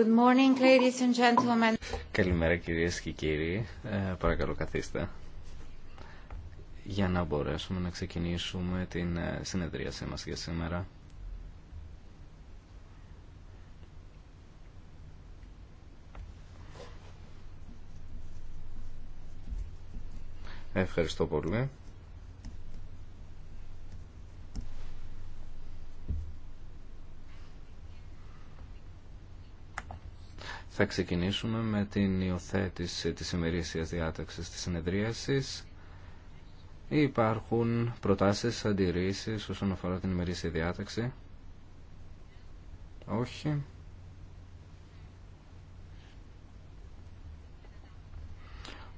Good morning, Καλημέρα κυρίες και κύριοι. Ε, παρακαλώ καθίστε. Για να μπορέσουμε να ξεκινήσουμε την ε, συνεδρίασή μας για σήμερα. Ευχαριστώ πολύ. Θα ξεκινήσουμε με την υιοθέτηση της ημερήσιας διάταξης της συνεδρίασης. Υπάρχουν προτάσεις, αντιρρήσεις όσον αφορά την ημερήσια διάταξη. Όχι.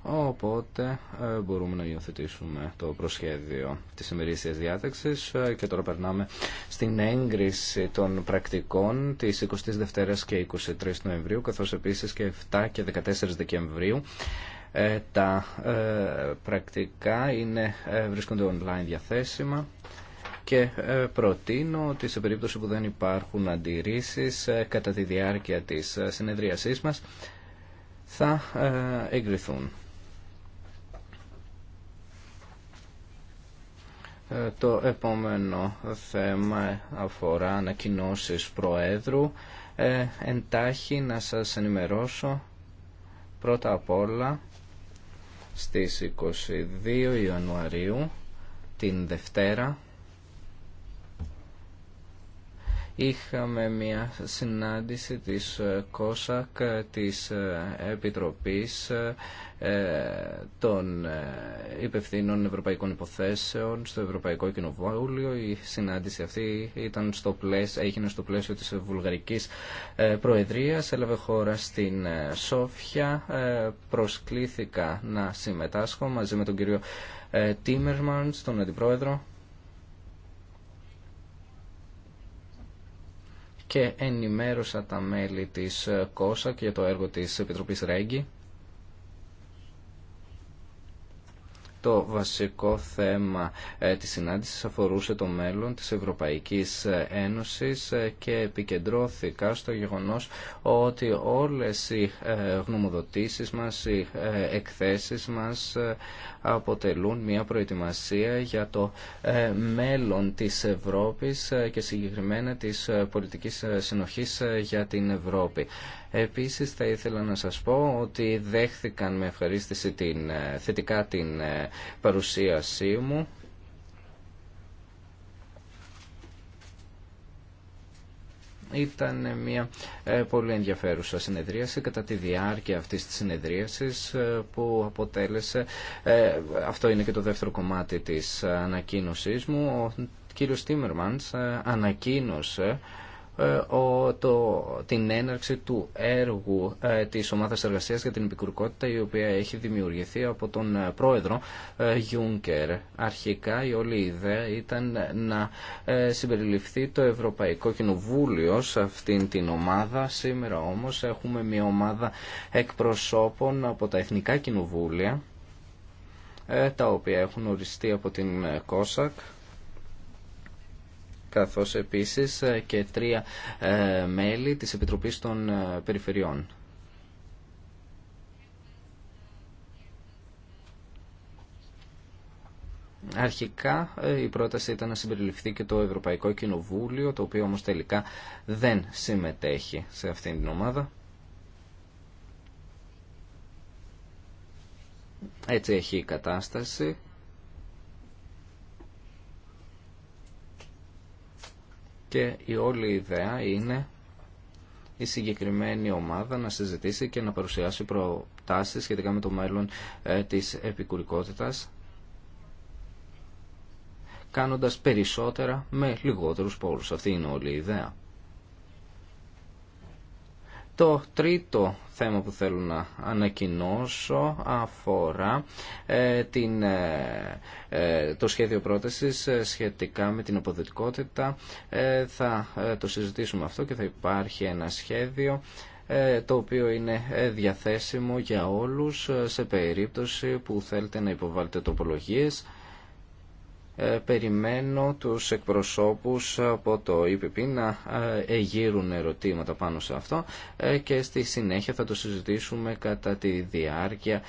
Οπότε ε, μπορούμε να υιοθετήσουμε το προσχέδιο της ημερήσιας διάταξης ε, και τώρα περνάμε στην έγκριση των πρακτικών της 22ης και 23 Νοεμβρίου καθώς επίσης και 7 και 14 Δεκεμβρίου. Ε, τα πρακτικά είναι, βρίσκονται online διαθέσιμα και προτείνω ότι σε περίπτωση που δεν υπάρχουν αντιρρήσεις κατά τη διάρκεια της συνεδρίασής μας θα εγκριθούν. Ε, το επόμενο θέμα αφορά ανακοινώσει Προέδρου. Ε, εντάχει να σας ενημερώσω πρώτα απ' όλα στις 22 Ιανουαρίου την Δευτέρα Είχαμε μια συνάντηση της ε, ΚΟΣΑΚ, ε, της ε, Επιτροπής των Υπευθύνων Ευρωπαϊκών Υποθέσεων στο Ευρωπαϊκό Κοινοβούλιο. Η συνάντηση αυτή ήταν στο πλαίσιο, έγινε στο πλαίσιο της Βουλγαρικής Προεδρίας. Έλαβε χώρα στην Σόφια. Προσκλήθηκα να συμμετάσχω μαζί με τον κύριο Τίμερμαντ, τον Αντιπρόεδρο και ενημέρωσα τα μέλη της ε, ΚΟΣΑΚ για το έργο της Επιτροπής ΡΕΓΙ. Το βασικό θέμα ε, της συνάντησης αφορούσε το μέλλον της Ευρωπαϊκής ε, Ένωσης ε, και επικεντρώθηκα στο γεγονός ότι όλες οι γνωμοδοτήσεις μας, οι εκθέσεις μας αποτελούν μια προετοιμασία για το μέλλον της Ευρώπης και συγκεκριμένα της πολιτικής συνοχής για την Ευρώπη. Επίσης θα ήθελα να σας πω ότι δέχθηκαν με ευχαρίστηση την, ε, θετικά την ε, παρουσίασή μου. Ήταν μια ε, πολύ ενδιαφέρουσα συνεδρίαση κατά τη διάρκεια αυτής της συνεδρίασης που αποτέλεσε, αυτό είναι και το δεύτερο κομμάτι της ανακοίνωσής μου, ο κύριος Τίμερμαντς ανακοίνωσε ε, ο, το, την έναρξη του έργου ε, της ομάδας εργασίας για την επικουρικότητα η οποία έχει δημιουργηθεί από τον ε, πρόεδρο Γιούνκερ. Αρχικά η όλη ιδέα ήταν να συμπεριληφθεί το Ευρωπαϊκό Κοινοβούλιο σε αυτήν την ομάδα. Σήμερα όμως έχουμε μια ομάδα εκπροσώπων από τα Εθνικά Κοινοβούλια τα οποία έχουν οριστεί από την ΚΟΣΑΚ καθώς επίσης ε, και τρία ε, μέλη της Επιτροπής των ε, Περιφερειών. Αρχικά η πρόταση ήταν να συμπεριληφθεί και το Ευρωπαϊκό Κοινοβούλιο, το οποίο όμως τελικά δεν συμμετέχει σε αυτήν την ομάδα. Έτσι έχει η κατάσταση. και η όλη ιδέα είναι η συγκεκριμένη ομάδα να συζητήσει και να παρουσιάσει προτάσεις σχετικά με το μέλλον ε, της επικουρικότητας κάνοντας περισσότερα με λιγότερους πόρους. Αυτή είναι όλη η ιδέα. Το τρίτο θέμα που θέλω να ανακοινώσω αφορά ε, την, ε, ε, το σχέδιο πρότασης σχετικά με την αποδοτικότητα. θα το συζητήσουμε αυτό και θα υπάρχει ένα σχέδιο το οποίο είναι διαθέσιμο για όλους σε περίπτωση που θέλετε να υποβάλλετε τοπολογίες. Ε, περιμένω τους εκπροσώπους από το ΕΠΠ να ε, εγείρουν ερωτήματα πάνω σε αυτό ε, και στη συνέχεια θα το συζητήσουμε κατά τη διάρκεια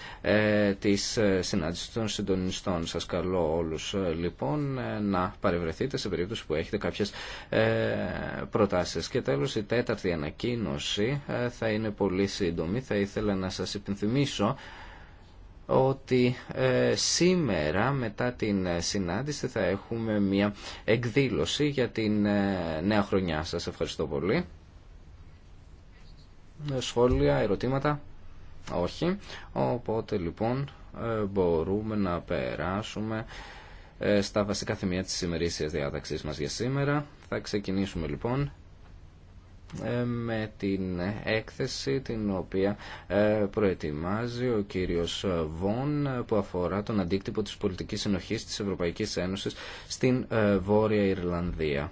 της συνάντησης των συντονιστών. Σας καλώ όλους λοιπόν να παρευρεθείτε σε περίπτωση που έχετε κάποιες προτάσεις. Και τέλος η τέταρτη ανακοίνωση θα είναι πολύ σύντομη. Θα ήθελα να σας υπενθυμίσω ότι ε, σήμερα μετά την ε, συνάντηση θα έχουμε μια εκδήλωση για την ε, νέα χρονιά σας. Ευχαριστώ πολύ. Σχόλια, ερωτήματα. Όχι. Οπότε λοιπόν μπορούμε να περάσουμε στα βασικά θεμεία της ημερήσιας διάταξής μας για σήμερα. Θα ξεκινήσουμε λοιπόν ε, με την έκθεση την οποία ε, προετοιμάζει ο κύριος Βον που αφορά τον αντίκτυπο της πολιτικής συνοχής της Ευρωπαϊκής Ένωσης στην ε, Βόρεια Ιρλανδία.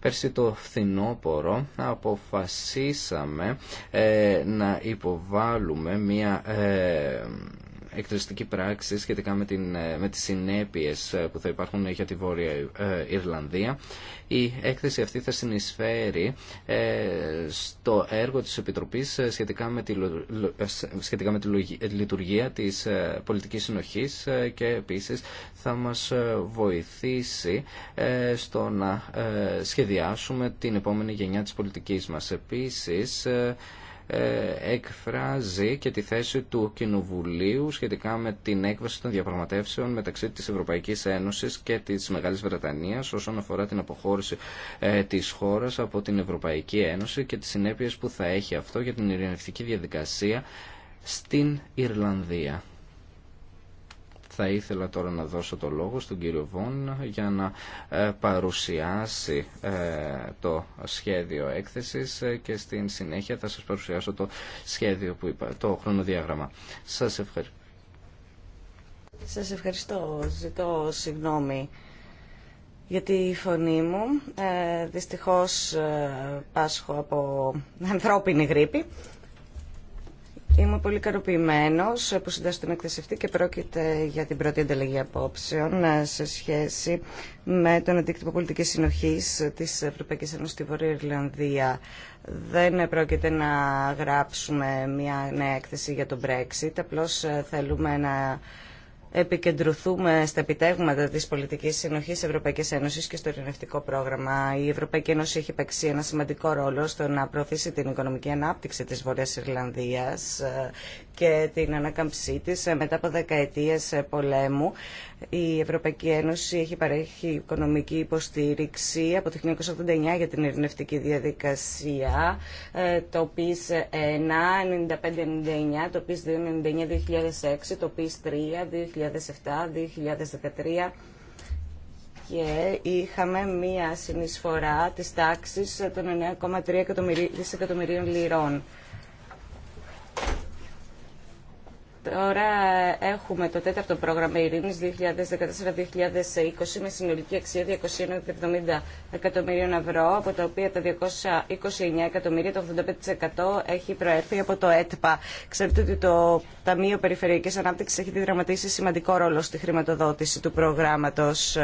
Πέρσι το φθινόπωρο αποφασίσαμε να υποβάλουμε μια εκτελεστική πράξη σχετικά με, την, ε, με τις συνέπειες ε, που θα υπάρχουν για τη Βόρεια ε, Ιρλανδία. Η έκθεση αυτή θα συνεισφέρει στο έργο της Επιτροπής σχετικά με τη, σχετικά με τη λειτουργία της πολιτικής συνοχής και επίσης θα μας βοηθήσει στο να σχεδιάσουμε την επόμενη γενιά της πολιτικής μας. Επίσης, ε, εκφράζει και τη θέση του Κοινοβουλίου σχετικά με την έκβαση των διαπραγματεύσεων μεταξύ της Ευρωπαϊκής Ένωσης και της Μεγάλης Βρετανίας όσον αφορά την αποχώρηση ε, της χώρας από την Ευρωπαϊκή Ένωση και τις συνέπειες που θα έχει αυτό για την ειρηνευτική διαδικασία στην Ιρλανδία. Θα ήθελα τώρα να δώσω το λόγο στον κύριο Βόν για να ε, παρουσιάσει ε, το σχέδιο έκθεσης ε, και στην συνέχεια θα σας παρουσιάσω το σχέδιο που είπα, το χρονοδιάγραμμα. Σας ευχαριστώ. Σας ευχαριστώ. Ζητώ συγγνώμη για τη φωνή μου. Ε, δυστυχώς πάσχω από ανθρώπινη γρήπη. Είμαι πολύ καροποιημένο που συντάσσω την έκθεση και πρόκειται για την πρώτη ανταλλαγή απόψεων ε, σε σχέση με τον αντίκτυπο πολιτική συνοχή τη Ευρωπαϊκή Ένωση στη Βόρεια Ιρλανδία. Δεν πρόκειται να γράψουμε μια νέα έκθεση για τον Brexit, απλώ ε, θέλουμε να επικεντρωθούμε στα επιτεύγματα της πολιτικής συνοχής Ευρωπαϊκής Ένωσης και στο ειρηνευτικό πρόγραμμα. Η Ευρωπαϊκή Ένωση έχει παίξει ένα σημαντικό ρόλο στο να προωθήσει την οικονομική ανάπτυξη της Βορειάς Ιρλανδίας ε, και την ανάκαμψή της μετά από δεκαετίες ε, πολέμου η Ευρωπαϊκή Ένωση έχει παρέχει οικονομική υποστήριξη από το 1989 για την ειρηνευτική διαδικασία, το PIS 1, 95-99, το PIS 2, 99-2006, το PIS 3, 2007-2013 και είχαμε μία συνεισφορά της τάξης των 9,3 δισεκατομμυρίων λιρών. Τώρα έχουμε το τέταρτο πρόγραμμα ειρήνης 2014-2020 με συνολική αξία 270 εκατομμυρίων ευρώ, από τα οποία τα 229 εκατομμύρια, το 85% έχει προέρθει από το ΕΤΠΑ. Ξέρετε ότι το Ταμείο Περιφερειακής Ανάπτυξης έχει διδραματίσει σημαντικό ρόλο στη χρηματοδότηση του προγράμματος.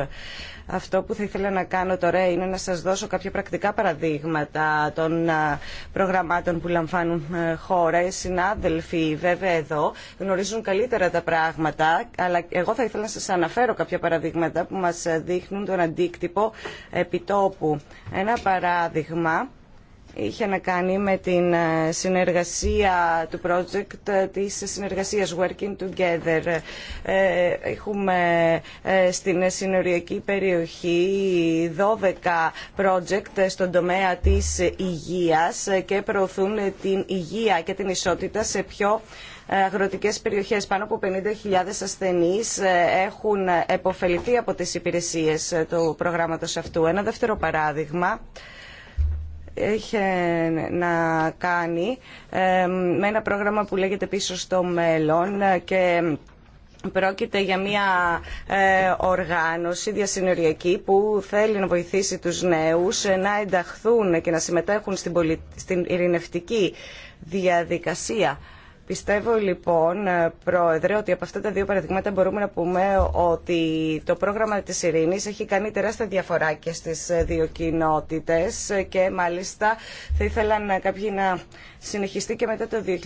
Αυτό που θα ήθελα να κάνω τώρα είναι να σας δώσω κάποια πρακτικά παραδείγματα των ε, προγραμμάτων που λαμβάνουν ε, χώρα. Οι συνάδελφοι βέβαια εδώ γνωρίζουν καλύτερα τα πράγματα, αλλά εγώ θα ήθελα να σας αναφέρω κάποια παραδείγματα που μας δείχνουν τον αντίκτυπο επιτόπου. Ένα παράδειγμα είχε να κάνει με την συνεργασία του project της συνεργασίας Working Together. Ε, έχουμε ε, στην συνοριακή περιοχή 12 project στον τομέα της υγείας και προωθούν την υγεία και την ισότητα σε πιο αγροτικές περιοχές. Πάνω από 50.000 ασθενείς ε, έχουν επωφεληθεί από τις υπηρεσίες ε, του προγράμματος αυτού. Ένα δεύτερο παράδειγμα έχει να κάνει ε, με ένα πρόγραμμα που λέγεται πίσω στο μέλλον και Πρόκειται για μια οργάνωση διασυνοριακή που θέλει να βοηθήσει τους νέους να ενταχθούν και να συμμετέχουν στην ειρηνευτική διαδικασία Πιστεύω λοιπόν, ε, Πρόεδρε, ότι από αυτά τα δύο παραδείγματα μπορούμε να πούμε ότι το πρόγραμμα της ειρήνης έχει κάνει τεράστια διαφορά και στις ε, δύο κοινότητες και μάλιστα θα ήθελαν κάποιοι να συνεχιστεί και μετά το 2019.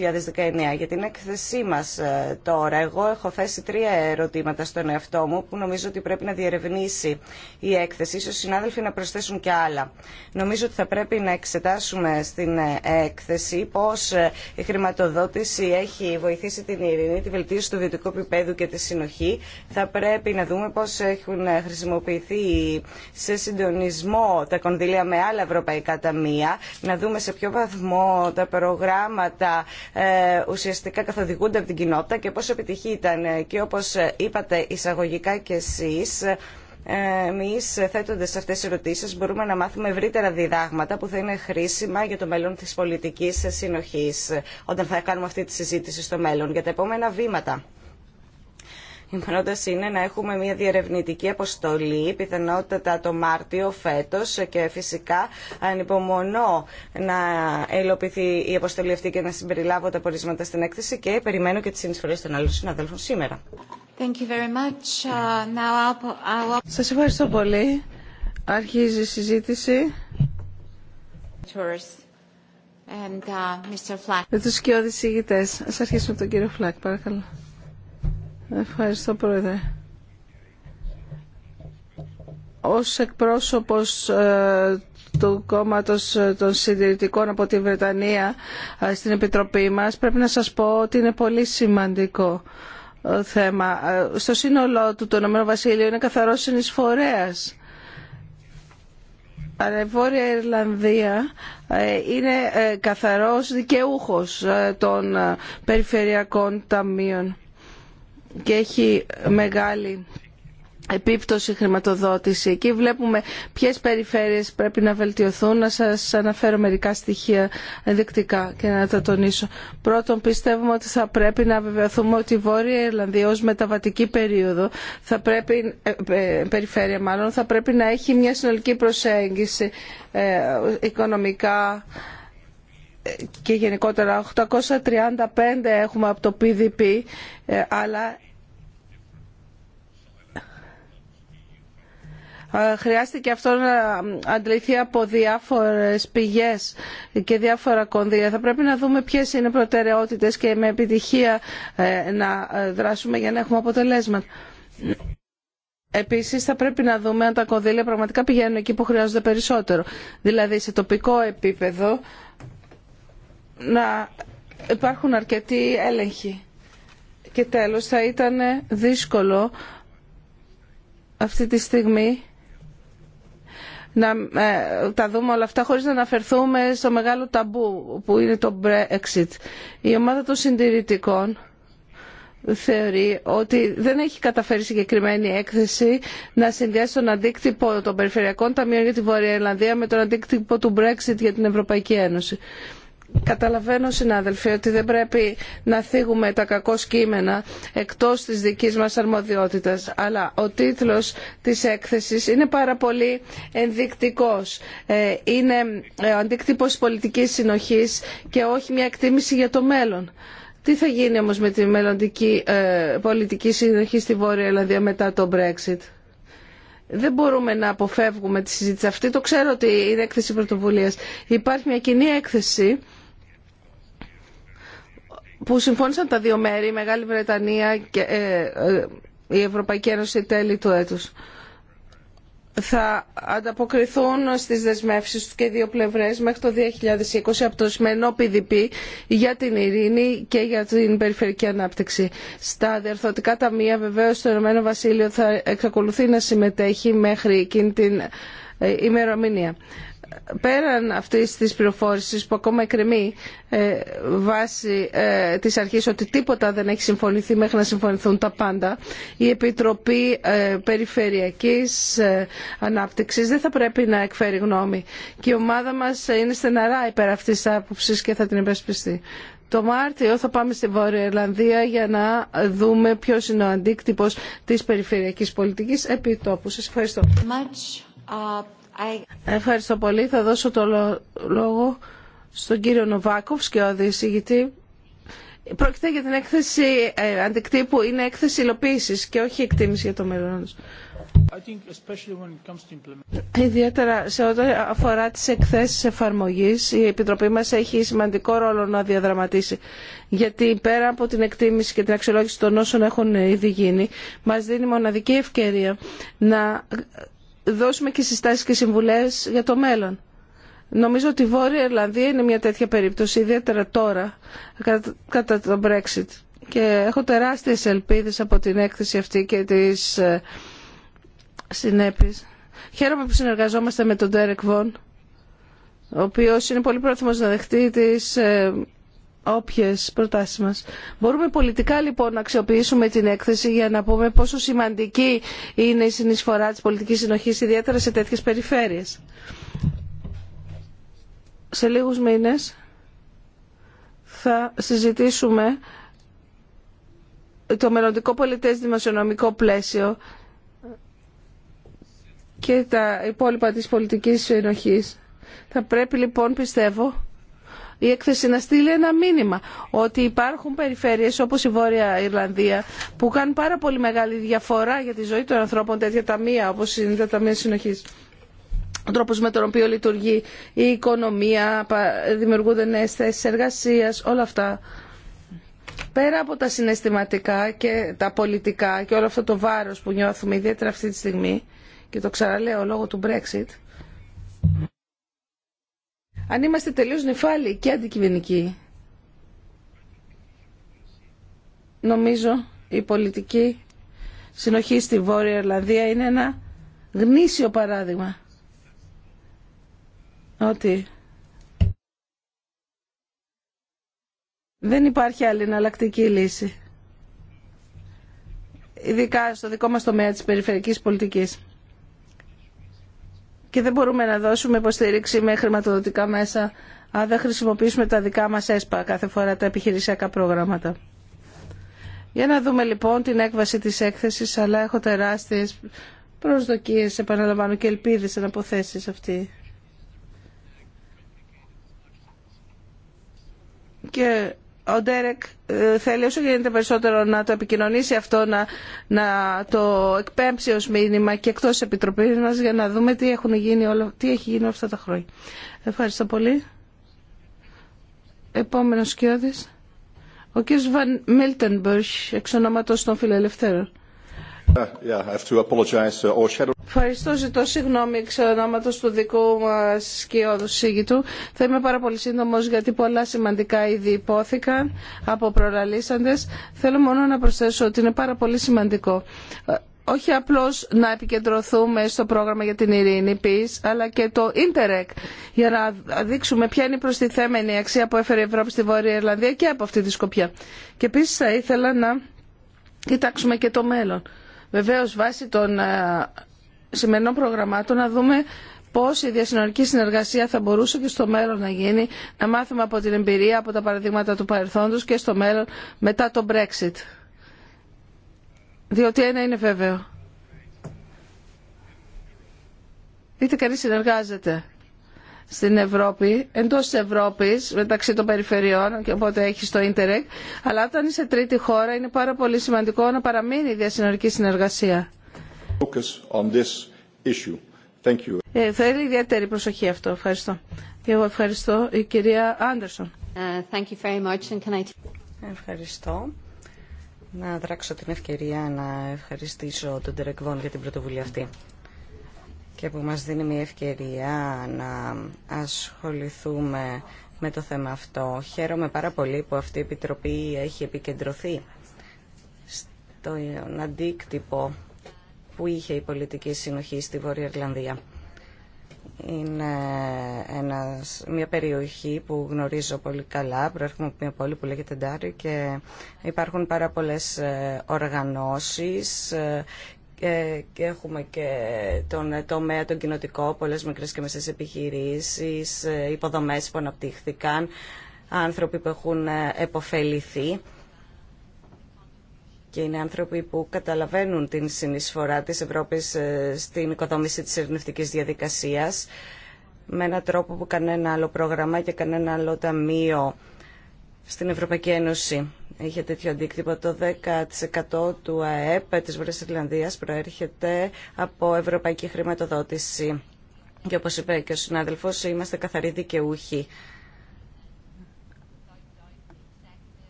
Για την έκθεσή μας ε, τώρα, εγώ έχω θέσει τρία ερωτήματα στον εαυτό μου που νομίζω ότι πρέπει να διερευνήσει η έκθεση. Ίσως συνάδελφοι να προσθέσουν και άλλα. Νομίζω ότι θα πρέπει να εξετάσουμε στην ε, έκθεση πώς ε, η χρηματοδότηση έχει βοηθήσει την ειρηνή, τη βελτίωση του βιωτικού επίπεδου και τη συνοχή. Θα πρέπει να δούμε πώς έχουν χρησιμοποιηθεί σε συντονισμό τα κονδύλια με άλλα ευρωπαϊκά ταμεία, να δούμε σε ποιο βαθμό τα προγράμματα ε, ουσιαστικά καθοδηγούνται από την κοινότητα και πόσο επιτυχή ήταν. Και όπως είπατε εισαγωγικά κι εσείς, ε, Εμεί θέτοντα αυτέ τι ερωτήσει μπορούμε να μάθουμε ευρύτερα διδάγματα που θα είναι χρήσιμα για το μέλλον τη πολιτική συνοχή όταν θα κάνουμε αυτή τη συζήτηση στο μέλλον για τα επόμενα βήματα. Η πρόταση είναι να έχουμε μια διερευνητική αποστολή, πιθανότατα το Μάρτιο φέτος και φυσικά ανυπομονώ να ελοπιθεί η αποστολή αυτή και να συμπεριλάβω τα πορίσματα στην έκθεση και περιμένω και τις συνεισφορές των άλλων συναδέλφων σήμερα. Thank uh, Σας ευχαριστώ πολύ. Αρχίζει η συζήτηση. And, uh, Mr. Με τους σκιώδεις ηγητές. Ας αρχίσουμε τον κύριο Φλακ, παρακαλώ. Ευχαριστώ Πρόεδρε. Ως εκπρόσωπος ε, του κόμματος ε, των συντηρητικών από τη Βρετανία ε, στην Επιτροπή μας πρέπει να σας πω ότι είναι πολύ σημαντικό θέμα. Στο σύνολό του το Ηνωμένο Βασίλειο είναι καθαρός συνεισφορέας. Αλλά η Βόρεια Ιρλανδία είναι καθαρός δικαιούχος των περιφερειακών ταμείων και έχει μεγάλη επίπτωση χρηματοδότηση. Εκεί βλέπουμε ποιες περιφέρειες πρέπει να βελτιωθούν. Να σας αναφέρω μερικά στοιχεία ενδεικτικά και να τα τονίσω. Πρώτον, πιστεύουμε ότι θα πρέπει να βεβαιωθούμε ότι η Βόρεια Ιρλανδία ως μεταβατική περίοδο θα πρέπει, ε, ε, περιφέρεια μάλλον, θα πρέπει να έχει μια συνολική προσέγγιση ε, οικονομικά, και γενικότερα 835 έχουμε από το PDP ε, αλλά ε, χρειάστηκε αυτό να αντληθεί από διάφορες πηγές και διάφορα κονδύλια. Θα πρέπει να δούμε ποιες είναι προτεραιότητες και με επιτυχία ε, να δράσουμε για να έχουμε αποτελέσματα. Επίσης θα πρέπει να δούμε αν τα κονδύλια πραγματικά πηγαίνουν εκεί που χρειάζονται περισσότερο. Δηλαδή σε τοπικό επίπεδο να υπάρχουν αρκετοί έλεγχοι. Και τέλος θα ήταν δύσκολο αυτή τη στιγμή να ε, τα δούμε όλα αυτά χωρίς να αναφερθούμε στο μεγάλο ταμπού που είναι το Brexit. Η ομάδα των συντηρητικών θεωρεί ότι δεν έχει καταφέρει συγκεκριμένη έκθεση να συνδυάσει τον αντίκτυπο των περιφερειακών ταμείων για τη Βόρεια Ιρλανδία με τον αντίκτυπο του Brexit για την Ευρωπαϊκή Ένωση. Καταλαβαίνω συνάδελφοι ότι δεν πρέπει να θίγουμε τα κακό κείμενα εκτός της δικής μας αρμοδιότητας αλλά ο τίτλος της έκθεσης είναι πάρα πολύ ενδεικτικός. Ε, είναι ο ε, αντίκτυπος πολιτικής συνοχής και όχι μια εκτίμηση για το μέλλον. Τι θα γίνει όμως με τη μελλοντική ε, πολιτική συνοχή στη Βόρεια Ελλάδα μετά το Brexit. Δεν μπορούμε να αποφεύγουμε τη συζήτηση αυτή. Το ξέρω ότι είναι έκθεση πρωτοβουλίας. Υπάρχει μια κοινή έκθεση που συμφώνησαν τα δύο μέρη, η Μεγάλη Βρετανία και ε, ε, η Ευρωπαϊκή Ένωση τέλη του έτους θα ανταποκριθούν στις δεσμεύσεις του και δύο πλευρές μέχρι το 2020 από το σημερινό PDP για την ειρήνη και για την περιφερειακή ανάπτυξη. Στα διαρθωτικά ταμεία βεβαίως το Ηνωμένο Βασίλειο θα εξακολουθεί να συμμετέχει μέχρι εκείνη την ε, ημερομηνία πέραν αυτής της πληροφόρηση που ακόμα εκκρεμεί ε, βάσει ε, της αρχής ότι τίποτα δεν έχει συμφωνηθεί μέχρι να συμφωνηθούν τα πάντα, η Επιτροπή ε, Περιφερειακής ε, Ανάπτυξης δεν θα πρέπει να εκφέρει γνώμη. Και η ομάδα μας είναι στεναρά υπέρ αυτής της άποψης και θα την υπεσπιστεί. Το Μάρτιο θα πάμε στη Βόρεια Ιρλανδία για να δούμε ποιο είναι ο αντίκτυπο τη περιφερειακή πολιτική επί τόπου. Σα ευχαριστώ. Much, uh... Ευχαριστώ πολύ. Θα δώσω το λόγο στον κύριο Νοβάκοφ και ο διεισηγητή. Πρόκειται για την έκθεση ε, αντικτύπου, είναι έκθεση υλοποίηση και όχι εκτίμηση για το μέλλον. Ιδιαίτερα σε ό,τι αφορά τις εκθέσεις εφαρμογής, η Επιτροπή μας έχει σημαντικό ρόλο να διαδραματίσει. Γιατί πέρα από την εκτίμηση και την αξιολόγηση των όσων έχουν ήδη γίνει, μας δίνει μοναδική ευκαιρία να δώσουμε και συστάσεις και συμβουλές για το μέλλον. Νομίζω ότι η Βόρεια Ιρλανδία είναι μια τέτοια περίπτωση, ιδιαίτερα τώρα, κατά το Brexit. Και έχω τεράστιες ελπίδες από την έκθεση αυτή και τις ε, συνέπειες. Χαίρομαι που συνεργαζόμαστε με τον Derek Βον, ο οποίος είναι πολύ πρόθυμος να δεχτεί τις ε, όποιες προτάσεις μας. Μπορούμε πολιτικά λοιπόν να αξιοποιήσουμε την έκθεση για να πούμε πόσο σημαντική είναι η συνεισφορά τη πολιτικής συνοχή ιδιαίτερα σε τέτοιες περιφέρειες. Σε λίγους μήνες θα συζητήσουμε το μελλοντικό πολιτές δημοσιονομικό πλαίσιο και τα υπόλοιπα της πολιτικής συνοχής. Θα πρέπει λοιπόν πιστεύω η έκθεση να στείλει ένα μήνυμα ότι υπάρχουν περιφέρειες όπως η Βόρεια Ιρλανδία που κάνουν πάρα πολύ μεγάλη διαφορά για τη ζωή των ανθρώπων τέτοια ταμεία όπως είναι τα ταμεία συνοχής. Ο τρόπος με τον οποίο λειτουργεί η οικονομία, δημιουργούνται νέες θέσεις εργασίας, όλα αυτά. Πέρα από τα συναισθηματικά και τα πολιτικά και όλο αυτό το βάρος που νιώθουμε ιδιαίτερα αυτή τη στιγμή και το ξαναλέω λόγω του Brexit αν είμαστε τελείως νυφάλιοι και αντικειμενικοί, νομίζω η πολιτική συνοχή στη Βόρεια Ιρλανδία είναι ένα γνήσιο παράδειγμα. Ότι δεν υπάρχει άλλη εναλλακτική λύση. Ειδικά στο δικό μας τομέα της περιφερειακής πολιτικής και δεν μπορούμε να δώσουμε υποστήριξη με χρηματοδοτικά μέσα αν δεν χρησιμοποιήσουμε τα δικά μας ΕΣΠΑ κάθε φορά τα επιχειρησιακά προγράμματα. Για να δούμε λοιπόν την έκβαση της έκθεσης, αλλά έχω τεράστιες προσδοκίες, επαναλαμβάνω, και ελπίδες να αποθέσεις αυτή. Και ο Ντέρεκ ε, θέλει όσο γίνεται περισσότερο να το επικοινωνήσει αυτό, να, να το εκπέμψει ως μήνυμα και εκτός Επιτροπής μας για να δούμε τι, έχουν γίνει όλα, τι έχει γίνει όλα αυτά τα χρόνια. Ευχαριστώ πολύ. Επόμενος σκιώδης. Ο κ. Βαν Μίλτενμπερg, εξ ονόματος των Φιλελευθέρων. Uh, Ευχαριστώ, ζητώ συγγνώμη εξ ονόματο του δικού μα σκιώδου σύγητου. Θα είμαι πάρα πολύ σύντομο γιατί πολλά σημαντικά ήδη υπόθηκαν από προλαλήσαντε. Θέλω μόνο να προσθέσω ότι είναι πάρα πολύ σημαντικό ε, όχι απλώς να επικεντρωθούμε στο πρόγραμμα για την ειρήνη peace, αλλά και το Interreg για να δείξουμε ποια είναι η προστιθέμενη αξία που έφερε η Ευρώπη στη Βόρεια Ιρλανδία και από αυτή τη σκοπιά. Και επίση θα ήθελα να κοιτάξουμε και το μέλλον βεβαίως βάσει των ε, σημερινών προγραμμάτων να δούμε πώς η διασυνορική συνεργασία θα μπορούσε και στο μέλλον να γίνει, να μάθουμε από την εμπειρία, από τα παραδείγματα του παρελθόντος και στο μέλλον μετά το Brexit. Διότι ένα είναι βέβαιο. Είτε κανείς συνεργάζεται στην Ευρώπη, εντό τη Ευρώπη, μεταξύ των περιφερειών και οπότε έχει το ίντερεκ. Αλλά όταν είσαι τρίτη χώρα, είναι πάρα πολύ σημαντικό να παραμείνει η διασυνορική συνεργασία. Ε, θέλει ιδιαίτερη προσοχή αυτό. Ευχαριστώ. Και εγώ ευχαριστώ η κυρία Άντερσον. Ε, ευχαριστώ. Να δράξω την ευκαιρία να ευχαριστήσω τον Τερεκβόν για την πρωτοβουλία αυτή και που μας δίνει μια ευκαιρία να ασχοληθούμε με το θέμα αυτό. Χαίρομαι πάρα πολύ που αυτή η Επιτροπή έχει επικεντρωθεί στον αντίκτυπο που είχε η πολιτική συνοχή στη Βόρεια Ιρλανδία. Είναι ένας, μια περιοχή που γνωρίζω πολύ καλά, προέρχομαι από μια πόλη που λέγεται Ντάρι και υπάρχουν πάρα πολλές ε, οργανώσεις ε, ε, και έχουμε και τον ε, τομέα τον κοινοτικό, πολλές μικρές και μεσές επιχειρήσεις, ε, υποδομές που αναπτύχθηκαν, άνθρωποι που έχουν επωφεληθεί και είναι άνθρωποι που καταλαβαίνουν την συνεισφορά της Ευρώπης στην οικοδόμηση της ερευνητικής διαδικασίας με έναν τρόπο που κανένα άλλο πρόγραμμα και κανένα άλλο ταμείο στην Ευρωπαϊκή Ένωση είχε τέτοιο αντίκτυπο. Το 10% του ΑΕΠ της Βορειας προέρχεται από ευρωπαϊκή χρηματοδότηση. Και όπως είπε και ο συνάδελφος, είμαστε καθαροί δικαιούχοι.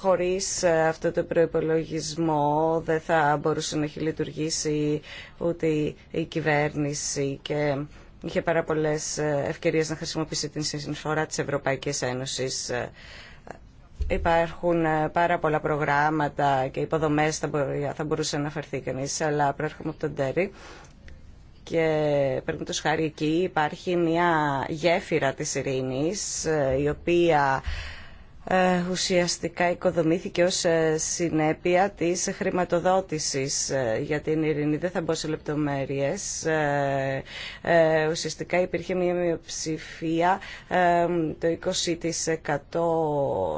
χωρίς ε, αυτό το προϋπολογισμό δεν θα μπορούσε να έχει λειτουργήσει ούτε η κυβέρνηση και είχε πάρα πολλέ ε, ευκαιρίε να χρησιμοποιήσει την συνεισφορά τη Ευρωπαϊκή Ένωση. Ε, υπάρχουν ε, πάρα πολλά προγράμματα και υποδομές θα μπορούσε να αναφερθεί κανεί, αλλά προέρχομαι από τον Τέρι και παίρνουμε το χάρη εκεί υπάρχει μια γέφυρα της ειρήνης η οποία ε, ουσιαστικά οικοδομήθηκε ως ε, συνέπεια της χρηματοδότησης ε, για την ειρήνη. Δεν θα μπω σε λεπτομέρειες. Ουσιαστικά υπήρχε μια μειοψηφία το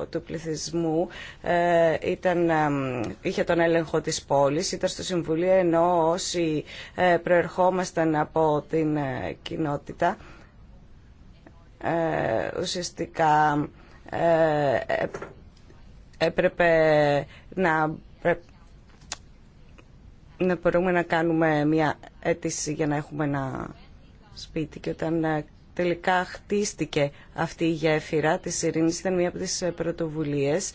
20% του πληθυσμού ήταν, είχε τον έλεγχο της πόλης, ήταν στο Συμβουλίο ενώ όσοι προερχόμασταν από την κοινότητα ουσιαστικά ε, έπρεπε να να μπορούμε να κάνουμε μια αίτηση για να έχουμε ένα σπίτι και όταν ε, τελικά χτίστηκε αυτή η γέφυρα της ειρήνης ήταν μια από τις ε, πρωτοβουλίες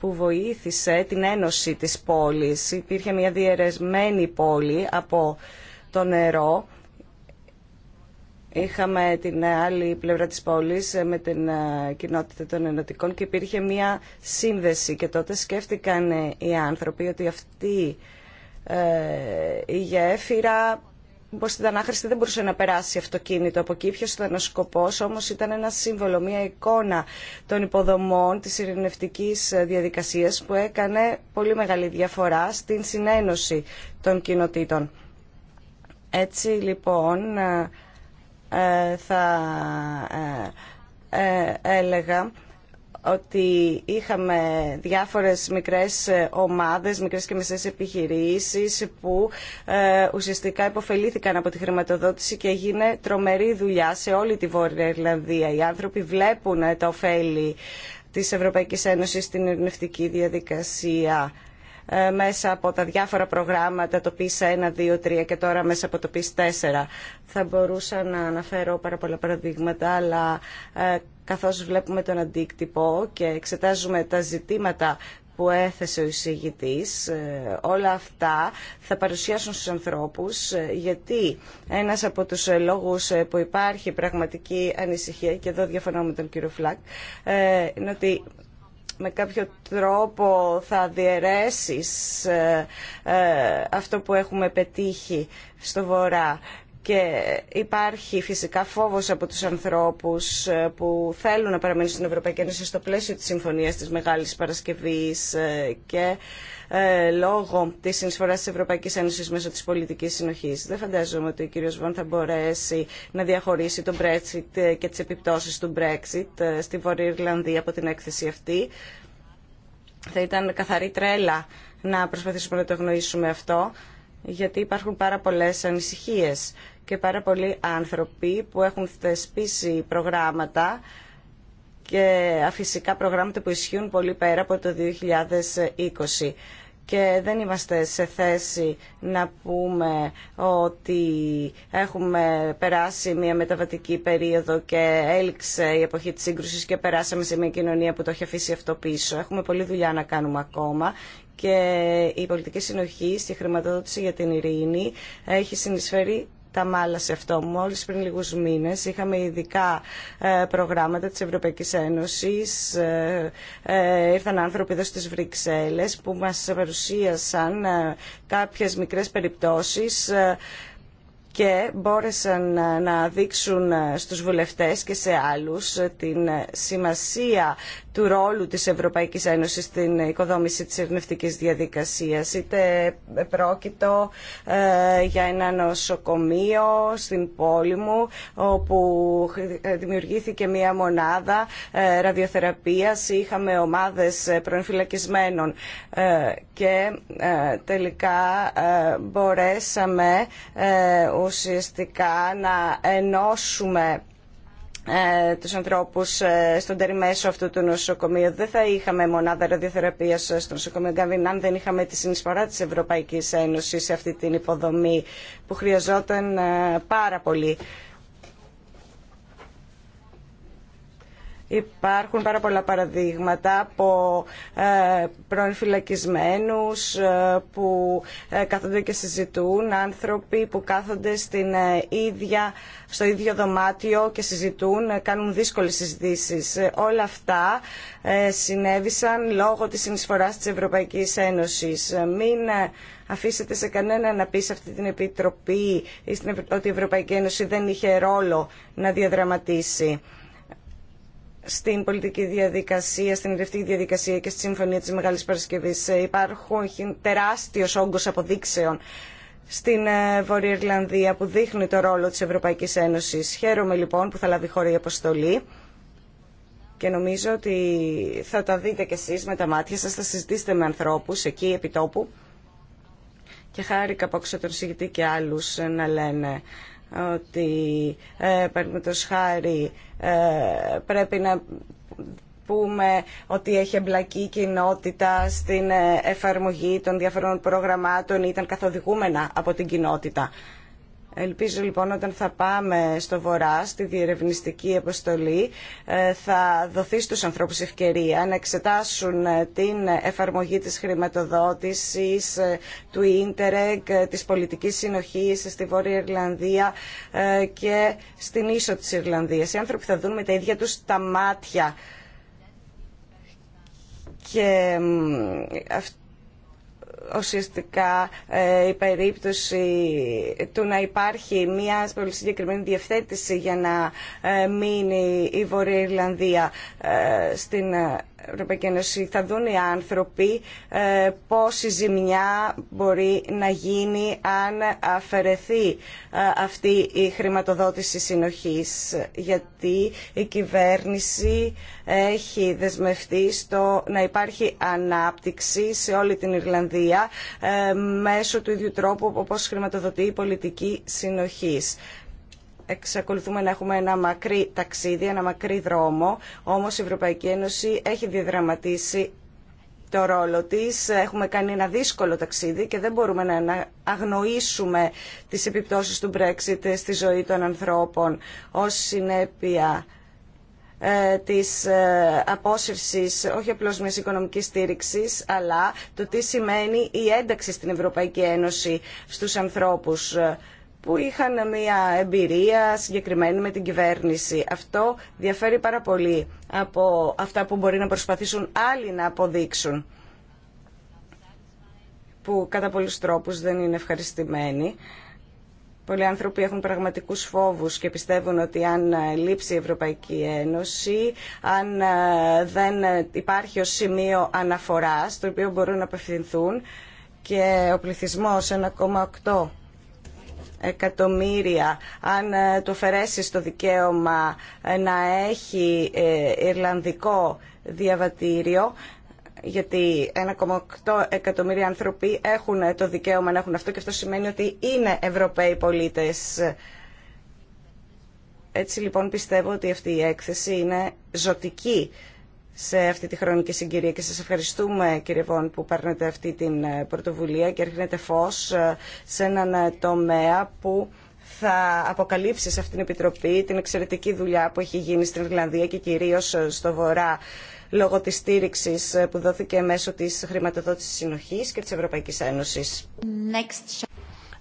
που βοήθησε την ένωση της πόλης. Υπήρχε μια διαιρεσμένη πόλη από το νερό Είχαμε την άλλη πλευρά της πόλης ε, με την ε, κοινότητα των ενωτικών και υπήρχε μία σύνδεση και τότε σκέφτηκαν ε, οι άνθρωποι ότι αυτή η γέφυρα Πώ ήταν άχρηστη, δεν μπορούσε να περάσει αυτοκίνητο από εκεί. Ποιο ήταν ο σκοπό, όμω ήταν ένα σύμβολο, μια συνδεση και τοτε σκεφτηκαν οι ανθρωποι οτι αυτη η γεφυρα όπως ηταν αχρηστη δεν μπορουσε να περασει αυτοκινητο απο εκει Ποιος ηταν ο σκοπο όμως ηταν ενα συμβολο μια εικονα των υποδομών της ειρηνευτικής διαδικασίας που έκανε πολύ μεγάλη διαφορά στην συνένωση των κοινοτήτων. Έτσι λοιπόν ε, θα ε, ε, έλεγα ότι είχαμε διάφορες μικρές ομάδες, μικρές και μεσές επιχειρήσεις που ε, ουσιαστικά υποφελήθηκαν από τη χρηματοδότηση και έγινε τρομερή δουλειά σε όλη τη Βόρεια Ιρλανδία. Οι άνθρωποι βλέπουν τα ωφέλη της Ευρωπαϊκής Ένωσης στην ειρηνευτική διαδικασία. Ε, μέσα από τα διάφορα προγράμματα, το PIS 1, 2, 3 και τώρα μέσα από το PIS 4. Θα μπορούσα να αναφέρω πάρα πολλά παραδείγματα, αλλά ε, καθώς βλέπουμε τον αντίκτυπο και εξετάζουμε τα ζητήματα που έθεσε ο εισηγητής, ε, όλα αυτά θα παρουσιάσουν στους ανθρώπους γιατί ένας από τους λόγους που υπάρχει πραγματική ανησυχία και εδώ διαφωνώ με τον κύριο Φλακ είναι ότι με κάποιο τρόπο θα διαιρέσεις ε, ε, αυτό που έχουμε πετύχει στο Βορρά και υπάρχει φυσικά φόβος από τους ανθρώπους ε, που θέλουν να παραμείνουν στην Ευρωπαϊκή Ένωση στο πλαίσιο της Συμφωνίας της Μεγάλης Παρασκευής ε, και ε, λόγω της συνεισφοράς της Ευρωπαϊκής Ένωσης μέσω της πολιτικής συνοχής. Δεν φαντάζομαι ότι ο κύριος Βον θα μπορέσει να διαχωρίσει τον Brexit και τις επιπτώσεις του Brexit στη Βόρεια Ιρλανδία από την έκθεση αυτή. Θα ήταν καθαρή τρέλα να προσπαθήσουμε να το γνωρίσουμε αυτό γιατί υπάρχουν πάρα πολλές ανησυχίες και πάρα πολλοί άνθρωποι που έχουν θεσπίσει προγράμματα και φυσικά προγράμματα που ισχύουν πολύ πέρα από το 2020 και δεν είμαστε σε θέση να πούμε ότι έχουμε περάσει μια μεταβατική περίοδο και έληξε η εποχή της σύγκρουσης και περάσαμε σε μια κοινωνία που το έχει αφήσει αυτό πίσω. Έχουμε πολλή δουλειά να κάνουμε ακόμα και η πολιτική συνοχή στη χρηματοδότηση για την ειρήνη έχει συνεισφέρει τα μάλα σε αυτό. Μόλις πριν λίγους μήνες είχαμε ειδικά ε, προγράμματα της Ευρωπαϊκής Ένωσης. Ε, ε, ήρθαν άνθρωποι εδώ στις Βρυξέλλες που μας παρουσίασαν κάποιες μικρές περιπτώσεις και μπόρεσαν να δείξουν στους βουλευτές και σε άλλους την σημασία του ρόλου της Ευρωπαϊκής Ένωσης στην οικοδόμηση της ερνευτικής διαδικασίας. Είτε πρόκειτο ε, για ένα νοσοκομείο στην πόλη μου όπου ε, δημιουργήθηκε μια μονάδα ε, ραδιοθεραπείας, είχαμε ομάδες προεμφυλακισμένων και τελικά μπορέσαμε ουσιαστικά να ενώσουμε ε, τους ανθρώπους ε, στον τεριμέσο αυτού του νοσοκομείου. Δεν θα είχαμε μονάδα ραδιοθεραπείας στο νοσοκομείο Γκάβιν αν δεν είχαμε τη συνεισφορά της Ευρωπαϊκής Ένωσης σε αυτή την υποδομή που χρειαζόταν ε, πάρα πολύ Υπάρχουν πάρα πολλά παραδείγματα από ε, πρώην ε, που ε, κάθονται και συζητούν, άνθρωποι που κάθονται στην, ε, ίδια, στο ίδιο δωμάτιο και συζητούν, κάνουν δύσκολες συζητήσεις. όλα αυτά συνέβησαν λόγω της συνεισφοράς της Ευρωπαϊκής Ένωσης. Μην αφήσετε σε κανένα να πει σε αυτή την Επιτροπή ότι η Ευρωπαϊκή Ένωση δεν είχε ρόλο να διαδραματίσει στην πολιτική διαδικασία, στην ειδευτική διαδικασία και στη Συμφωνία της Μεγάλης Παρασκευής ε, υπάρχουν τεράστιος όγκος αποδείξεων στην ε, Βόρεια Ιρλανδία που δείχνει το ρόλο της Ευρωπαϊκής Ένωσης. Χαίρομαι λοιπόν που θα λάβει χώρα η αποστολή και νομίζω ότι θα τα δείτε κι εσείς με τα μάτια σας, θα συζητήσετε με ανθρώπους εκεί επί τόπου και χάρηκα από ξετροσυγητή τον και άλλους να λένε ότι ε, χάρη ε, πρέπει να πούμε ότι έχει εμπλακεί η κοινότητα στην ε, εφαρμογή των διαφορών προγραμμάτων ήταν καθοδηγούμενα από την κοινότητα. Ελπίζω λοιπόν όταν θα πάμε στο Βορρά, στη διερευνηστική αποστολή, ε, θα δοθεί στους ανθρώπους ευκαιρία να εξετάσουν ε, την εφαρμογή της χρηματοδότησης, ε, του ίντερεγ, της πολιτικής συνοχής στη Βόρεια Ιρλανδία και στην ίσο της Ιρλανδίας. Οι άνθρωποι θα δουν με τα ίδια τους τα μάτια και ουσιαστικά ε, η περίπτωση του να υπάρχει μια πολύ συγκεκριμένη διευθέτηση για να ε, μείνει η Βόρεια Ιρλανδία ε, στην θα δουν οι άνθρωποι ε, πόση ζημιά μπορεί να γίνει αν αφαιρεθεί ε, αυτή η χρηματοδότηση συνοχής γιατί η κυβέρνηση έχει δεσμευτεί στο να υπάρχει ανάπτυξη σε όλη την Ιρλανδία ε, μέσω του ίδιου τρόπου όπως χρηματοδοτεί η πολιτική συνοχής εξακολουθούμε να έχουμε ένα μακρύ ταξίδι, ένα μακρύ δρόμο, όμως η Ευρωπαϊκή Ένωση έχει διαδραματίσει το ρόλο της. Έχουμε κάνει ένα δύσκολο ταξίδι και δεν μπορούμε να αγνοήσουμε τις επιπτώσεις του Brexit στη ζωή των ανθρώπων ως συνέπεια ε, της ε, απόσυρσης όχι απλώς μιας οικονομικής στήριξης αλλά το τι σημαίνει η ένταξη στην Ευρωπαϊκή Ένωση στους ανθρώπους που είχαν μια εμπειρία συγκεκριμένη με την κυβέρνηση. Αυτό διαφέρει πάρα πολύ από αυτά που μπορεί να προσπαθήσουν άλλοι να αποδείξουν που κατά πολλούς τρόπους δεν είναι ευχαριστημένοι. Πολλοί άνθρωποι έχουν πραγματικούς φόβους και πιστεύουν ότι αν λείψει η Ευρωπαϊκή Ένωση, αν ε, δεν υπάρχει ο σημείο αναφοράς, το οποίο μπορούν να απευθυνθούν και ο πληθυσμός 1,8 εκατομμύρια αν ε, το αφαιρέσει το δικαίωμα ε, να έχει ε, Ιρλανδικό διαβατήριο γιατί 1,8 εκατομμύρια άνθρωποι έχουν το δικαίωμα να έχουν αυτό και αυτό σημαίνει ότι είναι Ευρωπαίοι πολίτες. Έτσι λοιπόν πιστεύω ότι αυτή η έκθεση είναι ζωτική σε αυτή τη χρονική συγκυρία και σας ευχαριστούμε κύριε Βόν που παίρνετε αυτή την ε, πρωτοβουλία και έρχεται φως ε, σε έναν ε, τομέα που θα αποκαλύψει σε αυτήν την Επιτροπή την εξαιρετική δουλειά που έχει γίνει στην Ιρλανδία και κυρίως στο Βορρά λόγω της στήριξης που δόθηκε μέσω της χρηματοδότησης συνοχής και της Ευρωπαϊκής Ένωσης.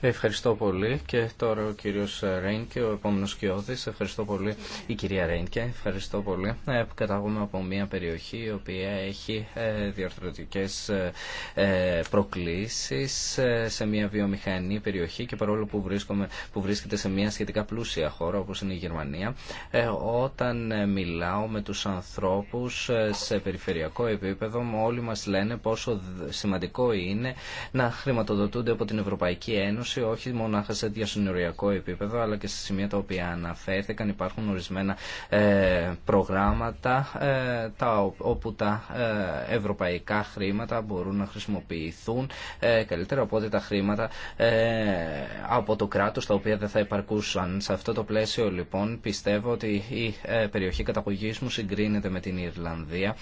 Ευχαριστώ πολύ και τώρα ο κύριο Ρέινκε, ο επόμενο κοιόδης. Ευχαριστώ πολύ η κυρία Ρέινκε. Ευχαριστώ πολύ. Ε, κατάγομαι από μια περιοχή η οποία έχει ε, προκλήσει προκλήσεις ε, σε μια βιομηχανή περιοχή και παρόλο που, βρίσκομαι, που βρίσκεται σε μια σχετικά πλούσια χώρα όπω είναι η Γερμανία, ε, όταν ε, μιλάω με τους ανθρώπους σε περιφερειακό επίπεδο όλοι μα λένε πόσο σημαντικό είναι να χρηματοδοτούνται από την Ευρωπαϊκή Ένωση όχι μόνο σε διασυνοριακό επίπεδο αλλά και σε σημεία τα οποία αναφέρθηκαν υπάρχουν ορισμένα ε, προγράμματα ε, τα, όπου τα ε, ευρωπαϊκά χρήματα μπορούν να χρησιμοποιηθούν καλύτερα από ό,τι τα χρήματα από το κράτος τα οποία δεν θα υπαρκούσαν. Σε αυτό το πλαίσιο λοιπόν πιστεύω ότι η περιοχή καταγωγής μου συγκρίνεται με την Ιρλανδία.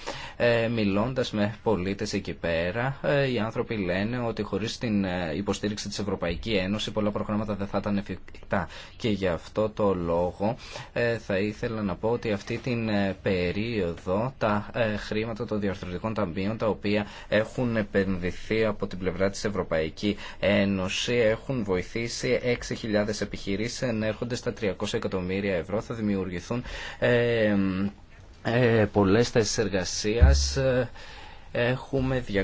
Μιλώντας με πολίτες εκεί πέρα οι άνθρωποι λένε ότι χωρίς την υποστήριξη της Ευρωπαϊκής Ένωση πολλά προγράμματα δεν θα ήταν εφικτά. Και γι' αυτό το λόγο ε, θα ήθελα να πω ότι αυτή την ε, περίοδο τα ε, χρήματα των διορθωτικών ταμπίων, τα οποία έχουν επενδυθεί από την πλευρά της Ευρωπαϊκή Ένωση έχουν βοηθήσει 6.000 επιχειρήσεις ενέρχονται στα 300 εκατομμύρια ευρώ θα δημιουργηθούν ε, ε, πολλές εργασίας έχουμε 210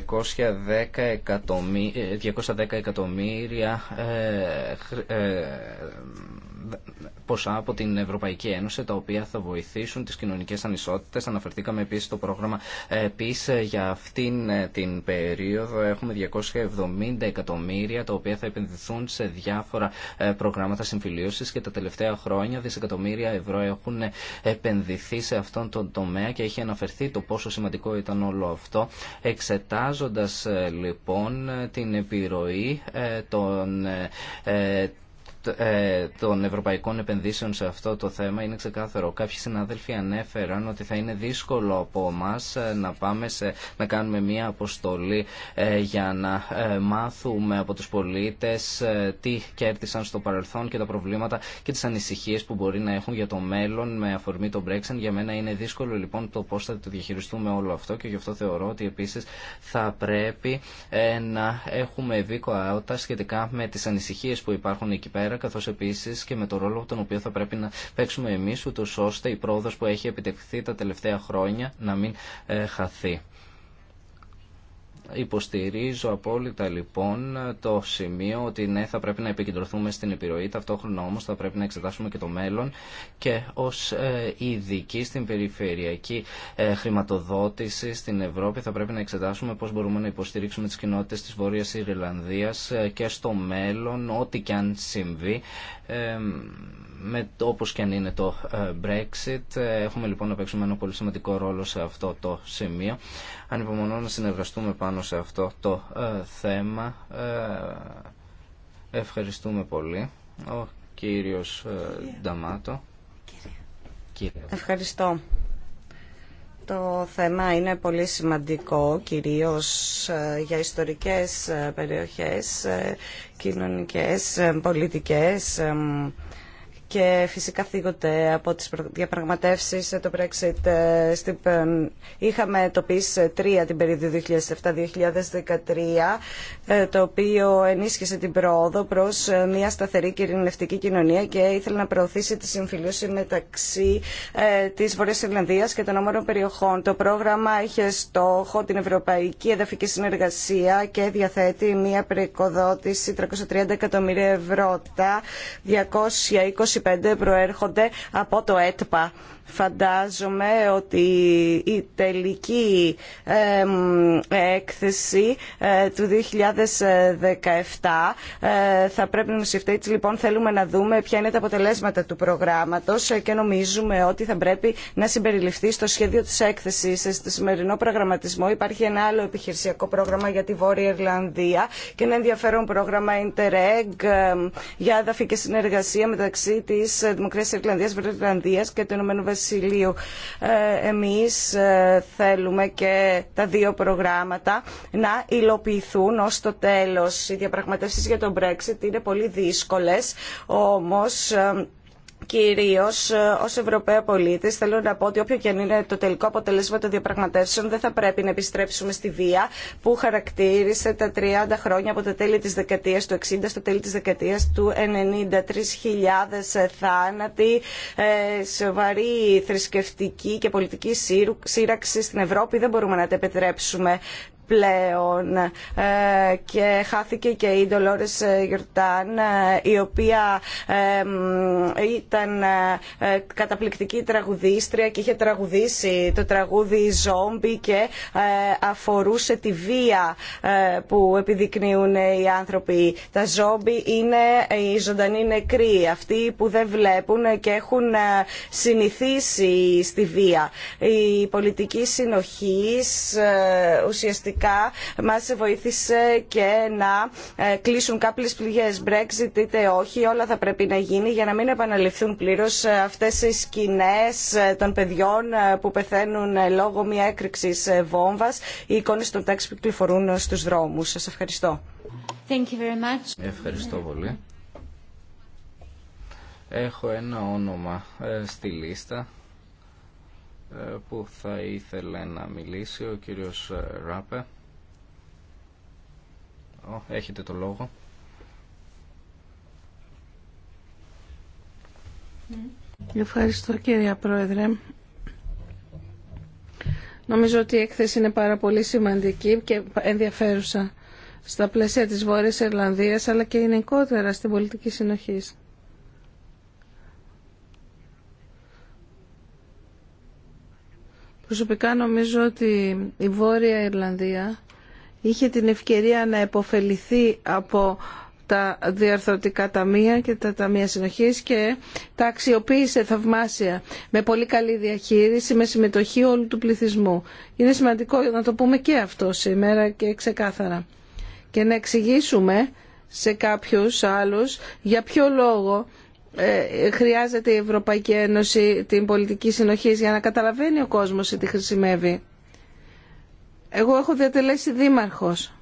εκατομμύρια, 210 εκατομμύρια ε, ε, ποσά από την Ευρωπαϊκή Ένωση τα οποία θα βοηθήσουν τις κοινωνικές ανισότητες. Αναφερθήκαμε επίσης στο πρόγραμμα PIS ε, ε, για αυτήν ε, την περίοδο. Έχουμε 270 εκατομμύρια τα οποία θα επενδυθούν σε διάφορα προγράμματα συμφιλίωσης και τα τελευταία χρόνια δισεκατομμύρια ευρώ έχουν επενδυθεί σε αυτόν τον τομέα και έχει αναφερθεί το πόσο σημαντικό ήταν όλο αυτό. Εξετάζοντας λοιπόν την επιρροή των ε, των ευρωπαϊκών επενδύσεων σε αυτό το θέμα είναι ξεκάθαρο. Κάποιοι συναδέλφοι ανέφεραν ότι θα είναι δύσκολο από εμά ε, να πάμε σε, να κάνουμε μία αποστολή ε, για να μάθουμε από τους πολίτες τι κέρδισαν στο παρελθόν και τα προβλήματα και τις ανησυχίες που μπορεί να έχουν για το μέλλον με αφορμή το Brexit. Για μένα είναι δύσκολο λοιπόν το πώς θα το διαχειριστούμε όλο αυτό και γι' αυτό θεωρώ ότι επίσης θα πρέπει να έχουμε αότα σχετικά με τι ανησυχίε που υπάρχουν εκεί πέρα καθώ καθώς επίσης και με το ρόλο τον οποίο θα πρέπει να παίξουμε εμείς, ούτως ώστε η πρόοδος που έχει επιτευχθεί τα τελευταία χρόνια να μην ε, χαθεί. Υποστηρίζω απόλυτα λοιπόν το σημείο ότι ναι θα πρέπει να επικεντρωθούμε στην επιρροή, ταυτόχρονα όμως θα πρέπει να εξετάσουμε και το μέλλον και ως ε, ειδική στην περιφερειακή ε, χρηματοδότηση στην Ευρώπη θα πρέπει να εξετάσουμε πώς μπορούμε να υποστηρίξουμε τις κοινότητες της Βόρειας Ιρλανδίας ε, και στο μέλλον ό,τι και αν συμβεί με, όπως και αν είναι το ε, Brexit. Ε, έχουμε λοιπόν να παίξουμε ένα πολύ σημαντικό ρόλο σε αυτό το σημείο. Ανυπομονώ να συνεργαστούμε πάνω σε αυτό το ε, θέμα. ευχαριστούμε πολύ. Ο κύριος Νταμάτο. Ευχαριστώ. Το θέμα είναι πολύ σημαντικό, κυρίως για ιστορικές περιοχές, κοινωνικές, πολιτικές και φυσικά θίγονται από τις διαπραγματεύσεις ε, το Brexit. Ε, είχαμε το PIS 3 την περίοδο 2007-2013, ε, το οποίο ενίσχυσε την πρόοδο προς μια σταθερή και ειρηνευτική κοινωνία και ήθελε να προωθήσει τη συμφιλίωση μεταξύ της Βορειάς Ιρλανδίας και των όμορων περιοχών. Το πρόγραμμα είχε στόχο την Ευρωπαϊκή Εδαφική Συνεργασία και διαθέτει μια προοικοδότηση 330 εκατομμύρια ευρώ. Τα 220 προέρχονται από το ΕΤΠΑ Φαντάζομαι ότι η τελική έκθεση ε, του 2017 ε, θα πρέπει να συμφτεί. Έτσι λοιπόν θέλουμε να δούμε ποια είναι τα αποτελέσματα του προγράμματος και νομίζουμε ότι θα πρέπει να συμπεριληφθεί στο σχέδιο της έκθεσης. Στο σημερινό προγραμματισμό υπάρχει ένα άλλο επιχειρησιακό πρόγραμμα για τη Βόρεια Ιρλανδία και ένα ενδιαφέρον πρόγραμμα Interreg ε, για άδαφη και συνεργασία μεταξύ της Δημοκρατίας Ιρλανδίας, Βρετανδίας και του Ηνωμένου Βασιλείου. Ε, εμείς ε, θέλουμε και τα δύο προγράμματα να υλοποιηθούν ως το τέλος. Οι διαπραγματεύσεις για τον Brexit είναι πολύ δύσκολες, όμως ε, Κυρίω ε, ω Ευρωπαίοι πολίτη, θέλω να πω ότι όποιο και αν είναι το τελικό αποτελέσμα των διαπραγματεύσεων, δεν θα πρέπει να επιστρέψουμε στη βία που χαρακτήρισε τα 30 χρόνια από τα τέλη τη δεκαετία του 60 στο τέλη τη δεκαετία του 93.000 3.000 ε, θάνατοι, ε, σοβαρή θρησκευτική και πολιτική σύραξη στην Ευρώπη. Δεν μπορούμε να τα επιτρέψουμε. Ε, και χάθηκε και η Ντολόρες ε, Γιορτάν ε, η οποία ήταν καταπληκτική τραγουδίστρια και είχε τραγουδήσει το τραγούδι «Ζόμπι» και αφορούσε τη βία που επιδεικνύουν οι άνθρωποι. Τα ζόμπι είναι οι ζωντανοί νεκροί, αυτοί που δεν βλέπουν και έχουν συνηθίσει στη βία. Η πολιτική συνοχής ουσιαστικά μας βοήθησε και να ε, κλείσουν κάποιες πληγές. Brexit είτε όχι, όλα θα πρέπει να γίνει για να μην επαναληφθούν πλήρως ε, αυτές οι σκηνές ε, των παιδιών που πεθαίνουν λόγω μια έκρηξης βόμβας, η εικόνες των τάξη που κυκλοφορούν στους δρόμους. Σας ευχαριστώ. Thank Ευχαριστώ πολύ. Έχω ένα όνομα στη λίστα που θα ήθελε να μιλήσει ο κύριος ε, Ράπε. έχετε το λόγο. Ευχαριστώ κύριε Πρόεδρε. Νομίζω ότι η έκθεση είναι πάρα πολύ σημαντική και ενδιαφέρουσα στα πλαίσια της Βόρειας Ιρλανδίας αλλά και γενικότερα στην πολιτική συνοχής. Προσωπικά νομίζω ότι η Βόρεια Ιρλανδία είχε την ευκαιρία να επωφεληθεί από τα διαρθρωτικά ταμεία και τα ταμεία συνοχής και τα αξιοποίησε θαυμάσια με πολύ καλή διαχείριση, με συμμετοχή όλου του πληθυσμού. Είναι σημαντικό να το πούμε και αυτό σήμερα και ξεκάθαρα και να εξηγήσουμε σε κάποιους άλλους για ποιο λόγο ε, χρειάζεται η Ευρωπαϊκή Ένωση την πολιτική συνοχή για να καταλαβαίνει ο κόσμος τι χρησιμεύει. Εγώ έχω διατελέσει δήμαρχος.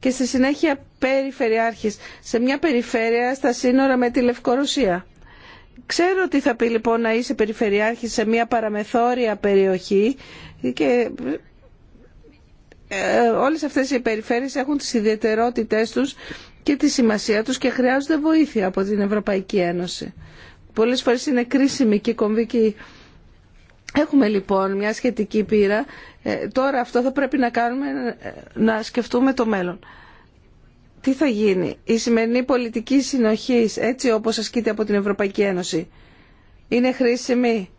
Και στη συνέχεια περιφερειάρχης, σε μια περιφέρεια στα σύνορα με τη Λευκορωσία. Ξέρω τι θα πει λοιπόν να είσαι περιφερειάρχης σε μια παραμεθόρια περιοχή και ε, όλες αυτές οι περιφέρειες έχουν τις ιδιαιτερότητές τους και τη σημασία τους και χρειάζονται βοήθεια από την Ευρωπαϊκή Ένωση. Πολλές φορές είναι κρίσιμη και κομβική. Έχουμε λοιπόν μια σχετική πείρα. Ε, τώρα αυτό θα πρέπει να κάνουμε ε, να σκεφτούμε το μέλλον. Τι θα γίνει. Η σημερινή πολιτική συνοχή έτσι όπως ασκείται από την Ευρωπαϊκή Ένωση είναι χρήσιμη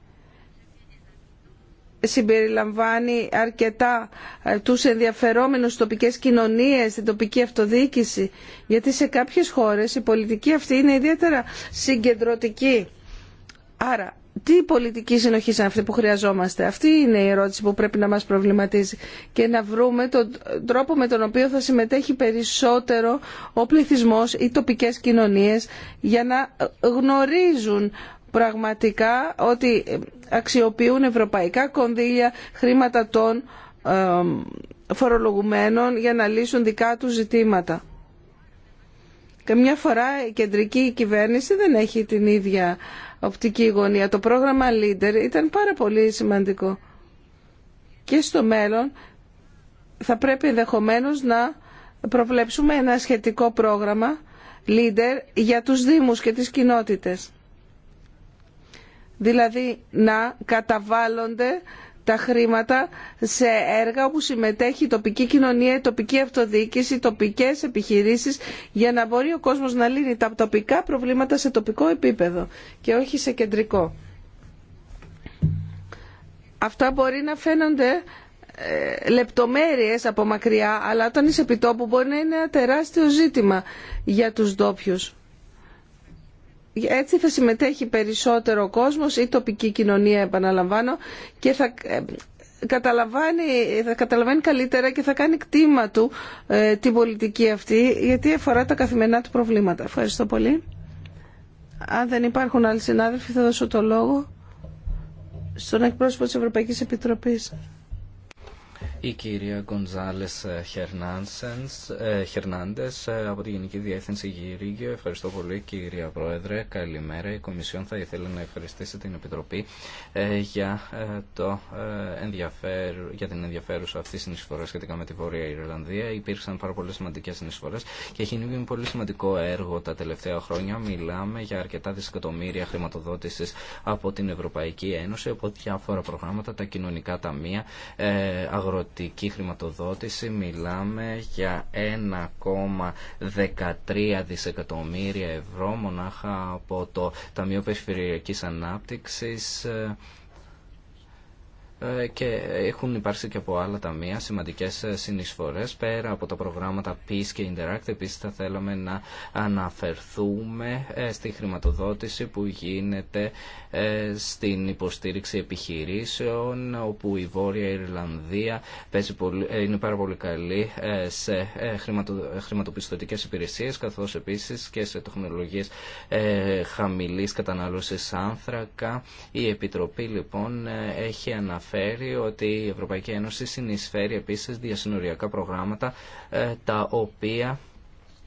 συμπεριλαμβάνει αρκετά ε, τους ενδιαφερόμενους τοπικές κοινωνίες, την τοπική αυτοδιοίκηση, γιατί σε κάποιες χώρες η πολιτική αυτή είναι ιδιαίτερα συγκεντρωτική. Άρα, τι πολιτική συνοχή είναι αυτή που χρειαζόμαστε. Αυτή είναι η ερώτηση που πρέπει να μας προβληματίζει και να βρούμε τον τρόπο με τον οποίο θα συμμετέχει περισσότερο ο πληθυσμός, ή τοπικές κοινωνίες για να γνωρίζουν πραγματικά ότι ε, αξιοποιούν ευρωπαϊκά κονδύλια, χρήματα των ε, φορολογουμένων για να λύσουν δικά τους ζητήματα. Καμιά φορά η κεντρική κυβέρνηση δεν έχει την ίδια οπτική γωνία. Το πρόγραμμα Leader ήταν πάρα πολύ σημαντικό. Και στο μέλλον θα πρέπει ενδεχομένως να προβλέψουμε ένα σχετικό πρόγραμμα Leader για τους Δήμους και τις κοινότητες δηλαδή να καταβάλλονται τα χρήματα σε έργα όπου συμμετέχει η τοπική κοινωνία, η τοπική αυτοδιοίκηση, οι τοπικές επιχειρήσεις για να μπορεί ο κόσμος να λύνει τα τοπικά προβλήματα σε τοπικό επίπεδο και όχι σε κεντρικό. Αυτά μπορεί να φαίνονται ε, λεπτομέρειες από μακριά αλλά όταν είσαι επιτόπου μπορεί να είναι ένα τεράστιο ζήτημα για τους ντόπιου έτσι θα συμμετέχει περισσότερο ο κόσμος, η τοπική κοινωνία επαναλαμβάνω και θα ε, καταλαβαίνει, θα καταλαβαίνει καλύτερα και θα κάνει κτήμα του ε, την πολιτική αυτή γιατί αφορά τα καθημερινά του προβλήματα. Ευχαριστώ πολύ. Αν δεν υπάρχουν άλλοι συνάδελφοι θα δώσω το λόγο στον εκπρόσωπο της Ευρωπαϊκής Επιτροπής η κυρία Γκονζάλες ε, Χερνάντες ε, από τη Γενική Διεύθυνση Γυρίγιο. Ευχαριστώ πολύ κυρία Πρόεδρε. Καλημέρα. Η Κομισιόν θα ήθελε να ευχαριστήσει την Επιτροπή ε, για, το, για την ενδιαφέρουσα αυτή συνεισφορά σχετικά με τη Βόρεια Ιρλανδία. Υπήρξαν πάρα πολλέ σημαντικέ συνεισφορέ και έχει γίνει πολύ σημαντικό έργο τα τελευταία χρόνια. Μιλάμε για αρκετά δισεκατομμύρια χρηματοδότηση από την Ευρωπαϊκή Ένωση, από διάφορα προγράμματα, τα κοινωνικά ταμεία, αγροτικά κοινοτική χρηματοδότηση μιλάμε για 1,13 δισεκατομμύρια ευρώ μονάχα από το Ταμείο Περιφερειακής Ανάπτυξης ε, ε, και έχουν υπάρξει και από άλλα ταμεία σημαντικές ε, συνεισφορές πέρα από τα προγράμματα Peace και Interact επίσης θα θέλαμε να αναφερθούμε ε, στη χρηματοδότηση που γίνεται στην υποστήριξη επιχειρήσεων όπου η Βόρεια Ιρλανδία είναι πάρα πολύ καλή σε χρηματοπιστωτικές υπηρεσίες καθώς επίσης και σε τεχνολογίες χαμηλής κατανάλωσης άνθρακα η Επιτροπή λοιπόν έχει ότι η Ευρωπαϊκή Ένωση συνεισφέρει επίσης διασυνοριακά προγράμματα ε, τα οποία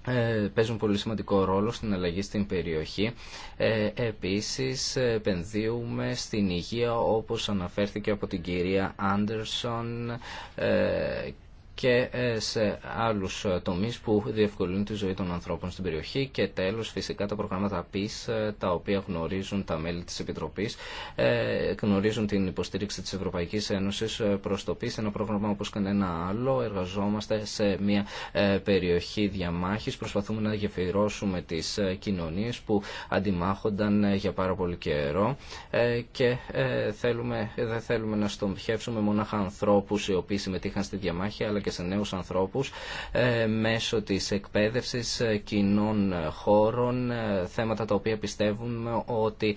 ε, παίζουν πολύ σημαντικό ρόλο στην αλλαγή στην περιοχή. Ε, επίσης, επενδύουμε στην υγεία όπως αναφέρθηκε από την κυρία Άντερσον και ε, σε άλλου ε, τομεί που διευκολύνουν τη ζωή των ανθρώπων στην περιοχή και τέλο, φυσικά τα προγράμματα PIS ε, τα οποία γνωρίζουν τα μέλη τη Επιτροπή, γνωρίζουν την υποστήριξη τη Ευρωπαϊκή Ένωση προ το PIS ένα πρόγραμμα όπω κανένα άλλο εργαζόμαστε σε μια περιοχή διαμάχη. προσπαθούμε να γεφυρώσουμε τι κοινωνίε που αντιμάχονταν για πάρα πολύ καιρό και θέλουμε, δεν θέλουμε να στομπιεύσουμε μονάχα ανθρώπου οι οποίοι συμμετείχαν στη διαμάχη και σε νέους ανθρώπους ε, μέσω της εκπαίδευσης ε, κοινών χώρων, ε, θέματα τα οποία πιστεύουμε ότι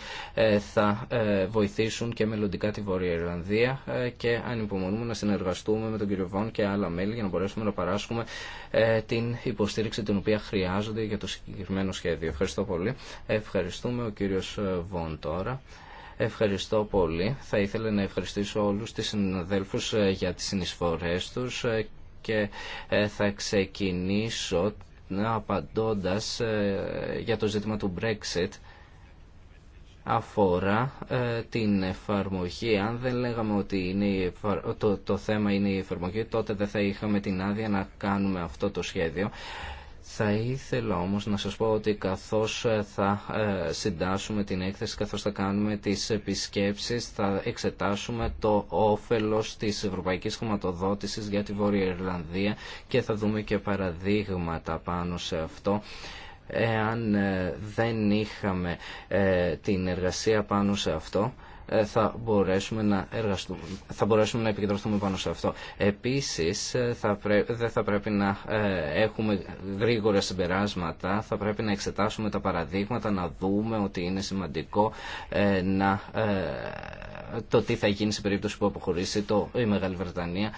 θα βοηθήσουν και μελλοντικά τη Βόρεια Ιρλανδία και ανυπομονούμε να συνεργαστούμε με τον κύριο Βόν και άλλα μέλη για να μπορέσουμε να παράσχουμε την υποστήριξη την οποία χρειάζονται για το συγκεκριμένο σχέδιο. Ευχαριστώ πολύ. Ευχαριστούμε ο κύριος Βόν τώρα. Ευχαριστώ πολύ. Θα ήθελα να ευχαριστήσω όλους τις συναδέλφους ε, για τις συνεισφορές τους ε, και ε, θα ξεκινήσω απαντώντας για το ζήτημα του Brexit αφορά την εφαρμογή. Αν δεν λέγαμε ότι το, το θέμα είναι η εφαρμογή, τότε δεν θα είχαμε την άδεια να κάνουμε αυτό το σχέδιο. Θα ήθελα όμως να σας πω ότι καθώς ε, θα ε, συντάσουμε την έκθεση, καθώς θα κάνουμε τις επισκέψεις, θα εξετάσουμε το όφελος της ευρωπαϊκής χρηματοδότησης για τη Βόρεια Ιρλανδία και θα δούμε και παραδείγματα πάνω σε αυτό εάν ε, δεν είχαμε την εργασία πάνω σε αυτό ε, θα μπορέσουμε να εργαστούμε, θα μπορέσουμε να επικεντρωθούμε πάνω σε αυτό. Επίσης, ε, θα δεν θα πρέπει να ε, έχουμε γρήγορα συμπεράσματα, θα πρέπει να εξετάσουμε τα παραδείγματα, να δούμε ότι είναι σημαντικό να το τι θα γίνει σε περίπτωση που αποχωρήσει το, η Μεγάλη Βρετανία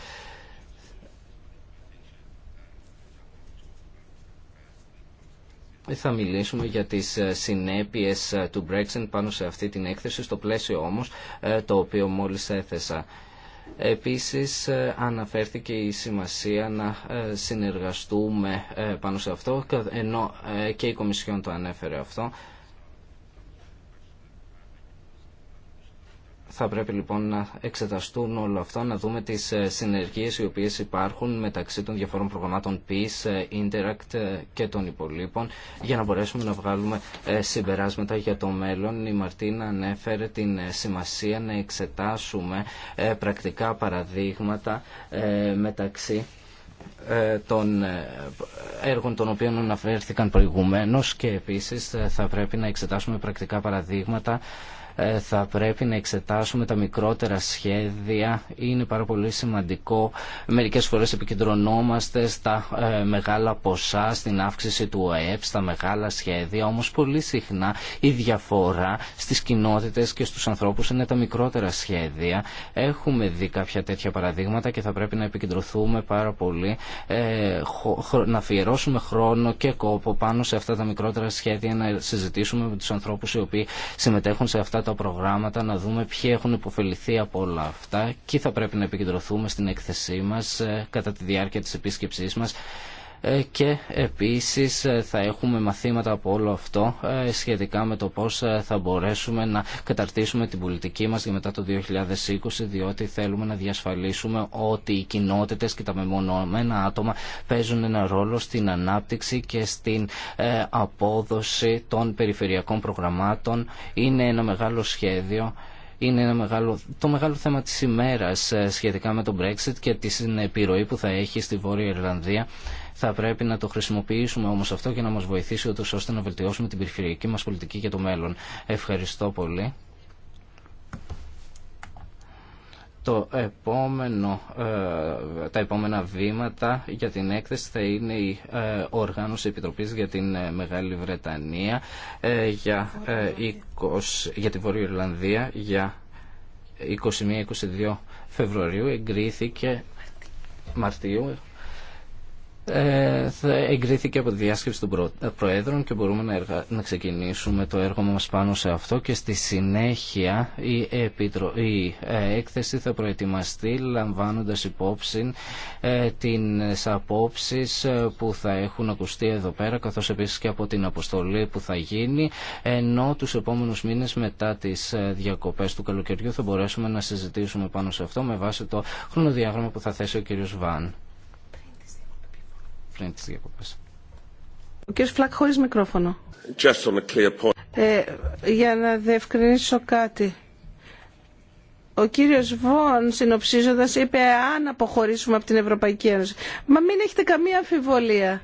Ε, θα μιλήσουμε για τις ε, συνέπειες ε, του Brexit πάνω σε αυτή την έκθεση, στο πλαίσιο όμως το οποίο μόλις έθεσα. Επίσης αναφέρθηκε η σημασία να συνεργαστούμε πάνω σε αυτό ενώ και η Κομισιόν το ανέφερε αυτό Θα πρέπει λοιπόν να εξεταστούν όλα αυτά, να δούμε τις ε, συνεργίες οι οποίες υπάρχουν μεταξύ των διαφορών προγραμμάτων PIS, ε, Interact ε, και των υπολείπων για να μπορέσουμε να βγάλουμε συμπεράσματα για το μέλλον. Η Μαρτίνα ανέφερε την σημασία να εξετάσουμε πρακτικά παραδείγματα μεταξύ των έργων των οποίων αναφέρθηκαν προηγουμένως και επίσης θα πρέπει να εξετάσουμε πρακτικά παραδείγματα ε, θα πρέπει να εξετάσουμε τα μικρότερα σχέδια. Είναι πάρα πολύ σημαντικό. Μερικές φορές επικεντρωνόμαστε στα ε, μεγάλα ποσά, στην αύξηση του ΟΕΠ, στα μεγάλα σχέδια. Όμως πολύ συχνά η διαφορά στις κοινότητες και στους ανθρώπους είναι τα μικρότερα σχέδια. Έχουμε δει κάποια τέτοια παραδείγματα και θα πρέπει να επικεντρωθούμε πάρα πολύ, ε, να αφιερώσουμε χρόνο και κόπο πάνω σε αυτά τα μικρότερα σχέδια, να συζητήσουμε με τους ανθρώπους οι οποίοι συμμετέχουν σε αυτά τα τα προγράμματα, να δούμε ποιοι έχουν υποφεληθεί από όλα αυτά και θα πρέπει να επικεντρωθούμε στην έκθεσή μας ε, κατά τη διάρκεια της επίσκεψής μας ε, και επίσης ε, θα έχουμε μαθήματα από όλο αυτό ε, σχετικά με το πώς θα μπορέσουμε να καταρτήσουμε την πολιτική μας για μετά το 2020 διότι θέλουμε να διασφαλίσουμε ότι οι κοινότητες και τα μεμονωμένα άτομα παίζουν ένα ρόλο στην ανάπτυξη και στην απόδοση των περιφερειακών προγραμμάτων. Είναι ένα μεγάλο σχέδιο είναι ένα μεγάλο, το μεγάλο θέμα της ημέρας σχετικά με τον Brexit και την επιρροή που θα έχει στη Βόρεια Ιρλανδία θα πρέπει να το χρησιμοποιήσουμε όμως αυτό και να μας βοηθήσει ούτω ώστε να βελτιώσουμε την περιφερειακή μας πολιτική για το μέλλον. Ευχαριστώ πολύ. Το επόμενο, ε, τα επόμενα βήματα για την έκθεση θα είναι η ε, οργάνωση επιτροπής για την ε, Μεγάλη Βρετανία, για, 20, για τη Βόρεια Ιρλανδία, για 21-22 Φεβρουαρίου εγκρίθηκε Μαρτίου ε, θα εγκρίθηκε από τη διάσκεψη των Προέδρων και μπορούμε να, ξεκινήσουμε το έργο μας πάνω σε αυτό και στη συνέχεια η, η ε, έκθεση θα προετοιμαστεί λαμβάνοντας υπόψη ε, τις απόψεις ε, που θα έχουν ακουστεί εδώ πέρα καθώς επίσης και από την αποστολή που θα γίνει ενώ τους επόμενους μήνες μετά τις διακοπές του καλοκαιριού θα μπορέσουμε να συζητήσουμε πάνω σε αυτό με βάση το χρονοδιάγραμμα που θα θέσει ο κ. Βαν πριν Ο κ. Φλακ χωρίς μικρόφωνο. Just on a clear point. Ε, για να διευκρινίσω κάτι. Ο κύριος Βον, συνοψίζοντας, είπε αν αποχωρήσουμε από την Ευρωπαϊκή Ένωση. Μα μην έχετε καμία αμφιβολία.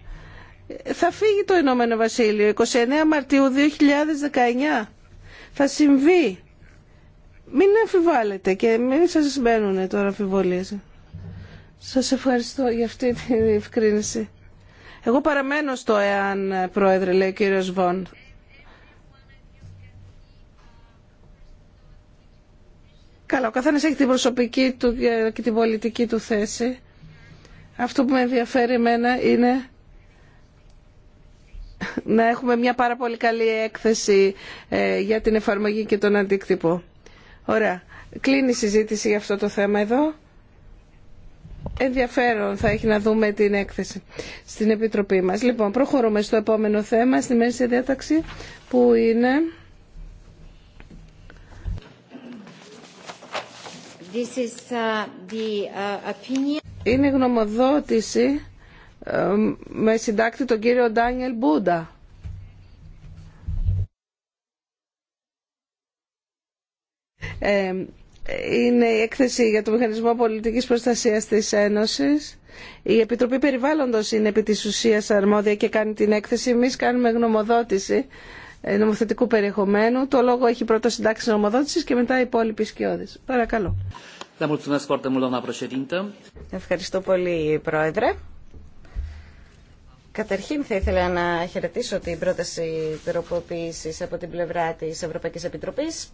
Θα φύγει το Ηνωμένο Βασίλειο 29 Μαρτίου 2019. Θα συμβεί. Μην αμφιβάλλετε και μην σας μπαίνουν τώρα αμφιβολίες. Σας ευχαριστώ για αυτή την ευκρίνηση. Εγώ παραμένω στο εάν, πρόεδρε, λέει ο κύριος Βον. Καλά, ο καθένας έχει την προσωπική του και την πολιτική του θέση. Αυτό που με ενδιαφέρει εμένα είναι να έχουμε μια πάρα πολύ καλή έκθεση ε, για την εφαρμογή και τον αντίκτυπο. Ωραία. Κλείνει η συζήτηση για αυτό το θέμα εδώ ενδιαφέρον θα έχει να δούμε την έκθεση στην Επιτροπή μας. Λοιπόν, προχωρούμε στο επόμενο θέμα, στη μέση διάταξη, που είναι... This is uh, the uh, opinion. Είναι γνωμοδότηση ε, με συντάκτη τον κύριο Ντάνιελ Μπούντα. Ε, είναι η έκθεση για το Μηχανισμό Πολιτικής Προστασίας της Ένωσης. Η Επιτροπή Περιβάλλοντος είναι επί της ουσίας αρμόδια και κάνει την έκθεση. Εμεί κάνουμε γνωμοδότηση ε, νομοθετικού περιεχομένου. Το λόγο έχει πρώτο συντάξει νομοδότησης και μετά οι υπόλοιποι σκιώδε. Παρακαλώ. Ευχαριστώ πολύ, Πρόεδρε. Καταρχήν θα ήθελα να χαιρετήσω την πρόταση τροποποίησης από την πλευρά της Ευρωπαϊκής Επιτροπής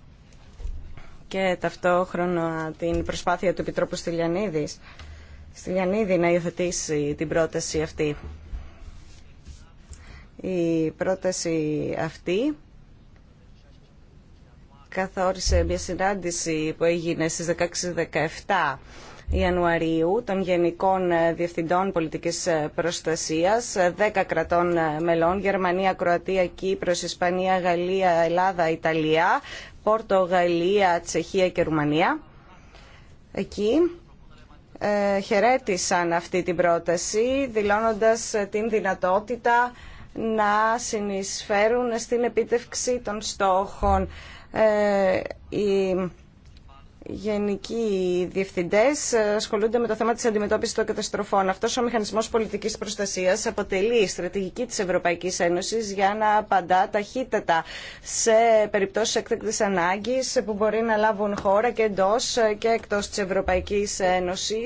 και ταυτόχρονα την προσπάθεια του Επιτρόπου Στυλιανίδης Στυλιανίδη να υιοθετήσει την πρόταση αυτή. Η πρόταση αυτή καθόρισε μια συνάντηση που έγινε στις 16-17 Ιανουαρίου των Γενικών Διευθυντών Πολιτικής Προστασίας 10 κρατών μελών Γερμανία, Κροατία, Κύπρος, Ισπανία, Γαλλία, Ελλάδα, Ιταλία Πορτογαλία, Τσεχία και Ρουμανία. Εκεί ε, χαιρέτησαν αυτή την πρόταση δηλώνοντας την δυνατότητα να συνεισφέρουν στην επίτευξη των στόχων. Ε, η γενικοί διευθυντέ ε, ασχολούνται με το θέμα τη αντιμετώπιση των καταστροφών. Αυτό ο μηχανισμό πολιτική προστασία αποτελεί στρατηγική τη Ευρωπαϊκή Ένωση για να απαντά ταχύτατα σε περιπτώσει έκτακτη ανάγκη που μπορεί να λάβουν χώρα και εντό και εκτό τη Ευρωπαϊκή Ένωση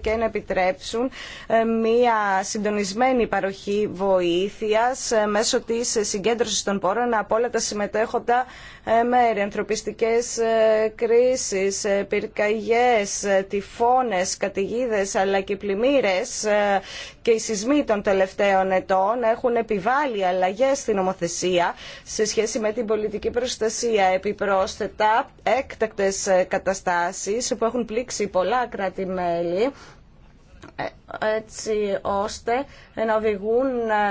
και να επιτρέψουν ε, μια συντονισμένη παροχή βοήθεια ε, μέσω τη συγκέντρωση των πόρων από όλα τα συμμετέχοντα μέρη, ανθρωπιστικέ κρίσει, τις ε, πυρκαγιές, ε, τυφώνες, καταιγίδε, αλλά και πλημμύρες ε, και οι σεισμοί των τελευταίων ετών έχουν επιβάλει αλλαγές στην νομοθεσία σε σχέση με την πολιτική προστασία επιπρόσθετα έκτακτες καταστάσεις που έχουν πλήξει πολλά κράτη-μέλη έτσι ώστε να οδηγούν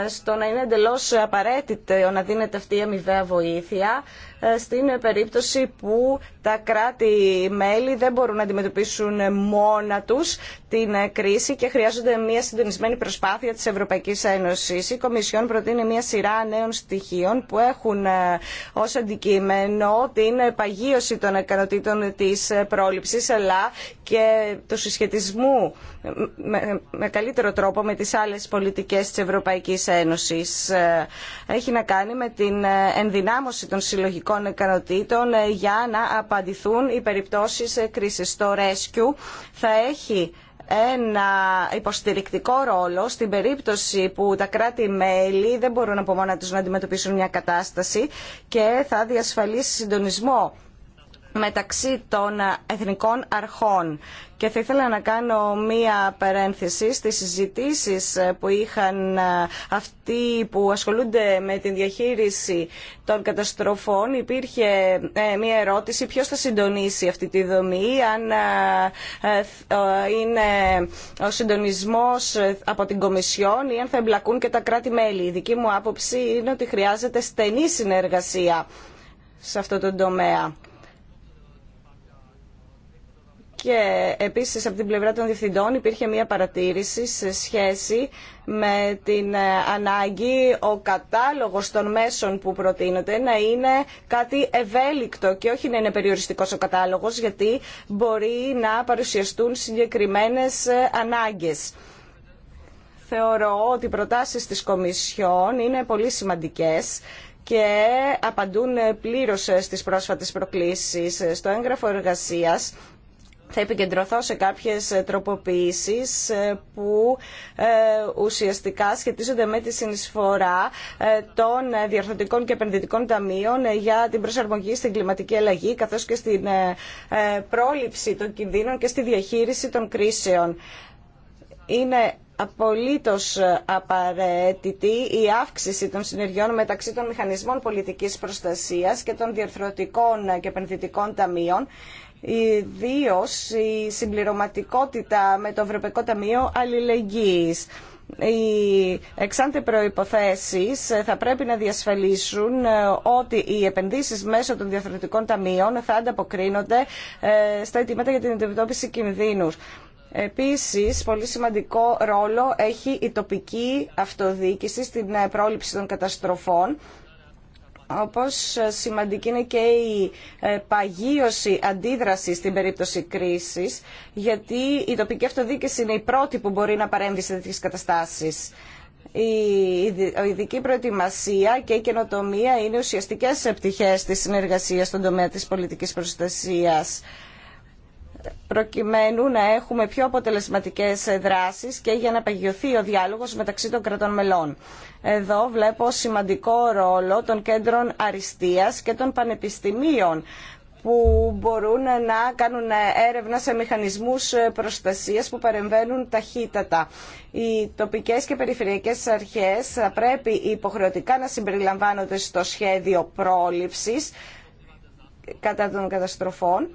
στο να είναι εντελώ απαραίτητο να δίνεται αυτή η αμοιβαία βοήθεια ε, στην περίπτωση που τα κράτη-μέλη δεν μπορούν να αντιμετωπίσουν μόνα τους την ε, κρίση και χρειάζονται μια συντονισμένη προσπάθεια της Ευρωπαϊκής Ένωσης. Η Κομισιόν προτείνει μια σειρά νέων στοιχείων που έχουν ε, ως αντικείμενο την παγίωση των ικανοτήτων της πρόληψης αλλά και του συσχετισμού με καλύτερο τρόπο με τις άλλες πολιτικές της Ευρωπαϊκής Ένωσης. Έχει να κάνει με την ενδυνάμωση των συλλογικών τεχνικών ικανοτήτων ε, για να απαντηθούν οι περιπτώσεις ε, κρίσης. Το Rescue θα έχει ένα υποστηρικτικό ρόλο στην περίπτωση που τα κράτη-μέλη δεν μπορούν από μόνα τους να αντιμετωπίσουν μια κατάσταση και θα διασφαλίσει συντονισμό μεταξύ των εθνικών αρχών. Και θα ήθελα να κάνω μία παρένθεση στις συζητήσεις που είχαν αυτοί που ασχολούνται με την διαχείριση των καταστροφών. Υπήρχε ε, μία ερώτηση ποιος θα συντονίσει αυτή τη δομή, αν ε, ε, είναι ο συντονισμός από την Κομισιόν ή αν θα εμπλακούν και τα κράτη-μέλη. Η δική μου άποψη είναι ότι χρειάζεται στενή συνεργασία σε αυτό το τομέα. Και επίσης από την πλευρά των διευθυντών υπήρχε μια παρατήρηση σε σχέση με την ε, ανάγκη ο κατάλογος των μέσων που προτείνεται να είναι κάτι ευέλικτο και όχι να είναι περιοριστικός ο κατάλογος γιατί μπορεί να παρουσιαστούν συγκεκριμένες ε, ανάγκες. Θεωρώ ότι οι προτάσεις της Κομισιόν είναι πολύ σημαντικές και απαντούν πλήρως ε, στις πρόσφατες προκλήσεις. Στο έγγραφο εργασίας θα επικεντρωθώ σε κάποιες ε, τροποποιήσεις ε, που ε, ουσιαστικά σχετίζονται με τη συνεισφορά των διαρθρωτικών και επενδυτικών ταμείων για την προσαρμογή στην κλιματική αλλαγή καθώς και στην πρόληψη των κινδύνων και στη διαχείριση των κρίσεων. Είναι απολύτως απαραίτητη η αύξηση των συνεργειών μεταξύ των μηχανισμών πολιτικής προστασίας και των διαρθρωτικών και επενδυτικών ταμείων ιδίω η συμπληρωματικότητα με το Ευρωπαϊκό Ταμείο Αλληλεγγύης. Οι εξάντε προϋποθέσεις θα πρέπει να διασφαλίσουν ε, ότι οι επενδύσεις μέσω των διαφορετικών ταμείων θα ανταποκρίνονται ε, στα αιτήματα για την αντιμετώπιση κινδύνους. Επίσης, πολύ σημαντικό ρόλο έχει η τοπική αυτοδιοίκηση στην ε, πρόληψη των καταστροφών όπως σημαντική είναι και η ε, παγίωση αντίδραση στην περίπτωση κρίσης, γιατί η τοπική αυτοδίκηση είναι η πρώτη που μπορεί να παρέμβει σε τέτοιες καταστάσεις. Η ειδική προετοιμασία και η καινοτομία είναι ουσιαστικές επιτυχές της συνεργασίας στον τομέα της πολιτικής προστασίας προκειμένου να έχουμε πιο αποτελεσματικές δράσεις και για να παγιωθεί ο διάλογος μεταξύ των κρατών μελών. Εδώ βλέπω σημαντικό ρόλο των κέντρων αριστείας και των πανεπιστημίων που μπορούν να κάνουν έρευνα σε μηχανισμούς προστασίας που παρεμβαίνουν ταχύτατα. Οι τοπικές και περιφερειακές αρχές πρέπει υποχρεωτικά να συμπεριλαμβάνονται στο σχέδιο πρόληψης κατά των καταστροφών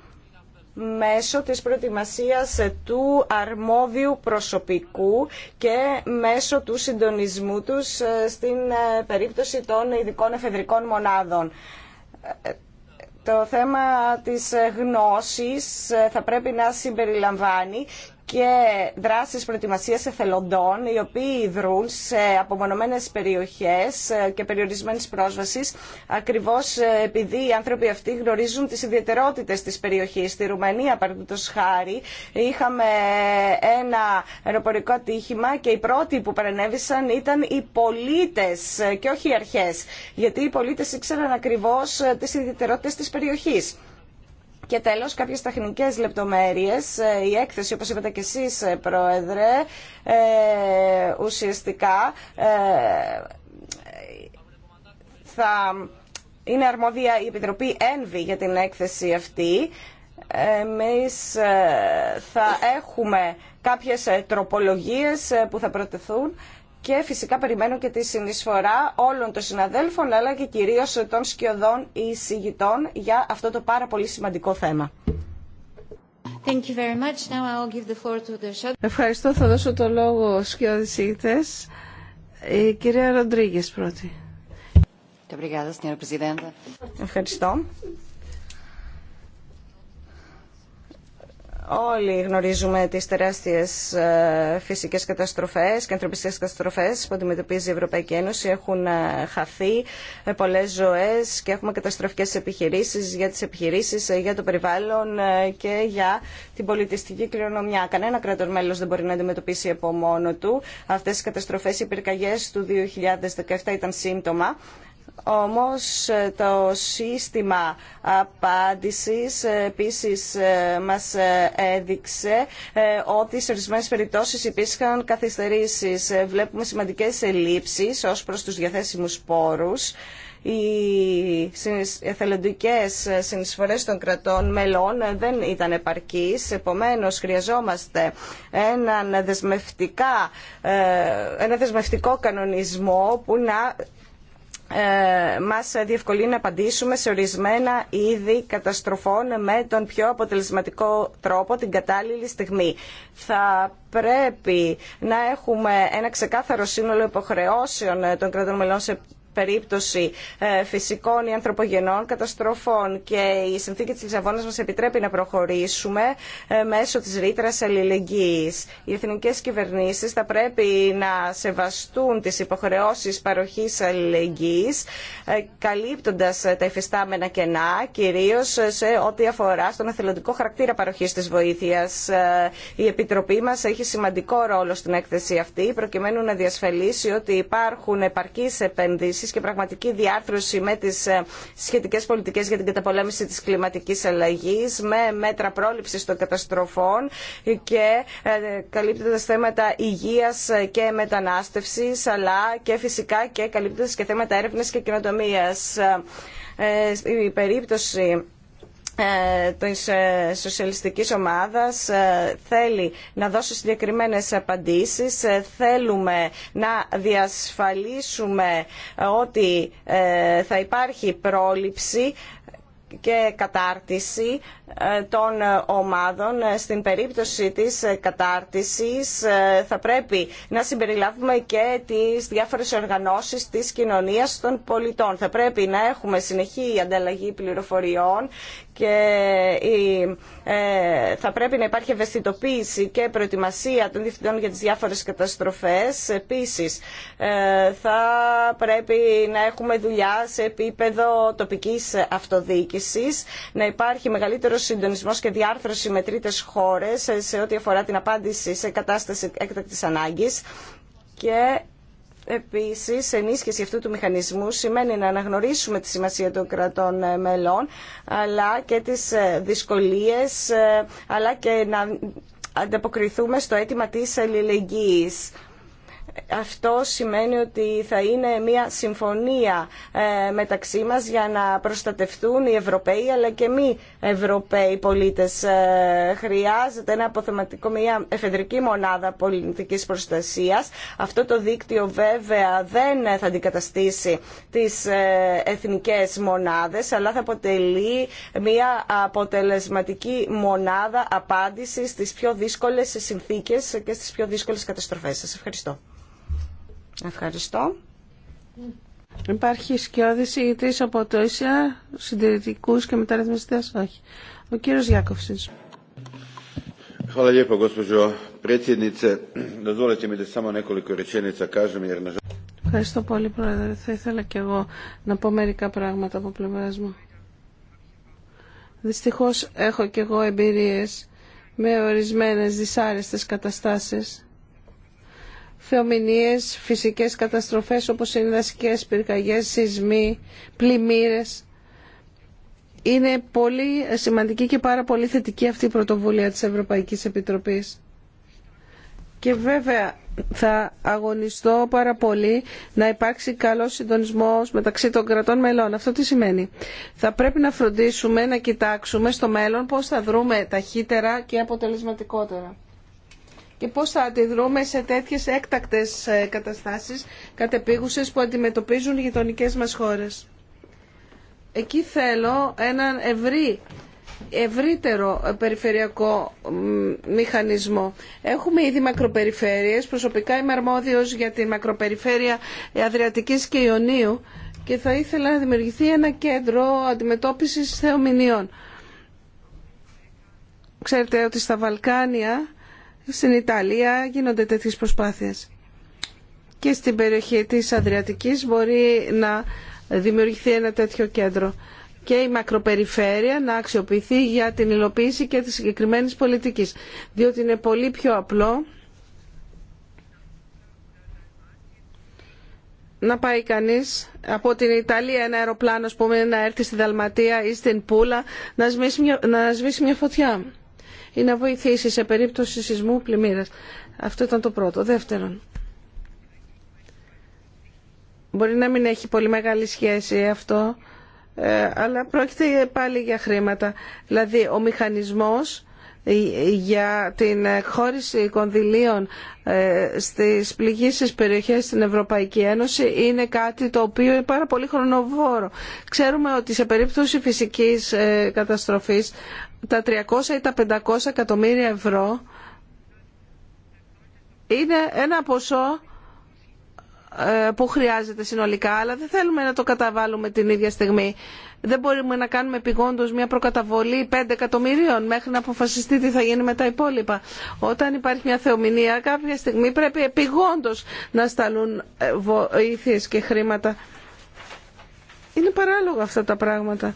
μέσω της προετοιμασίας του αρμόδιου προσωπικού και μέσω του συντονισμού τους ε, στην ε, περίπτωση των ειδικών εφεδρικών μονάδων. Ε, το θέμα της γνώσης θα πρέπει να συμπεριλαμβάνει και δράσεις προετοιμασίας εθελοντών οι οποίοι δρούν σε απομονωμένες περιοχές ε, και περιορισμένης πρόσβασης ακριβώς ε, επειδή οι άνθρωποι αυτοί γνωρίζουν τις ιδιαιτερότητες της περιοχής. Στη Ρουμανία, παραδείγματος χάρη, είχαμε ένα αεροπορικό ατύχημα και οι πρώτοι που παρενέβησαν ήταν οι πολίτες ε, και όχι οι αρχές γιατί οι πολίτες ήξεραν ακριβώς τις ιδιαιτερότητες της περιοχής. Και τέλος κάποιες τεχνικέ λεπτομέρειες. Ε, η έκθεση, όπως είπατε και εσείς, ε, Πρόεδρε, ε, ουσιαστικά θα είναι αρμόδια η Επιτροπή ΕΝΒΗ για την έκθεση αυτή. Εμείς θα έχουμε κάποιες τροπολογίες που θα προτεθούν και φυσικά περιμένω και τη συνεισφορά όλων των συναδέλφων αλλά και κυρίως των σκιωδών εισηγητών για αυτό το πάρα πολύ σημαντικό θέμα. Thank you very much. Now I'll give the floor to the... Ευχαριστώ. Θα δώσω το λόγο σκιώδης Η ε, κυρία Ροντρίγκες πρώτη. Ευχαριστώ. Όλοι γνωρίζουμε τις τεράστιες ε, φυσικές καταστροφές και ανθρωπιστικές καταστροφές που αντιμετωπίζει η Ευρωπαϊκή Ένωση. Έχουν ε, χαθεί ε, πολλές ζωές και έχουμε καταστροφικές επιχειρήσεις για τις επιχειρήσεις, για το περιβάλλον και για την πολιτιστική κληρονομιά. Κανένα κράτος μέλος δεν μπορεί να αντιμετωπίσει από μόνο του. Αυτές οι καταστροφές, οι πυρκαγιές του 2017 ήταν σύμπτωμα όμως ε, το σύστημα απάντησης ε, επίσης ε, μας έδειξε ότι σε ορισμένες περιπτώσεις υπήρχαν καθυστερήσεις. Βλέπουμε σημαντικές ελλείψεις ως προς τους διαθέσιμους πόρους οι εθελοντικές συνεισφορές των κρατών μελών δεν ήταν επαρκείς. Επομένως, χρειαζόμαστε έναν ένα δεσμευτικό κανονισμό που να ε, μας διευκολύνει να απαντήσουμε σε ορισμένα είδη καταστροφών με τον πιο αποτελεσματικό τρόπο την κατάλληλη στιγμή. Θα πρέπει να έχουμε ένα ξεκάθαρο σύνολο υποχρεώσεων των κρατών μελών σε περίπτωση ε, φυσικών ή ανθρωπογενών καταστροφών και η συνθήκη της Λισαβόνας μας επιτρέπει να προχωρήσουμε ε, μέσω της ρήτρα αλληλεγγύης. Οι εθνικές κυβερνήσεις θα πρέπει να σεβαστούν τις υποχρεώσεις παροχής αλληλεγγύης ε, καλύπτοντας τα υφιστάμενα κενά κυρίως σε ό,τι αφορά στον εθελοντικό χαρακτήρα παροχής της βοήθειας. Η Επιτροπή μας έχει σημαντικό ρόλο στην έκθεση αυτή προκειμένου να διασφαλίσει ότι υπάρχουν επαρκείς επενδύσεις και πραγματική διάρθρωση με τις ε, σχετικές πολιτικές για την καταπολέμηση της κλιματικής αλλαγής, με μέτρα πρόληψης των καταστροφών και ε, καλύπτοντα θέματα υγείας και μετανάστευσης, αλλά και φυσικά και καλύπτοντα και θέματα έρευνα και κοινοτομίας. Ε, η περίπτωση ε, της ε, σοσιαλιστικής ομάδας ε, θέλει να δώσει συγκεκριμένες απαντήσεις. Θέλουμε να διασφαλίσουμε ότι θα υπάρχει πρόληψη και κατάρτιση των ομάδων. Στην περίπτωση της κατάρτισης θα πρέπει να συμπεριλάβουμε και τις διάφορες οργανώσεις της κοινωνίας των πολιτών. Θα πρέπει να έχουμε συνεχή ανταλλαγή πληροφοριών και ε, θα πρέπει να υπάρχει ευαισθητοποίηση και προετοιμασία των διευθυντών για τις διάφορες καταστροφές. Επίσης, ε, θα πρέπει να έχουμε δουλειά σε επίπεδο τοπικής αυτοδιοίκησης, να υπάρχει μεγαλύτερο συντονισμός και διάρθρωση με τρίτες χώρες σε ό,τι αφορά την απάντηση σε κατάσταση έκτακτης ανάγκης και Επίσης, ενίσχυση αυτού του μηχανισμού σημαίνει να αναγνωρίσουμε τη σημασία των κρατών ε, μελών, αλλά και τις ε, δυσκολίες, ε, αλλά και να ανταποκριθούμε στο αίτημα της αλληλεγγύης αυτό σημαίνει ότι θα είναι μια συμφωνία ε, μεταξύ μας για να προστατευτούν οι Ευρωπαίοι αλλά και μη Ευρωπαίοι πολίτες. Ε, χρειάζεται ένα αποθεματικό, μια εφεδρική μονάδα πολιτικής προστασίας. Αυτό το δίκτυο βέβαια δεν θα αντικαταστήσει τις ε, εθνικές μονάδες αλλά θα αποτελεί μια αποτελεσματική μονάδα απάντησης στις πιο δύσκολες συνθήκες και στις πιο δύσκολες καταστροφές. Σας ευχαριστώ. Ευχαριστώ. Υπάρχει σκιώδηση Τρεις από το ΙΣΙΑ, συντηρητικούς και μεταρρυθμιστές, όχι. Ο κύριος Γιάκοφσης. Ευχαριστώ πολύ, Πρόεδρε. Θα ήθελα και εγώ να πω μερικά πράγματα από πλευρά μου. Δυστυχώς έχω και εγώ εμπειρίες με ορισμένες δυσάρεστες καταστάσεις θεομηνίες, φυσικές καταστροφές όπως είναι δασικές πυρκαγιές, σεισμοί, πλημμύρες. Είναι πολύ σημαντική και πάρα πολύ θετική αυτή η πρωτοβουλία της Ευρωπαϊκής Επιτροπής. Και βέβαια θα αγωνιστώ πάρα πολύ να υπάρξει καλό συντονισμό μεταξύ των κρατών μελών. Αυτό τι σημαίνει. Θα πρέπει να φροντίσουμε, να κοιτάξουμε στο μέλλον πώς θα δρούμε ταχύτερα και αποτελεσματικότερα και πώς θα αντιδρούμε σε τέτοιες έκτακτες ε, καταστάσεις κατεπίγουσες που αντιμετωπίζουν οι γειτονικέ μας χώρες. Εκεί θέλω έναν ευρύ, ευρύτερο ε, περιφερειακό μηχανισμό. Έχουμε ήδη μακροπεριφέρειες, προσωπικά είμαι αρμόδιος για τη μακροπεριφέρεια Αδριατικής και Ιωνίου και θα ήθελα να δημιουργηθεί ένα κέντρο αντιμετώπισης θεομηνιών. Ξέρετε ότι στα Βαλκάνια στην Ιταλία γίνονται τέτοιες προσπάθειες. Και στην περιοχή της Αδριατικής μπορεί να δημιουργηθεί ένα τέτοιο κέντρο και η μακροπεριφέρεια να αξιοποιηθεί για την υλοποίηση και της συγκεκριμένη πολιτικής. Διότι είναι πολύ πιο απλό να πάει κανείς από την Ιταλία ένα αεροπλάνο πούμε, να έρθει στη Δαλματία ή στην Πούλα να σβήσει να σβήσει μια φωτιά ή να βοηθήσει σε περίπτωση σεισμού πλημμύρας. Αυτό ήταν το πρώτο. Δεύτερον, μπορεί να μην έχει πολύ μεγάλη σχέση αυτό, ε, αλλά πρόκειται πάλι για χρήματα. Δηλαδή, ο μηχανισμός ε, για την χώριση κονδυλίων ε, στις πληγήσεις περιοχές στην Ευρωπαϊκή Ένωση είναι κάτι το οποίο είναι πάρα πολύ χρονοβόρο. Ξέρουμε ότι σε περίπτωση φυσικής καταστροφής τα 300 ή τα 500 εκατομμύρια ευρώ είναι ένα ποσό ε, που χρειάζεται συνολικά, αλλά δεν θέλουμε να το καταβάλουμε την ίδια στιγμή. Δεν μπορούμε να κάνουμε επιγόντως μια προκαταβολή 5 εκατομμυρίων μέχρι να αποφασιστεί τι θα γίνει με τα υπόλοιπα. Όταν υπάρχει μια θεομηνία, κάποια στιγμή πρέπει επιγόντως να σταλούν ε, βοήθειες και χρήματα. Είναι παράλογα αυτά τα πράγματα.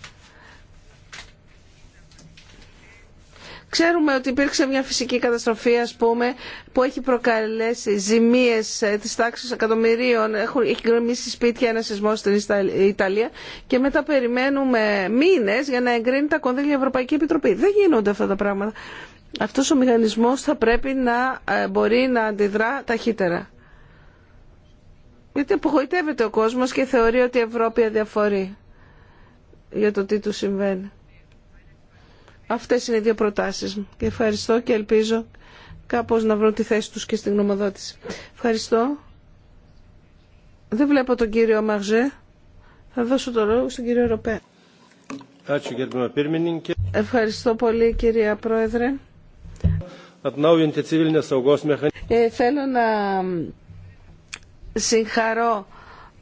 Ξέρουμε ότι υπήρξε μια φυσική καταστροφή, ας πούμε, που έχει προκαλέσει ζημίες ε, της τάξης εκατομμυρίων, έχουν, έχει γκρεμίσει σπίτια ένα σεισμό στην Ιταλία και μετά περιμένουμε μήνες για να εγκρίνει τα κονδύλια Ευρωπαϊκή Επιτροπή. Δεν γίνονται αυτά τα πράγματα. Αυτός ο μηχανισμός θα πρέπει να ε, μπορεί να αντιδρά ταχύτερα. Γιατί απογοητεύεται ο κόσμο και θεωρεί ότι η Ευρώπη αδιαφορεί για το τι του συμβαίνει. Αυτές είναι οι δύο προτάσεις μου. Και ευχαριστώ και ελπίζω κάπως να βρω τη θέση τους και στην γνωμοδότηση. Ευχαριστώ. Δεν βλέπω τον κύριο Μαγζέ. Θα δώσω το λόγο στον κύριο Ροπέ. Ευχαριστώ πολύ κυρία Πρόεδρε. Ε, θέλω να συγχαρώ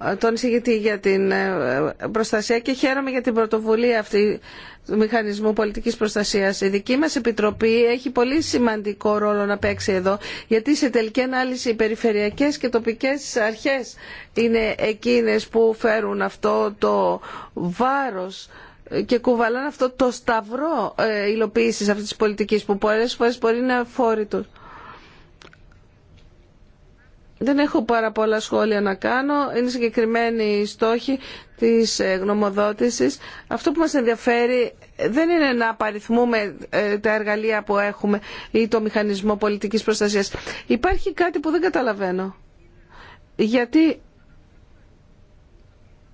ε, τον εισηγητή για την ε, ε, προστασία και χαίρομαι για την πρωτοβουλία αυτή Μηχανισμού Πολιτικής Προστασίας. Η δική μα Επιτροπή έχει πολύ σημαντικό ρόλο να παίξει εδώ, γιατί σε τελική ανάλυση οι περιφερειακές και τοπικές αρχές είναι εκείνες που φέρουν αυτό το βάρος και κουβαλάνε αυτό το σταυρό ε, υλοποίησης αυτής της πολιτικής που πολλέ φορέ μπορεί να φόρει τους. Δεν έχω πάρα πολλά σχόλια να κάνω. Είναι συγκεκριμένοι οι στόχοι της ε, γνωμοδότησης. Αυτό που μας ενδιαφέρει δεν είναι να απαριθμούμε ε, τα εργαλεία που έχουμε ή το μηχανισμό πολιτικής προστασίας. Υπάρχει κάτι που δεν καταλαβαίνω. Γιατί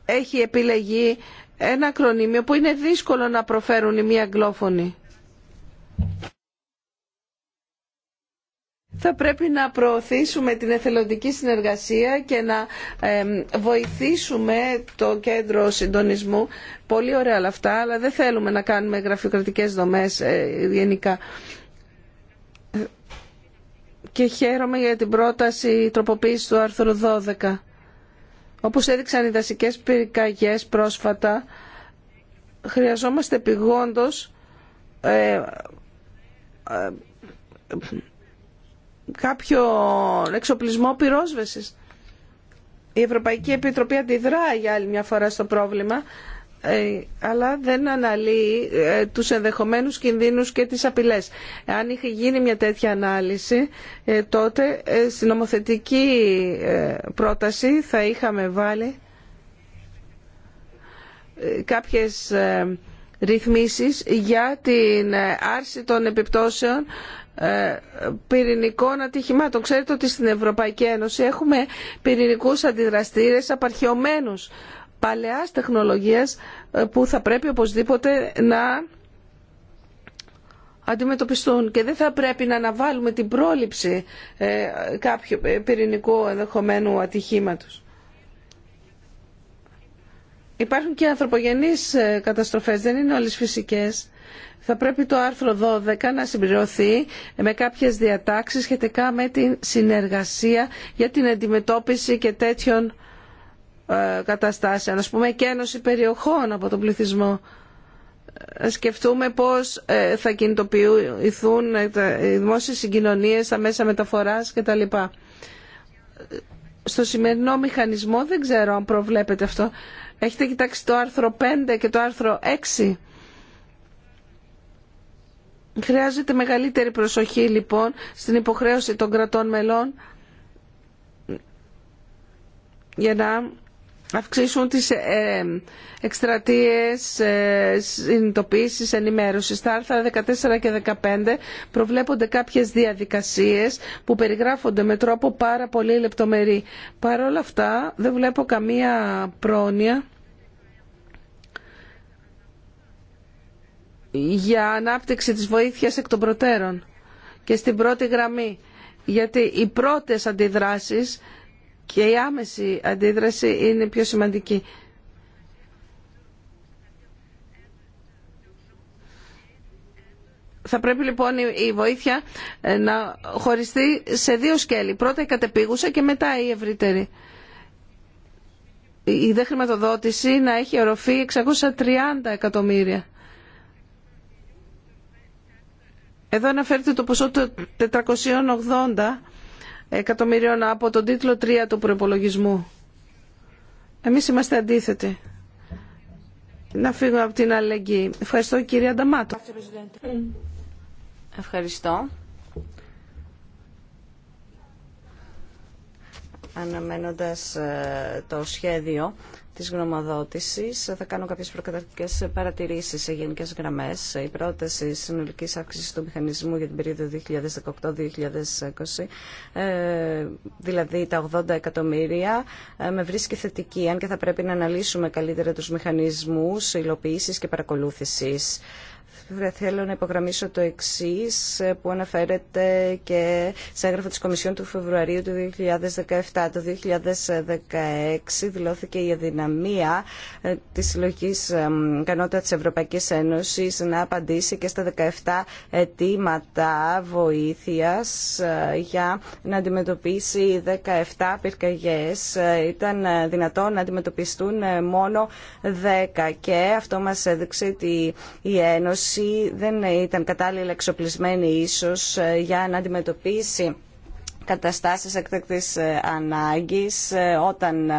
έχει επιλεγεί ένα ακρονίμιο που είναι δύσκολο να προφέρουν οι μη αγγλόφωνοι θα πρέπει να προωθήσουμε την εθελοντική συνεργασία και να βοηθήσουμε το κέντρο συντονισμού. Πολύ ωραία όλα αυτά, αλλά δεν θέλουμε να κάνουμε γραφειοκρατικές δομές ε, γενικά. Και χαίρομαι για την πρόταση τροποποίηση του άρθρου 12. Όπως έδειξαν οι δασικές πυρκαγιές πρόσφατα, χρειαζόμαστε πηγόντως ε, ε, κάποιο εξοπλισμό πυρόσβεσης. Η Ευρωπαϊκή Επιτροπή αντιδρά για άλλη μια φορά στο πρόβλημα, ε, αλλά δεν αναλύει ε, τους ενδεχομένους κινδύνους και τις απειλές. Αν είχε γίνει μια τέτοια ανάλυση, ε, τότε στην νομοθετική πρόταση θα είχαμε βάλει κάποιες ρυθμίσεις για την άρση των επιπτώσεων ε, πυρηνικών ατυχημάτων. Ξέρετε ότι στην Ευρωπαϊκή Ένωση έχουμε πυρηνικούς αντιδραστήρες απαρχαιωμένους παλαιάς τεχνολογίας ε, που θα πρέπει οπωσδήποτε να αντιμετωπιστούν και δεν θα πρέπει να αναβάλουμε την πρόληψη ε, κάποιου πυρηνικού ενδεχομένου ατυχήματος. Υπάρχουν και ανθρωπογενείς καταστροφές, δεν είναι όλες φυσικές θα πρέπει το άρθρο 12 να συμπληρωθεί με κάποιες διατάξεις σχετικά με την συνεργασία για την αντιμετώπιση και τέτοιων ε, καταστάσεων. Ας πούμε και ένωση περιοχών από τον πληθυσμό. Ε, σκεφτούμε πώς ε, θα κινητοποιηθούν οι δημόσιες συγκοινωνίες, τα μέσα μεταφοράς κτλ. Στο σημερινό μηχανισμό δεν ξέρω αν προβλέπετε αυτό. Έχετε κοιτάξει το άρθρο 5 και το άρθρο 6 Χρειάζεται μεγαλύτερη προσοχή λοιπόν στην υποχρέωση των κρατών μελών για να αυξήσουν τις ε, εκστρατείες ε, συνειδητοποίηση ενημέρωσης. Στα άρθρα 14 και 15 προβλέπονται κάποιες διαδικασίες που περιγράφονται με τρόπο πάρα πολύ λεπτομερή. Παρ' όλα αυτά δεν βλέπω καμία πρόνοια για ανάπτυξη της βοήθειας εκ των προτέρων και στην πρώτη γραμμή. Γιατί οι πρώτες αντιδράσεις και η άμεση αντίδραση είναι πιο σημαντική. Θα πρέπει λοιπόν η βοήθεια ε, να χωριστεί σε δύο σκέλη. Πρώτα η κατεπίγουσα και μετά η ευρύτερη. Η δε χρηματοδότηση να έχει οροφή 630 εκατομμύρια. Εδώ αναφέρεται το ποσό 480 εκατομμυρίων από τον τίτλο 3 του προπολογισμού. Εμείς είμαστε αντίθετοι. Να φύγω από την αλληλεγγύη. Ευχαριστώ κυρία Νταμάτο. Ευχαριστώ. Αναμένοντας ε, το σχέδιο της γνωμοδότησης. Θα κάνω κάποιες προκαταρκτικές παρατηρήσεις σε γενικές γραμμές. Η πρόταση συνολικής αύξησης του μηχανισμού για την περίοδο 2018-2020, ε, δηλαδή τα 80 εκατομμύρια, ε, με βρίσκει θετική, αν και θα πρέπει να αναλύσουμε καλύτερα τους μηχανισμούς υλοποίησης και παρακολούθησης. Θέλω να υπογραμμίσω το εξή ε, που αναφέρεται και σε έγγραφο της Κομισιόν του Φεβρουαρίου του 2017. Το 2016 δηλώθηκε η αδυναμία ε, της συλλογική ε, ικανότητα της Ευρωπαϊκής Ένωσης να απαντήσει και στα 17 αιτήματα βοήθειας για να αντιμετωπίσει 17 πυρκαγιές. Ήταν δυνατόν να αντιμετωπιστούν μόνο 10 και αυτό μας έδειξε ότι η Ένωση δεν ήταν κατάλληλα εξοπλισμένη ίσως ε, για να αντιμετωπίσει καταστάσεις εκτακτής ε, ανάγκης ε, όταν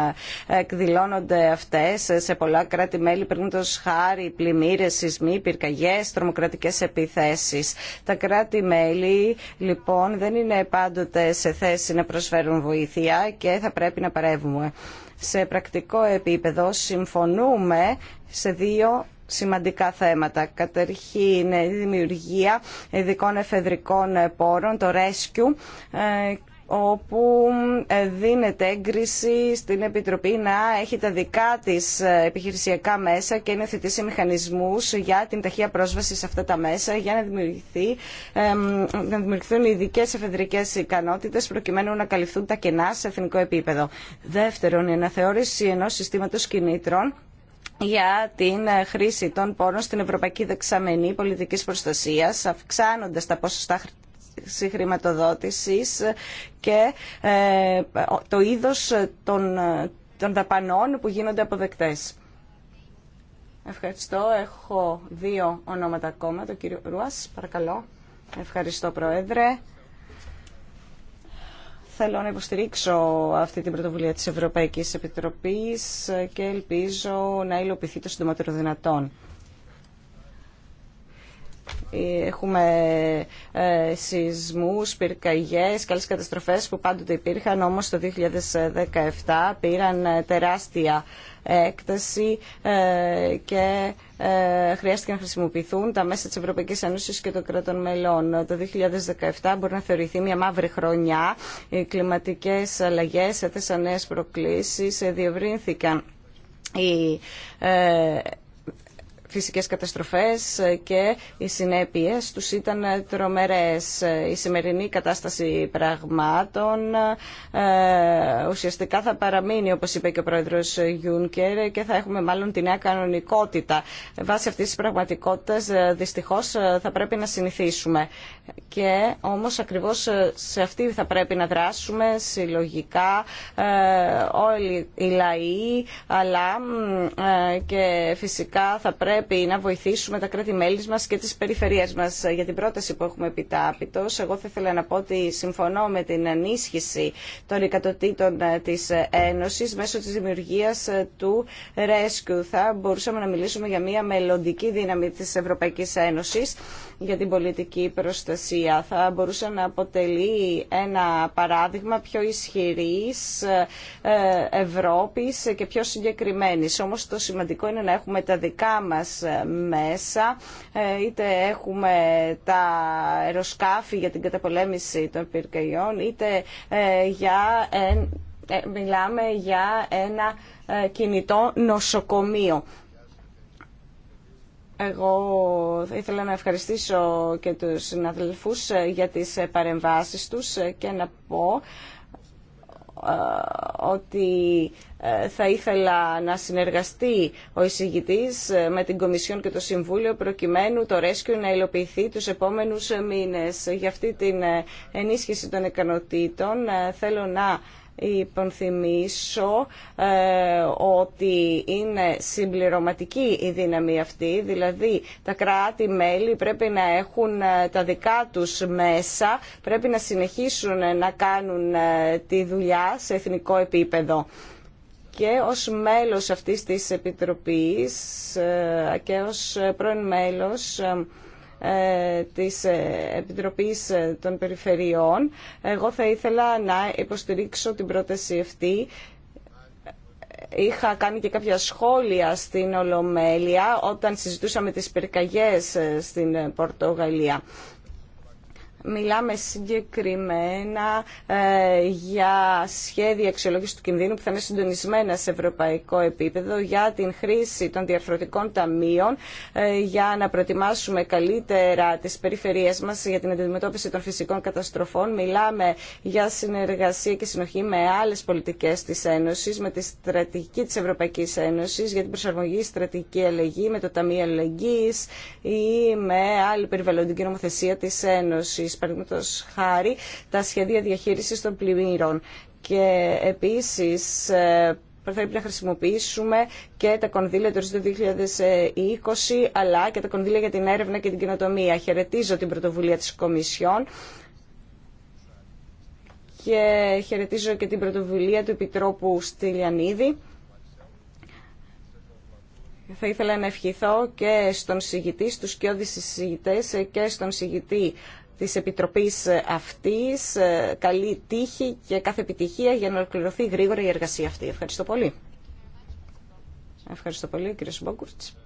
εκδηλώνονται αυτές σε πολλά κράτη-μέλη πριν το χάρη πλημμύρες, σεισμοί, πυρκαγιές, τρομοκρατικές επιθέσεις. Τα κράτη-μέλη λοιπόν δεν είναι πάντοτε σε θέση να προσφέρουν βοήθεια και θα πρέπει να παρεύουμε. Σε πρακτικό επίπεδο συμφωνούμε σε δύο σημαντικά θέματα. Καταρχήν η δημιουργία ειδικών εφεδρικών πόρων, το Rescue, ε, όπου ε, δίνεται έγκριση στην Επιτροπή να έχει τα δικά της ε, επιχειρησιακά μέσα και να θετήσει μηχανισμούς για την ταχεία πρόσβαση σε αυτά τα μέσα για να, δημιουργηθεί, να δημιουργηθούν ειδικέ εφεδρικές ικανότητες προκειμένου να καλυφθούν τα κενά σε εθνικό επίπεδο. Δεύτερον, η αναθεώρηση ενός συστήματος κινήτρων για την ε, χρήση των πόρων στην Ευρωπαϊκή Δεξαμενή Πολιτικής Προστασίας, αυξάνοντας τα ποσοστά χρηματοδότησης και ε, το είδος ε, των, των δαπανών που γίνονται αποδεκτές. Ευχαριστώ. Έχω δύο ονόματα ακόμα. Το κύριο Ρουάς, παρακαλώ. Ευχαριστώ, Πρόεδρε. Θέλω να υποστηρίξω αυτή την πρωτοβουλία της Ευρωπαϊκής Επιτροπής και ελπίζω να υλοποιηθεί το συντοματερό δυνατόν. Έχουμε ε, σεισμούς, πυρκαγιές, καλές καταστροφές που πάντοτε υπήρχαν, όμως το 2017 πήραν ε, τεράστια έκταση ε, και ε, χρειάστηκε να χρησιμοποιηθούν τα μέσα της Ευρωπαϊκής Ένωσης και των κρατών μελών. Το 2017 μπορεί να θεωρηθεί μια μαύρη χρονιά. Οι κλιματικές αλλαγές έθεσαν νέες προκλήσεις, διευρύνθηκαν οι φυσικές καταστροφές και οι συνέπειες τους ήταν τρομερές. Η σημερινή κατάσταση πραγμάτων ε, ουσιαστικά θα παραμείνει, όπως είπε και ο πρόεδρος Γιούνκερ, και θα έχουμε μάλλον τη νέα κανονικότητα. Βάσει αυτής της πραγματικότητας, ε, δυστυχώς, ε, θα πρέπει να συνηθίσουμε. Και όμως ακριβώς σε αυτή θα πρέπει να δράσουμε συλλογικά όλοι οι λαοί, αλλά και φυσικά θα πρέπει πρέπει να βοηθήσουμε τα κράτη-μέλη μας και τις περιφερειές μας. Για την πρόταση που έχουμε επιτάπητος, εγώ θα ήθελα να πω ότι συμφωνώ με την ενίσχυση των εκατοτήτων ε, της Ένωσης μέσω της δημιουργίας ε, του Rescue. Θα μπορούσαμε να μιλήσουμε για μια μελλοντική δύναμη της Ευρωπαϊκής Ένωσης για την πολιτική προστασία. Θα μπορούσε να αποτελεί ένα παράδειγμα πιο ισχυρής ε, ε, Ευρώπης και πιο συγκεκριμένης. Όμως το σημαντικό είναι να έχουμε τα δικά μας μέσα, ε, είτε έχουμε τα αεροσκάφη για την καταπολέμηση των πυρκαγιών, είτε για μιλάμε για ένα κινητό νοσοκομείο εγώ ήθελα να ευχαριστήσω και τους συναδελφούς ε, για τις ε, παρεμβάσεις τους ε, και να πω ότι θα ήθελα να συνεργαστεί ο εισηγητής με την Κομισιόν και το Συμβούλιο προκειμένου το Ρέσκιο να υλοποιηθεί τους επόμενους μήνες. Για αυτή την ενίσχυση των ικανοτήτων θέλω να υπενθυμίσω ε, ότι είναι συμπληρωματική η δύναμη αυτή, δηλαδή τα κράτη-μέλη πρέπει να έχουν ε, τα δικά τους μέσα, πρέπει να συνεχίσουν να κάνουν ε, τη δουλειά σε εθνικό επίπεδο. Και ως μέλος αυτής της Επιτροπής ε, και ως πρώην μέλος... Ε, της ε, Επιτροπής ε, των Περιφερειών. Εγώ θα ήθελα να υποστηρίξω την πρόταση αυτή είχα κάνει και κάποια σχόλια στην Ολομέλεια όταν συζητούσαμε τις πυρκαγιές στην Πορτογαλία. Μιλάμε συγκεκριμένα ε, για σχέδια αξιολόγηση του κινδύνου που θα είναι συντονισμένα σε ευρωπαϊκό επίπεδο για την χρήση των διαρθρωτικών ταμείων ε, για να προετοιμάσουμε καλύτερα τις περιφερειές μας για την αντιμετώπιση των φυσικών καταστροφών. Μιλάμε για συνεργασία και συνοχή με άλλες πολιτικές της Ένωσης, με τη στρατηγική της Ευρωπαϊκής Ένωσης για την προσαρμογή στρατηγική αλλαγή με το Ταμείο Αλληλεγγύη ή με άλλη περιβαλλοντική νομοθεσία της Ένωσης διαχείρισης, παραδείγματος χάρη τα σχέδια διαχείρισης των πλημμύρων. Και επίσης ε, πρέπει να χρησιμοποιήσουμε και τα κονδύλια του 2020 αλλά και τα κονδύλια για την έρευνα και την κοινοτομία. Χαιρετίζω την πρωτοβουλία της Κομισιόν και χαιρετίζω και την πρωτοβουλία του Επιτρόπου Στυλιανίδη. Θα ήθελα να ευχηθώ και στον συγητή, στους κοιόδησης συγητές και στον συγητή της Επιτροπής αυτής. Ε, καλή τύχη και κάθε επιτυχία για να ολοκληρωθεί γρήγορα η εργασία αυτή. Ευχαριστώ πολύ. Ευχαριστώ πολύ κύριε Σμπόγκουρτς.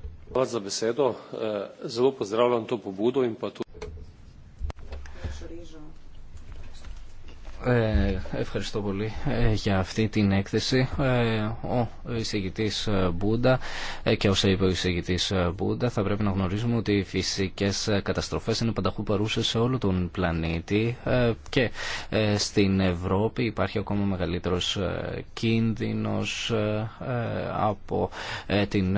Ε, ευχαριστώ πολύ ε, για αυτή την έκθεση. Ε, ο εισηγητής Μπούντα και όσα είπε ο εισηγητής Μπούντα θα πρέπει να γνωρίζουμε ότι οι φυσικές καταστροφές είναι πανταχού παρούσες σε όλο τον πλανήτη και στην Ευρώπη υπάρχει ακόμα μεγαλύτερος κίνδυνος από την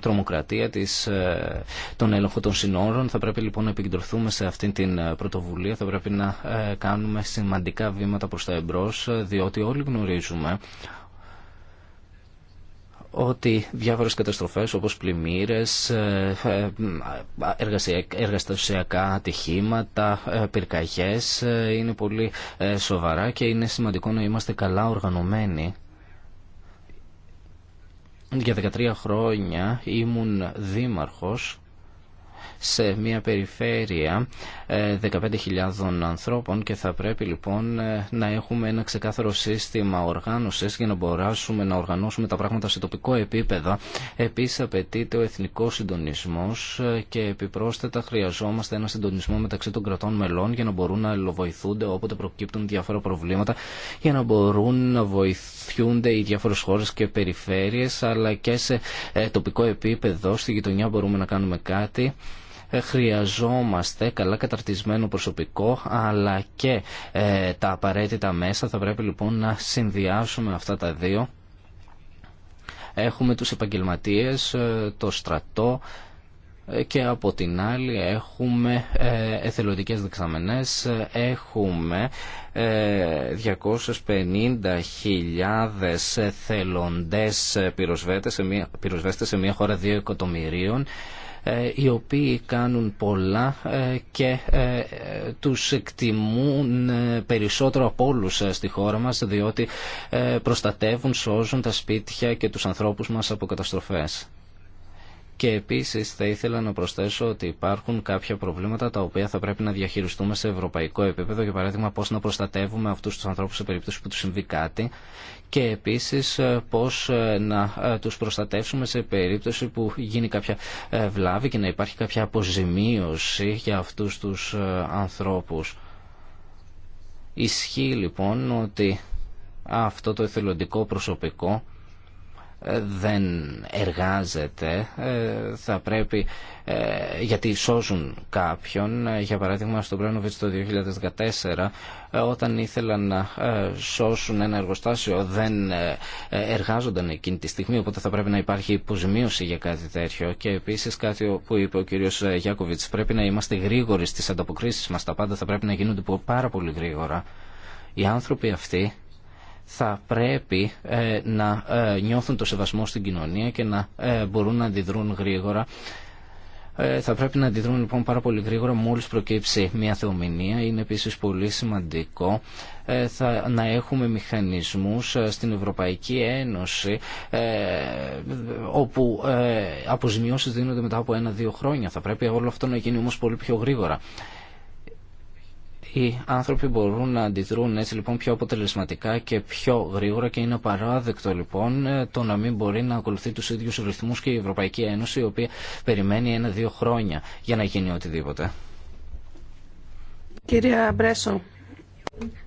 τρομοκρατία της, των έλεγχο των συνόρων. Θα πρέπει λοιπόν να επικεντρωθούμε σε αυτή την πρωτοβουλία. Θα πρέπει να κάνουμε σημαντικά βήματα προς τα εμπρός, διότι όλοι γνωρίζουμε ότι διάφορες καταστροφές όπως πλημμύρες, ε, ε, εργαστασιακά ατυχήματα, ε, πυρκαγιές είναι πολύ σοβαρά και είναι σημαντικό να είμαστε καλά οργανωμένοι. Για 13 χρόνια ήμουν δήμαρχος σε μια περιφέρεια 15.000 ε, ανθρώπων και θα πρέπει λοιπόν ε, να έχουμε ένα ξεκάθαρο σύστημα οργάνωσης για να μπορέσουμε να οργανώσουμε τα πράγματα σε τοπικό επίπεδο. Επίσης απαιτείται ο εθνικός συντονισμός ε, και επιπρόσθετα χρειαζόμαστε ένα συντονισμό μεταξύ των κρατών μελών για να μπορούν να ελοβοηθούνται όποτε προκύπτουν διάφορα προβλήματα για να μπορούν να βοηθούνται οι διάφορες χώρες και περιφέρειες αλλά και σε τοπικό επίπεδο στη γειτονιά μπορούμε να κάνουμε κάτι ε, χρειαζόμαστε καλά καταρτισμένο προσωπικό αλλά και ε, τα απαραίτητα μέσα. Θα πρέπει λοιπόν να συνδυάσουμε αυτά τα δύο. Έχουμε τους επαγγελματίες, ε, το στρατό και από την άλλη έχουμε εθελοντικές δεξαμενές, έχουμε 250.000 θελοντές πυροσβέστες σε μια χώρα 2 εκατομμυρίων ε, οι οποίοι κάνουν πολλά ε, και ε, τους εκτιμούν περισσότερο από όλου στη χώρα μας διότι προστατεύουν, σώζουν τα σπίτια και τους ανθρώπους μας από καταστροφές. Και επίσης θα ήθελα να προσθέσω ότι υπάρχουν κάποια προβλήματα τα οποία θα πρέπει να διαχειριστούμε σε ευρωπαϊκό επίπεδο, για παράδειγμα πώ να προστατεύουμε αυτούς τους ανθρώπους σε περίπτωση που τους συμβεί κάτι και επίσης ε, πώς ε, να ε, τους προστατεύσουμε σε περίπτωση που γίνει κάποια βλάβη και να υπάρχει κάποια αποζημίωση για αυτούς τους ανθρώπους. Ισχύει λοιπόν ότι αυτό το εθελοντικό προσωπικό δεν εργάζεται ε, θα πρέπει ε, γιατί σώζουν κάποιον ε, για παράδειγμα στον Πρένοβιτς το 2014 όταν ήθελαν να σώσουν ένα εργοστάσιο δεν εργάζονταν εκείνη τη στιγμή οπότε θα πρέπει να υπάρχει υποζημίωση για κάτι τέτοιο και επίσης κάτι που είπε ο κύριος Γιάκοβιτς πρέπει να είμαστε γρήγοροι στις ανταποκρίσεις μας τα πάντα θα πρέπει να γίνονται πάρα πολύ γρήγορα οι άνθρωποι αυτοί θα πρέπει ε, να ε, νιώθουν το σεβασμό στην κοινωνία και να ε, μπορούν να αντιδρούν γρήγορα. Θα πρέπει να αντιδρούν λοιπόν πάρα πολύ γρήγορα μόλις προκύψει μια θεομηνία. Είναι επίσης πολύ σημαντικό θα, να έχουμε μηχανισμούς στην Ευρωπαϊκή Ένωση όπου αποζημιώσεις δίνονται μετά από ένα-δύο χρόνια. Θα πρέπει όλο αυτό να γίνει όμως πολύ πιο γρήγορα. Οι άνθρωποι μπορούν να αντιδρούν έτσι λοιπόν πιο αποτελεσματικά και πιο γρήγορα και είναι παράδεκτο λοιπόν ε, το να μην μπορεί να ακολουθεί τους ίδιους ρυθμούς και η Ευρωπαϊκή Ένωση η οποία περιμένει ένα-δύο χρόνια για να γίνει οτιδήποτε. Κυρία Μπρέσο.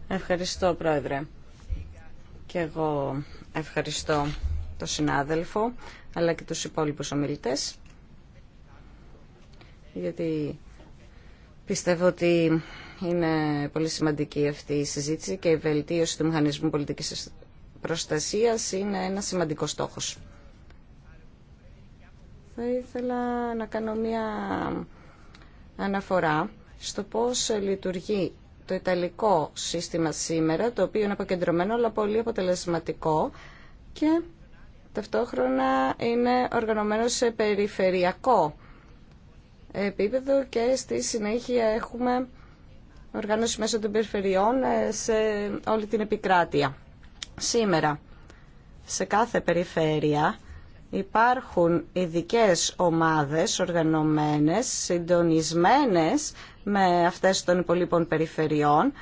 Ευχαριστώ Πρόεδρε. Και εγώ ευχαριστώ τον συνάδελφο αλλά και τους υπόλοιπους ομιλητές γιατί πιστεύω ότι είναι πολύ σημαντική αυτή η συζήτηση και η βελτίωση του μηχανισμού πολιτικής προστασίας είναι ένα σημαντικό στόχος. Θα ήθελα να κάνω μία αναφορά στο πώς λειτουργεί το Ιταλικό σύστημα σήμερα, το οποίο είναι αποκεντρωμένο αλλά πολύ αποτελεσματικό και ταυτόχρονα είναι οργανωμένο σε περιφερειακό επίπεδο και στη συνέχεια έχουμε Οργανώσει μέσω των περιφερειών ε, σε όλη την επικράτεια. Σήμερα, σε κάθε περιφέρεια υπάρχουν ειδικέ ομάδες οργανωμένες, συντονισμένες με αυτές των υπολείπων περιφερειών,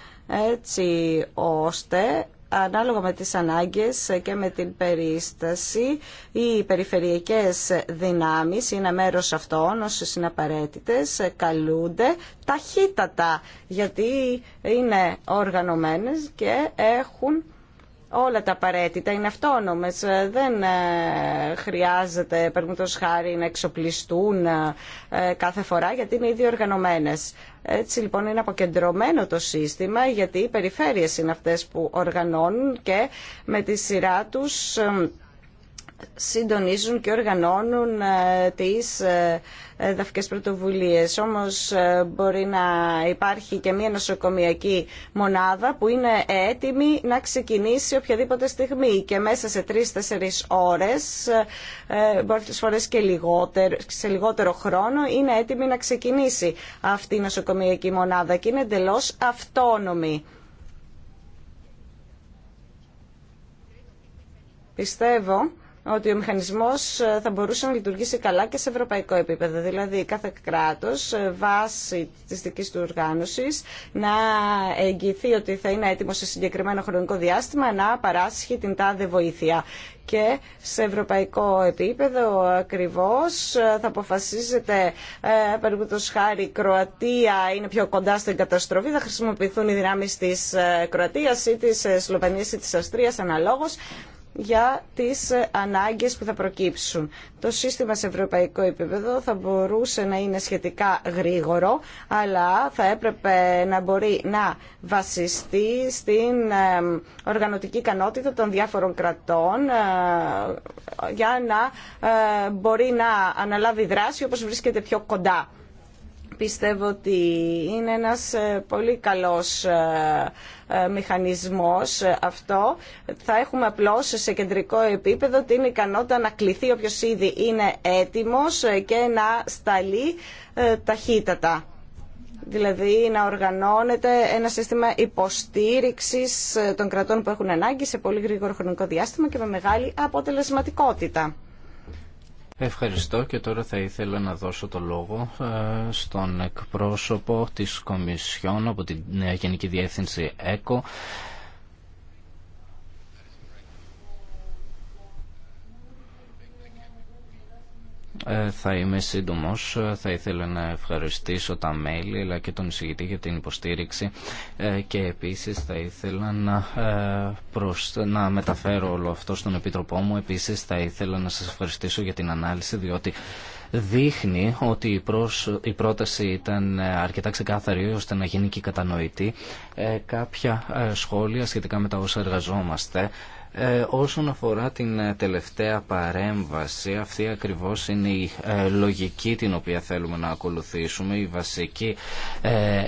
έτσι ώστε ανάλογα με τις ανάγκες και με την περίσταση οι περιφερειακές δυνάμεις είναι μέρος αυτών όσες είναι απαραίτητες καλούνται ταχύτατα γιατί είναι οργανωμένες και έχουν όλα τα απαραίτητα είναι αυτόνομες. Ε, δεν ε, χρειάζεται, παραδείγματος χάρη, να εξοπλιστούν ε, κάθε φορά γιατί είναι ήδη οργανωμένες. Έτσι λοιπόν είναι αποκεντρωμένο το σύστημα γιατί οι περιφέρειες είναι αυτές που οργανώνουν και με τη σειρά τους συντονίζουν και οργανώνουν ε, τις ε, ε, δαφικές πρωτοβουλίες. Όμως μπορεί να υπάρχει και μια νοσοκομιακή μονάδα που είναι έτοιμη να ξεκινήσει οποιαδήποτε στιγμή και μέσα σε τρεις-τέσσερις ώρες, πολλές φορές και λιγότερο, σε λιγότερο χρόνο, είναι έτοιμη να ξεκινήσει αυτή η νοσοκομιακή μονάδα και είναι εντελώ αυτόνομη. Πιστεύω ότι ο μηχανισμός ε, θα μπορούσε να λειτουργήσει καλά και σε ευρωπαϊκό επίπεδο. Δηλαδή κάθε κράτος ε, βάσει της δικής του οργάνωσης να εγγυηθεί ότι θα είναι έτοιμο σε συγκεκριμένο χρονικό διάστημα να παράσχει την τάδε βοήθεια και σε ευρωπαϊκό επίπεδο ακριβώς ε, θα αποφασίζεται παρ' το χάρη η Κροατία είναι πιο κοντά στην καταστροφή θα χρησιμοποιηθούν οι δυνάμεις της Κροατίας ή της Σλοβανία ή της Αυστρίας αναλόγως για τις ε, ανάγκες που θα προκύψουν. Το σύστημα σε ευρωπαϊκό επίπεδο θα μπορούσε να είναι σχετικά γρήγορο, αλλά θα έπρεπε να μπορεί να βασιστεί στην ε, οργανωτική ικανότητα των διάφορων κρατών ε, για να μπορεί να αναλάβει δράση όπως βρίσκεται πιο κοντά πιστεύω ότι είναι ένας ε, πολύ καλός ε, ε, μηχανισμός αυτό. Θα έχουμε απλώς σε κεντρικό επίπεδο την ικανότητα να κληθεί όποιος ήδη είναι έτοιμος και να σταλεί ταχύτατα. Δηλαδή να οργανώνεται ένα σύστημα υποστήριξης των κρατών που έχουν ανάγκη σε πολύ γρήγορο χρονικό διάστημα και με μεγάλη αποτελεσματικότητα. Ευχαριστώ και τώρα θα ήθελα να δώσω το λόγο ε, στον εκπρόσωπο της Κομισιόν από την Γενική Διεύθυνση ΕΚΟ Ε, θα είμαι σύντομος. Ε, θα ήθελα να ευχαριστήσω τα μέλη αλλά και τον εισηγητή για την υποστήριξη ε, και επίσης θα ήθελα να, να μεταφέρω όλο αυτό στον Επίτροπό μου. Επίσης θα ήθελα να σας ευχαριστήσω για την ανάλυση διότι δείχνει ότι η, η πρόταση ήταν αρκετά ξεκάθαρη ώστε να γίνει και κατανοητή κάποια σχόλια σχετικά με τα όσα εργαζόμαστε ε, όσον αφορά την ε, τελευταία παρέμβαση, αυτή ακριβώς είναι η ε, λογική την οποία θέλουμε να ακολουθήσουμε. Η βασική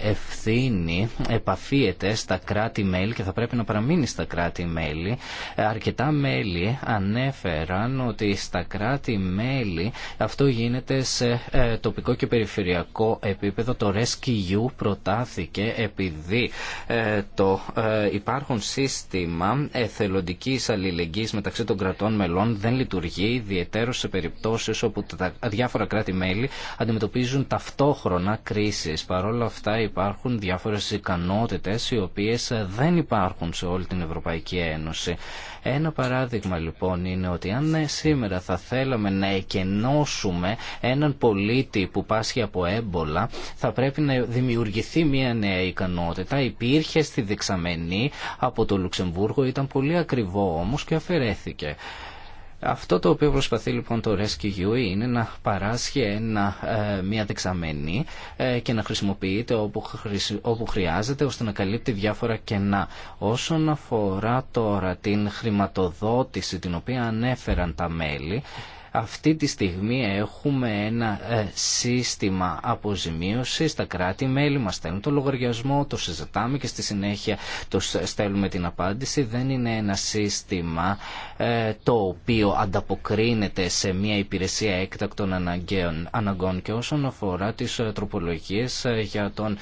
ευθύνη επαφίεται στα κράτη-μέλη και θα πρέπει να παραμείνει στα κράτη-μέλη. Αρκετά μέλη ανέφεραν ότι στα κράτη-μέλη αυτό γίνεται σε τοπικό και περιφερειακό επίπεδο. Το Rescue προτάθηκε επειδή το υπάρχον σύστημα εθελοντική της αλληλεγγύης μεταξύ των κρατών μελών δεν λειτουργεί, ιδιαίτερως σε περιπτώσεις όπου τα διάφορα κράτη-μέλη αντιμετωπίζουν ταυτόχρονα κρίσεις. Παρόλα αυτά υπάρχουν διάφορες ικανότητες οι οποίες δεν υπάρχουν σε όλη την Ευρωπαϊκή Ένωση. Ένα παράδειγμα λοιπόν είναι ότι αν ναι, σήμερα θα θέλαμε να εκενώσουμε έναν πολίτη που πάσχει από έμπολα, θα πρέπει να δημιουργηθεί μια νέα ικανότητα. Υπήρχε στη δεξαμενή από το Λουξεμβούργο, ήταν πολύ ακριβό Όμω όμως και αφαιρέθηκε. Αυτό το οποίο προσπαθεί λοιπόν το Rescue είναι να παράσχει ένα, ε, μια δεξαμένη ε, και να χρησιμοποιείται όπου, όπου χρειάζεται ώστε να καλύπτει διάφορα κενά. Όσον αφορά τώρα την χρηματοδότηση την οποία ανέφεραν τα μέλη, αυτή τη στιγμή έχουμε ένα ε, σύστημα αποζημίωση τα κράτη-μέλη μας στέλνουν το λογαριασμό, το συζητάμε και στη συνέχεια το στέλνουμε την απάντηση. Δεν είναι ένα σύστημα ε, το οποίο ανταποκρίνεται σε μια υπηρεσία έκτακτων αναγκών και όσον αφορά τις ε, τροπολογίες για τον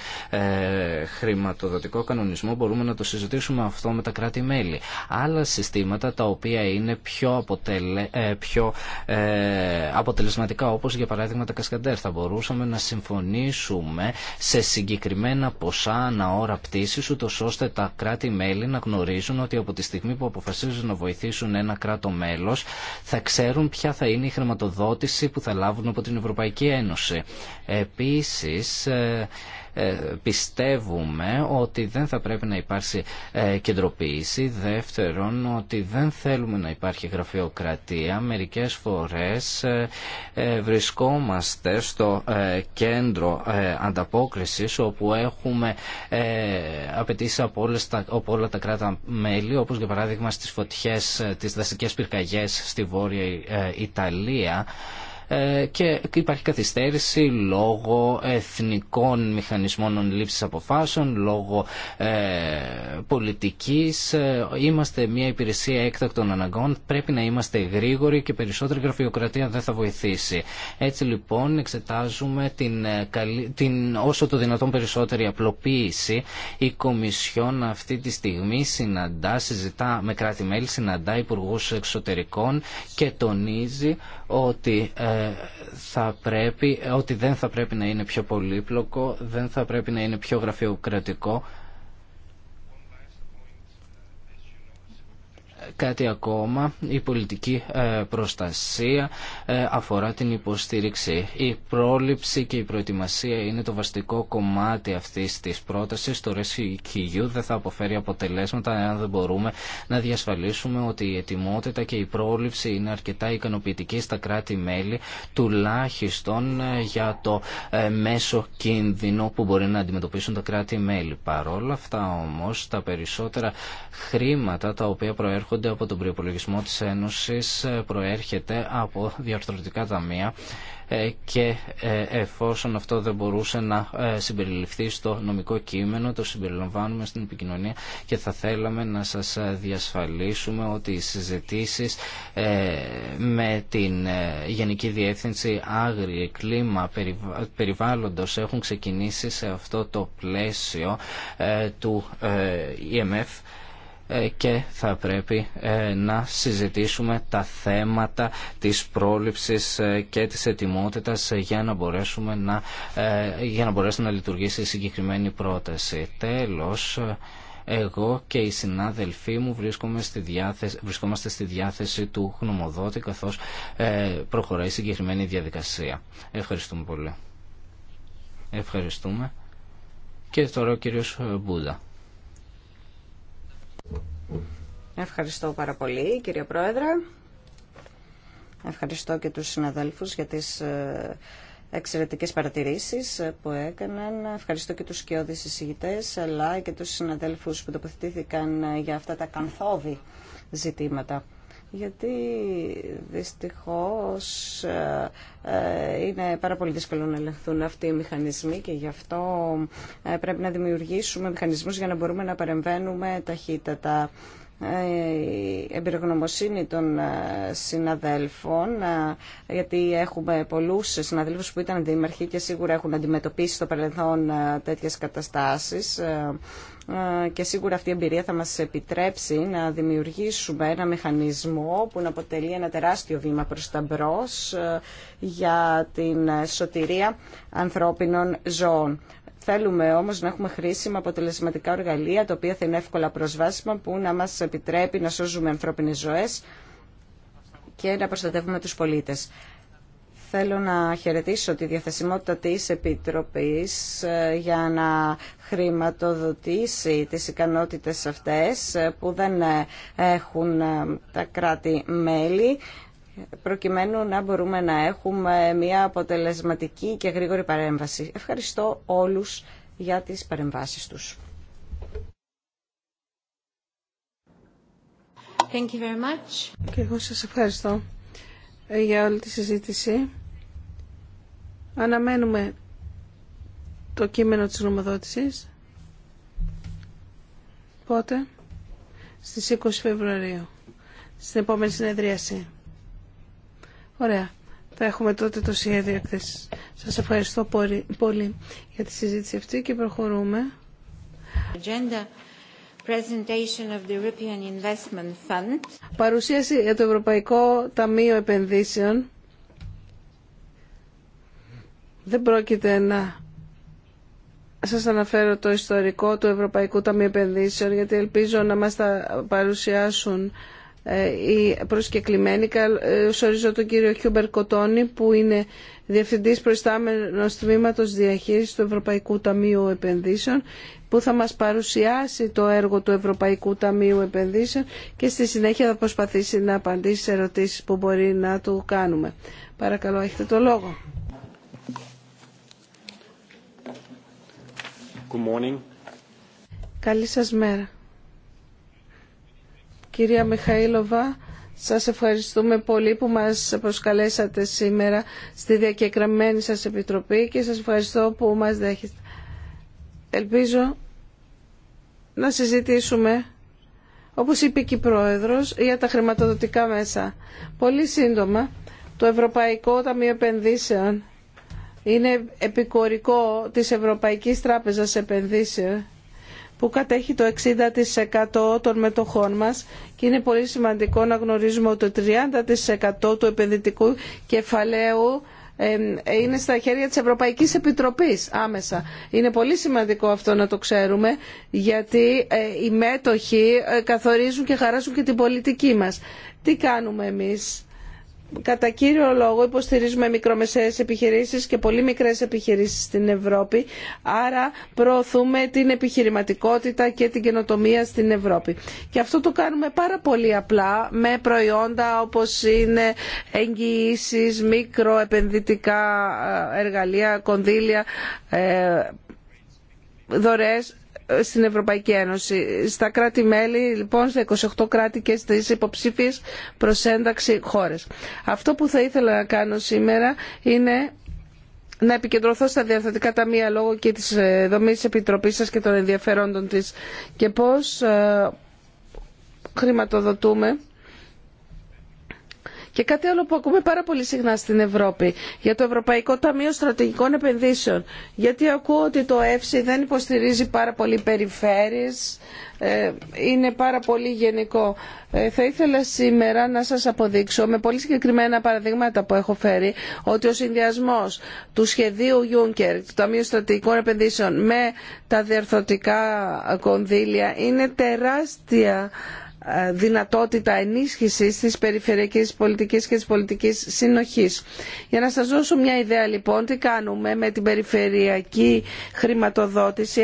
χρηματοδοτικό κανονισμό μπορούμε να το συζητήσουμε αυτό με τα κράτη-μέλη. Άλλα συστήματα τα οποία είναι πιο, αποτελε... πιο ε, αποτελεσματικά όπως για παράδειγμα τα Κασκαντέρ. Θα μπορούσαμε να συμφωνήσουμε σε συγκεκριμένα ποσά ώρα πτήσης ούτως ώστε τα κράτη-μέλη να γνωρίζουν ότι από τη στιγμή που αποφασίζουν να βοηθήσουν ένα κράτο-μέλος θα ξέρουν ποια θα είναι η χρηματοδότηση που θα λάβουν από την Ευρωπαϊκή Ένωση. Επίσης, ε, ε, πιστεύουμε ότι δεν θα πρέπει να υπάρξει ε, κεντροποίηση. Δεύτερον, ότι δεν θέλουμε να υπάρχει γραφειοκρατία. Μερικές φορές ε, βρισκόμαστε στο κέντρο ανταπόκρισης όπου έχουμε απαιτήσει από, όλες τα, από όλα τα κράτα-μέλη όπως για παράδειγμα στις φωτιές, τις δασικές πυρκαγιές στη Βόρεια Ιταλία ε, και υπάρχει καθυστέρηση λόγω εθνικών μηχανισμών λήψης αποφάσεων, λόγω ε, πολιτικής. Ε, είμαστε μια υπηρεσία έκτακτων αναγκών, πρέπει να είμαστε γρήγοροι και περισσότερη γραφειοκρατία δεν θα βοηθήσει. Έτσι λοιπόν εξετάζουμε την, την όσο το δυνατόν περισσότερη απλοποίηση. Η Κομισιόν αυτή τη στιγμή συναντά, συζητά με κράτη-μέλη, συναντά υπουργού εξωτερικών και τονίζει ότι θα πρέπει, ότι δεν θα πρέπει να είναι πιο πολύπλοκο, δεν θα πρέπει να είναι πιο γραφειοκρατικό Κάτι ακόμα, η πολιτική ε, προστασία ε, αφορά την υποστήριξη. Η πρόληψη και η προετοιμασία είναι το βασικό κομμάτι αυτής της πρότασης. Το RescueQ δεν θα αποφέρει αποτελέσματα αν δεν μπορούμε να διασφαλίσουμε ότι η ετοιμότητα και η πρόληψη είναι αρκετά ικανοποιητική στα κράτη-μέλη, τουλάχιστον ε, για το μέσο κίνδυνο που μπορεί να αντιμετωπίσουν τα κράτη-μέλη. Παρόλα αυτά όμως, τα περισσότερα χρήματα τα οποία προέρχονται προέρχονται από τον προπολογισμό της Ένωσης προέρχεται από διαρθρωτικά ταμεία ε, και ε, εφόσον αυτό δεν μπορούσε να ε, συμπεριληφθεί στο νομικό κείμενο το συμπεριλαμβάνουμε στην επικοινωνία και θα θέλαμε να σας διασφαλίσουμε ότι οι συζητήσεις με την Γενική Διεύθυνση Άγριε Κλίμα, Περιβάλλοντος έχουν ξεκινήσει σε αυτό το πλαίσιο του EMF ε, και θα πρέπει ε, να συζητήσουμε τα θέματα της πρόληψης ε, και της ετοιμότητας για να, μπορέσουμε να, για να μπορέσει να λειτουργήσει η συγκεκριμένη πρόταση. Τέλος, εγώ και οι συνάδελφοί μου στη διάθεση, βρισκόμαστε στη διάθεση του γνωμοδότη καθώς προχωράει η συγκεκριμένη διαδικασία. Ευχαριστούμε πολύ. Ευχαριστούμε. Και τώρα ο κύριος Μπούντα. Ευχαριστώ πάρα πολύ, κύριε Πρόεδρε. Ευχαριστώ και τους συναδέλφους για τις ε, εξαιρετικές παρατηρήσεις ε, που έκαναν. Ευχαριστώ και τους σκιώδεις εισηγητές, αλλά και τους συναδέλφους που τοποθετήθηκαν ε, για αυτά τα κανθόβη ζητήματα γιατί δυστυχώς ε, ε, είναι πάρα πολύ δύσκολο να ελεγχθούν αυτοί οι μηχανισμοί και γι' αυτό ε, πρέπει να δημιουργήσουμε μηχανισμούς για να μπορούμε να παρεμβαίνουμε ταχύτατα. Ε, η εμπειρογνωμοσύνη των ε, συναδέλφων ε, γιατί έχουμε πολλούς συναδέλφους που ήταν δήμαρχοι και σίγουρα έχουν αντιμετωπίσει στο παρελθόν τέτοιες καταστάσεις και σίγουρα αυτή η εμπειρία θα μας επιτρέψει να δημιουργήσουμε ένα μηχανισμό που να αποτελεί ένα τεράστιο βήμα προς τα μπρος για την σωτηρία ανθρώπινων ζώων. Θέλουμε όμως να έχουμε χρήσιμα αποτελεσματικά εργαλεία, τα οποία θα είναι εύκολα προσβάσιμα, που να μας επιτρέπει να σώζουμε ανθρώπινες ζωές και να προστατεύουμε τους πολίτες. Θέλω να χαιρετήσω τη διαθεσιμότητα της Επιτροπής ε, για να χρηματοδοτήσει τις ικανότητες αυτές ε, που δεν ε, έχουν τα κράτη-μέλη προκειμένου να μπορούμε να έχουμε μια αποτελεσματική και γρήγορη παρέμβαση. Ευχαριστώ όλους για τις παρεμβάσεις τους. Thank Και εγώ σας ευχαριστώ ε, για όλη τη συζήτηση. Αναμένουμε το κείμενο της νομοδότησης. Πότε? Στις 20 Φεβρουαρίου. Στην επόμενη συνεδρίαση. Ωραία. Θα έχουμε τότε το σχέδιο εκθέσει. Σας ευχαριστώ πολύ για τη συζήτηση αυτή και προχωρούμε. of the European Investment Παρουσίαση για το Ευρωπαϊκό Ταμείο Επενδύσεων. Δεν πρόκειται να σας αναφέρω το ιστορικό του Ευρωπαϊκού Ταμείου Επενδύσεων, γιατί ελπίζω να μας τα παρουσιάσουν οι ε, προσκεκλημένη. Καλωσορίζω ε, τον κύριο Χιούμπερ Κοτόνη που είναι Διευθυντής Προϊστάμενος Τμήματος Διαχείρισης του Ευρωπαϊκού Ταμείου Επενδύσεων που θα μας παρουσιάσει το έργο του Ευρωπαϊκού Ταμείου Επενδύσεων και στη συνέχεια θα προσπαθήσει να απαντήσει σε ερωτήσεις που μπορεί να του κάνουμε. Παρακαλώ, έχετε το λόγο. Καλή σας μέρα. Κυρία Μιχαήλοβα, σας ευχαριστούμε πολύ που μας προσκαλέσατε σήμερα στη διακεκραμένη σας επιτροπή και σας ευχαριστώ που μας δέχεστε. Ελπίζω να συζητήσουμε, όπως είπε και η Πρόεδρος, για τα χρηματοδοτικά μέσα. Πολύ σύντομα, το Ευρωπαϊκό Ταμείο Επενδύσεων είναι επικορικό της Ευρωπαϊκής Τράπεζας Επενδύσεων που κατέχει το 60% των μετοχών μας και είναι πολύ σημαντικό να γνωρίζουμε ότι το 30% του επενδυτικού κεφαλαίου είναι στα χέρια της Ευρωπαϊκής Επιτροπής άμεσα. Είναι πολύ σημαντικό αυτό να το ξέρουμε γιατί ε, οι μέτοχοι ε, καθορίζουν και χαράζουν και την πολιτική μας. Τι κάνουμε εμείς κατά κύριο λόγο υποστηρίζουμε μικρομεσαίες επιχειρήσεις και πολύ μικρές επιχειρήσεις στην Ευρώπη, άρα προωθούμε την επιχειρηματικότητα και την καινοτομία στην Ευρώπη. Και αυτό το κάνουμε πάρα πολύ απλά με προϊόντα όπως είναι εγγυήσει, μικροεπενδυτικά ε, εργαλεία, κονδύλια, ε, δωρεές στην Ευρωπαϊκή Ένωση. Στα κράτη-μέλη, λοιπόν, στα 28 κράτη και στις υποψήφιες προς ένταξη χώρες. Αυτό που θα ήθελα να κάνω σήμερα είναι να επικεντρωθώ στα τα ταμεία λόγω και της ε, δομής Επιτροπής σας και των ενδιαφερόντων της και πώς ε, χρηματοδοτούμε και κάτι άλλο που ακούμε πάρα πολύ συχνά στην Ευρώπη για το Ευρωπαϊκό Ταμείο Στρατηγικών Επενδύσεων. Γιατί ακούω ότι το ΕΦΣΙ δεν υποστηρίζει πάρα πολύ περιφέρειες, ε, είναι πάρα πολύ γενικό. Ε, θα ήθελα σήμερα να σας αποδείξω με πολύ συγκεκριμένα παραδείγματα που έχω φέρει ότι ο συνδυασμός του σχεδίου Juncker, του Ταμείου Στρατηγικών Επενδύσεων με τα διαρθωτικά κονδύλια είναι τεράστια ε, δυνατότητα ενίσχυσης της περιφερειακής πολιτικής και της πολιτικής συνοχής. Για να σας δώσω μια ιδέα λοιπόν τι κάνουμε με την περιφερειακή χρηματοδότηση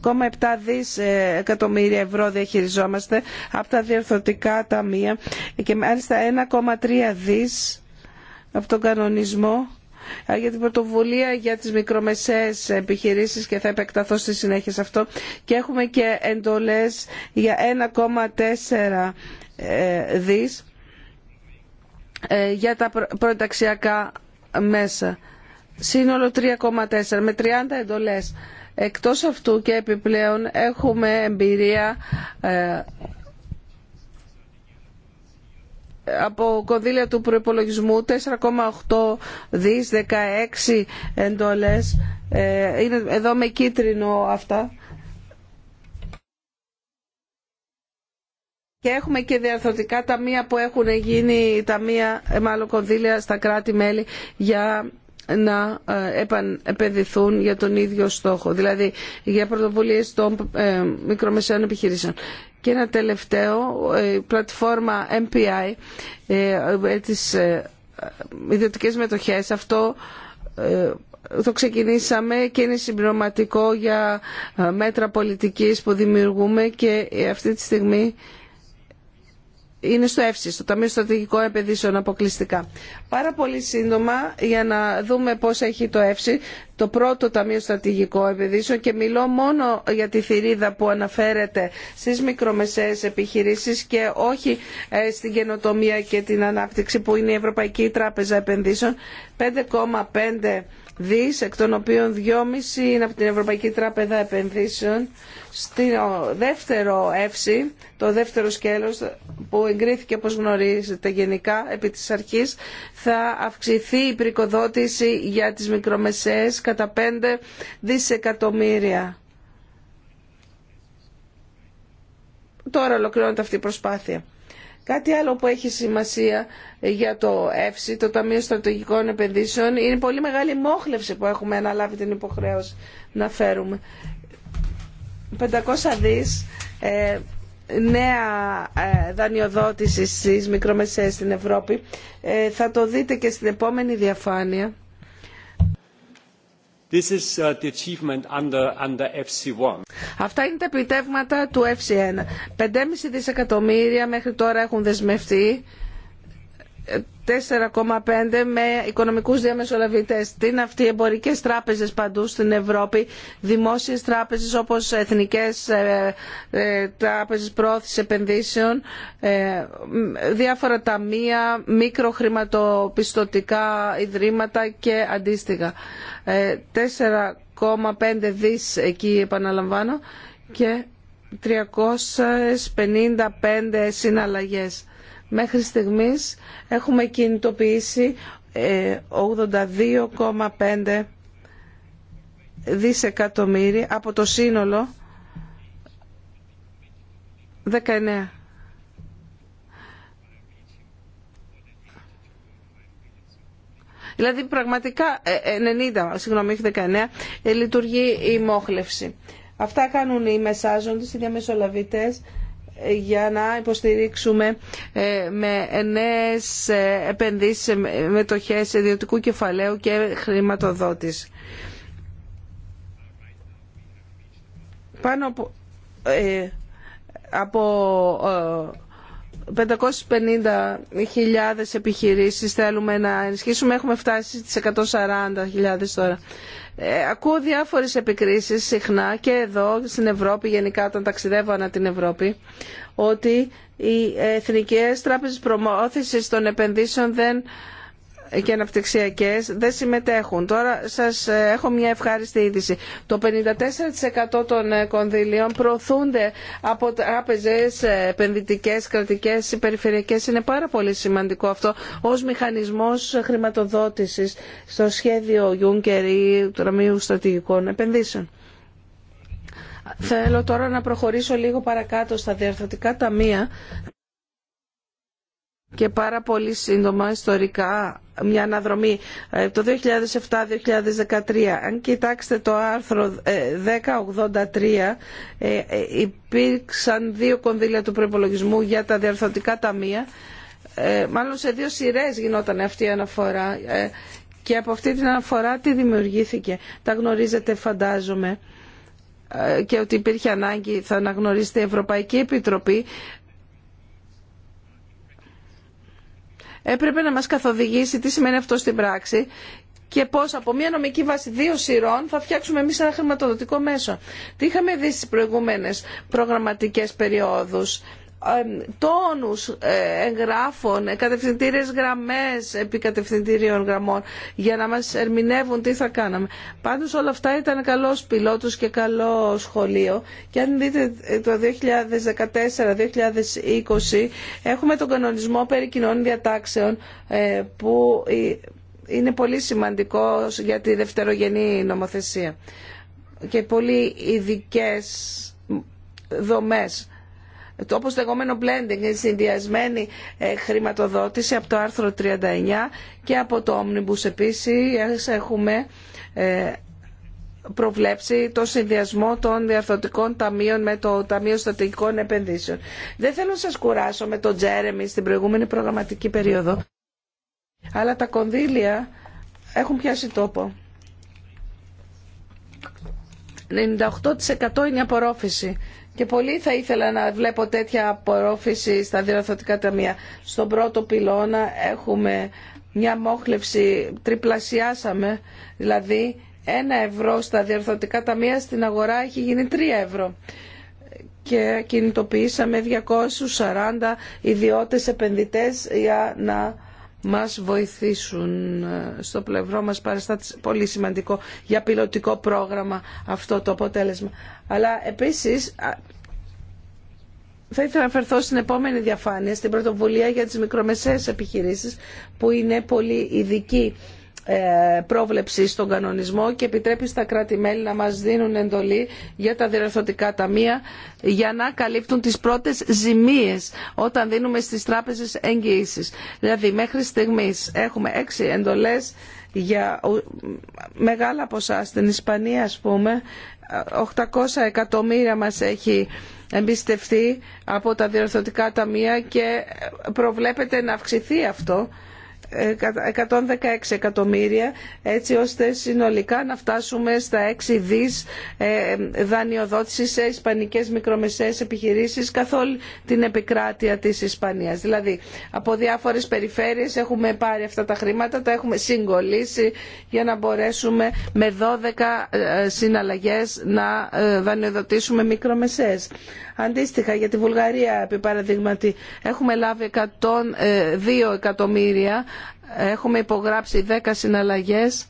1,7 δις ε, εκατομμύρια ευρώ διαχειριζόμαστε από τα διορθωτικά ταμεία και μάλιστα 1,3 δις από τον κανονισμό για την πρωτοβουλία για τις μικρομεσαίες επιχειρήσεις και θα επεκταθώ στη συνέχεια σε αυτό και έχουμε και εντολές για 1,4 ε, δις ε, για τα προεταξιακά μέσα. Σύνολο 3,4 με 30 εντολές. Εκτός αυτού και επιπλέον έχουμε εμπειρία ε, από κονδύλια του προϋπολογισμού 4,8 δις, 16 εντολές. Ε, είναι εδώ με κίτρινο αυτά. Και έχουμε και διαρθρωτικά ταμεία που έχουν γίνει ταμεία, μάλλον κονδύλια στα κράτη-μέλη για να ε, επενδυθούν για τον ίδιο στόχο, δηλαδή για πρωτοβουλίες των ε, μικρομεσαίων επιχειρήσεων. Και ένα τελευταίο, ε, η πλατφόρμα MPI, τις ιδιωτικές μετοχές, αυτό το ξεκινήσαμε και είναι συμπληρωματικό για μέτρα πολιτικής που δημιουργούμε και αυτή τη στιγμή είναι στο ΕΦΣΙ, στο Ταμείο Στρατηγικών Επενδύσεων αποκλειστικά. Πάρα πολύ σύντομα για να δούμε πώς έχει το ΕΦΣΙ, το πρώτο Ταμείο Στρατηγικών Επενδύσεων και μιλώ μόνο για τη θηρίδα που αναφέρεται στις μικρομεσαίες επιχειρήσεις και όχι ε, στην καινοτομία και την ανάπτυξη που είναι η Ευρωπαϊκή Τράπεζα Επενδύσεων. 5,5 δις, εκ των οποίων 2,5 είναι από την Ευρωπαϊκή τράπεζα Επενδύσεων, στο δεύτερο εύση, το δεύτερο σκέλος που εγκρίθηκε όπως γνωρίζετε γενικά επί της αρχής, θα αυξηθεί η πρικοδότηση για τις μικρομεσαίες κατά 5 δισεκατομμύρια. Τώρα ολοκληρώνεται αυτή η προσπάθεια. Κάτι άλλο που έχει σημασία για το ΕΦΣΥ, το Ταμείο Στρατηγικών Επενδύσεων, είναι πολύ μεγάλη μόχλευση που έχουμε αναλάβει την υποχρέωση να φέρουμε. 500 δις ε, νέα ε, δανειοδότηση στις μικρομεσαίες στην Ευρώπη. Ε, θα το δείτε και στην επόμενη διαφάνεια. This is uh, the achievement under, under FC1. Αυτά είναι τα επιτεύγματα του FC1. 5,5 δισεκατομμύρια μέχρι τώρα έχουν δεσμευτεί 4,5 με οικονομικούς διαμεσολαβητές. Τι είναι αυτοί οι εμπορικές τράπεζες παντού στην Ευρώπη, δημόσιες τράπεζες όπως εθνικές ε, ε, τράπεζες πρόθεσης επενδύσεων, ε, διάφορα ταμεία, μικροχρηματοπιστωτικά ιδρύματα και αντίστοιχα. 4,5 δις εκεί επαναλαμβάνω και 355 συναλλαγές Μέχρι στιγμής έχουμε κινητοποιήσει 82,5 ε, δισεκατομμύρια από το σύνολο 19. Δηλαδή πραγματικά 90, ε, συγγνώμη, όχι 19, ε, λειτουργεί η μόχλευση. Αυτά κάνουν οι μεσάζοντες, οι διαμεσολαβητές για να υποστηρίξουμε ε, με νέες ε, επενδύσεις, ε, μετοχές ιδιωτικού κεφαλαίου και χρηματοδότηση. Πάνω από, από 550.000 επιχειρήσεις θέλουμε να ενισχύσουμε. Έχουμε φτάσει στις 140.000 τώρα. Ε, ακούω διάφορε επικρίσεις συχνά και εδώ στην Ευρώπη, γενικά όταν ταξιδεύω ανά την Ευρώπη, ότι οι εθνικέ τράπεζε προμόθησης των επενδύσεων δεν και αναπτυξιακέ δεν συμμετέχουν. Τώρα σας ε, έχω μια ευχάριστη είδηση. Το 54% των ε, κονδυλίων προωθούνται από τράπεζες ε, επενδυτικές, κρατικές, περιφερειακές. Είναι πάρα πολύ σημαντικό αυτό ως μηχανισμός χρηματοδότησης στο σχέδιο Juncker ή του Ταμείου Στρατηγικών Επενδύσεων. Θέλω τώρα να προχωρήσω λίγο παρακάτω στα διαρθρωτικά ταμεία και πάρα πολύ σύντομα ιστορικά μια αναδρομή ε, το 2007-2013. Αν κοιτάξετε το άρθρο 1083 ε, ε, υπήρξαν δύο κονδύλια του προπολογισμού για τα διαρθρωτικά ταμεία. Μάλλον σε δύο σειρές γινόταν αυτή η αναφορά και από αυτή την αναφορά τι δημιουργήθηκε. Τα γνωρίζετε φαντάζομαι και ότι υπήρχε ανάγκη θα αναγνωρίσετε η Ευρωπαϊκή Επιτροπή έπρεπε να μας καθοδηγήσει τι σημαίνει αυτό στην πράξη και πώ από μια νομική βάση δύο σειρών θα φτιάξουμε εμεί ένα χρηματοδοτικό μέσο. Τι είχαμε δει στι προηγούμενε προγραμματικέ περιόδου. Ε, τόνους ε, εγγράφων, κατευθυντήριες γραμμές επί κατευθυντήριων γραμμών για να μας ερμηνεύουν τι θα κάναμε. Πάντως όλα αυτά ήταν καλός πιλότος και καλό σχολείο και αν δείτε ε, το 2014-2020 έχουμε τον κανονισμό περί κοινών διατάξεων που είναι πολύ σημαντικός για τη δευτερογενή νομοθεσία και πολύ ειδικέ δομές το όπως λεγόμενο blending, η συνδυασμένη ε, χρηματοδότηση από το άρθρο 39 και από το Omnibus επίσης έχουμε ε, προβλέψει το συνδυασμό των διαρθωτικών ταμείων με το Ταμείο Στατικών Επενδύσεων. Δεν θέλω να σας κουράσω με τον Τζέρεμι στην προηγούμενη προγραμματική περίοδο, αλλά τα κονδύλια έχουν πιάσει τόπο. 98% είναι απορρόφηση και πολύ θα ήθελα να βλέπω τέτοια απορρόφηση στα διορθωτικά ταμεία. Στον πρώτο πυλώνα έχουμε μια μόχλευση, τριπλασιάσαμε, δηλαδή ένα ευρώ στα διορθωτικά ταμεία στην αγορά έχει γίνει τρία ευρώ και κινητοποιήσαμε 240 ιδιώτες επενδυτές για να μας βοηθήσουν ε, στο πλευρό μας Παραστάτησε πολύ σημαντικό για πιλωτικό πρόγραμμα αυτό το αποτέλεσμα. Αλλά επίσης θα ήθελα να φερθώ στην επόμενη διαφάνεια, στην πρωτοβουλία για τις μικρομεσαίες επιχειρήσεις που είναι πολύ ειδική ε, πρόβλεψη στον κανονισμό και επιτρέπει στα κράτη-μέλη να μας δίνουν εντολή για τα διορθωτικά ταμεία για να καλύπτουν τις πρώτες ζημίες όταν δίνουμε στις τράπεζες εγγυήσεις. Δηλαδή μέχρι στιγμής έχουμε έξι εντολές για μεγάλα ποσά στην Ισπανία ας πούμε 800 εκατομμύρια μας έχει εμπιστευτεί από τα διορθωτικά ταμεία και προβλέπεται να αυξηθεί αυτό 116 εκατομμύρια έτσι ώστε συνολικά να φτάσουμε στα 6 δις ε, δανειοδότηση σε ισπανικές μικρομεσαίες επιχειρήσεις καθ' όλη την επικράτεια της Ισπανίας. Δηλαδή από διάφορες περιφέρειες έχουμε πάρει αυτά τα χρήματα, τα έχουμε συγκολήσει για να μπορέσουμε με 12 ε, συναλλαγές να ε, δανειοδοτήσουμε μικρομεσαίες. Αντίστοιχα για τη Βουλγαρία επί παραδείγματι έχουμε λάβει 102 εκατομμύρια Έχουμε υπογράψει 10 συναλλαγές.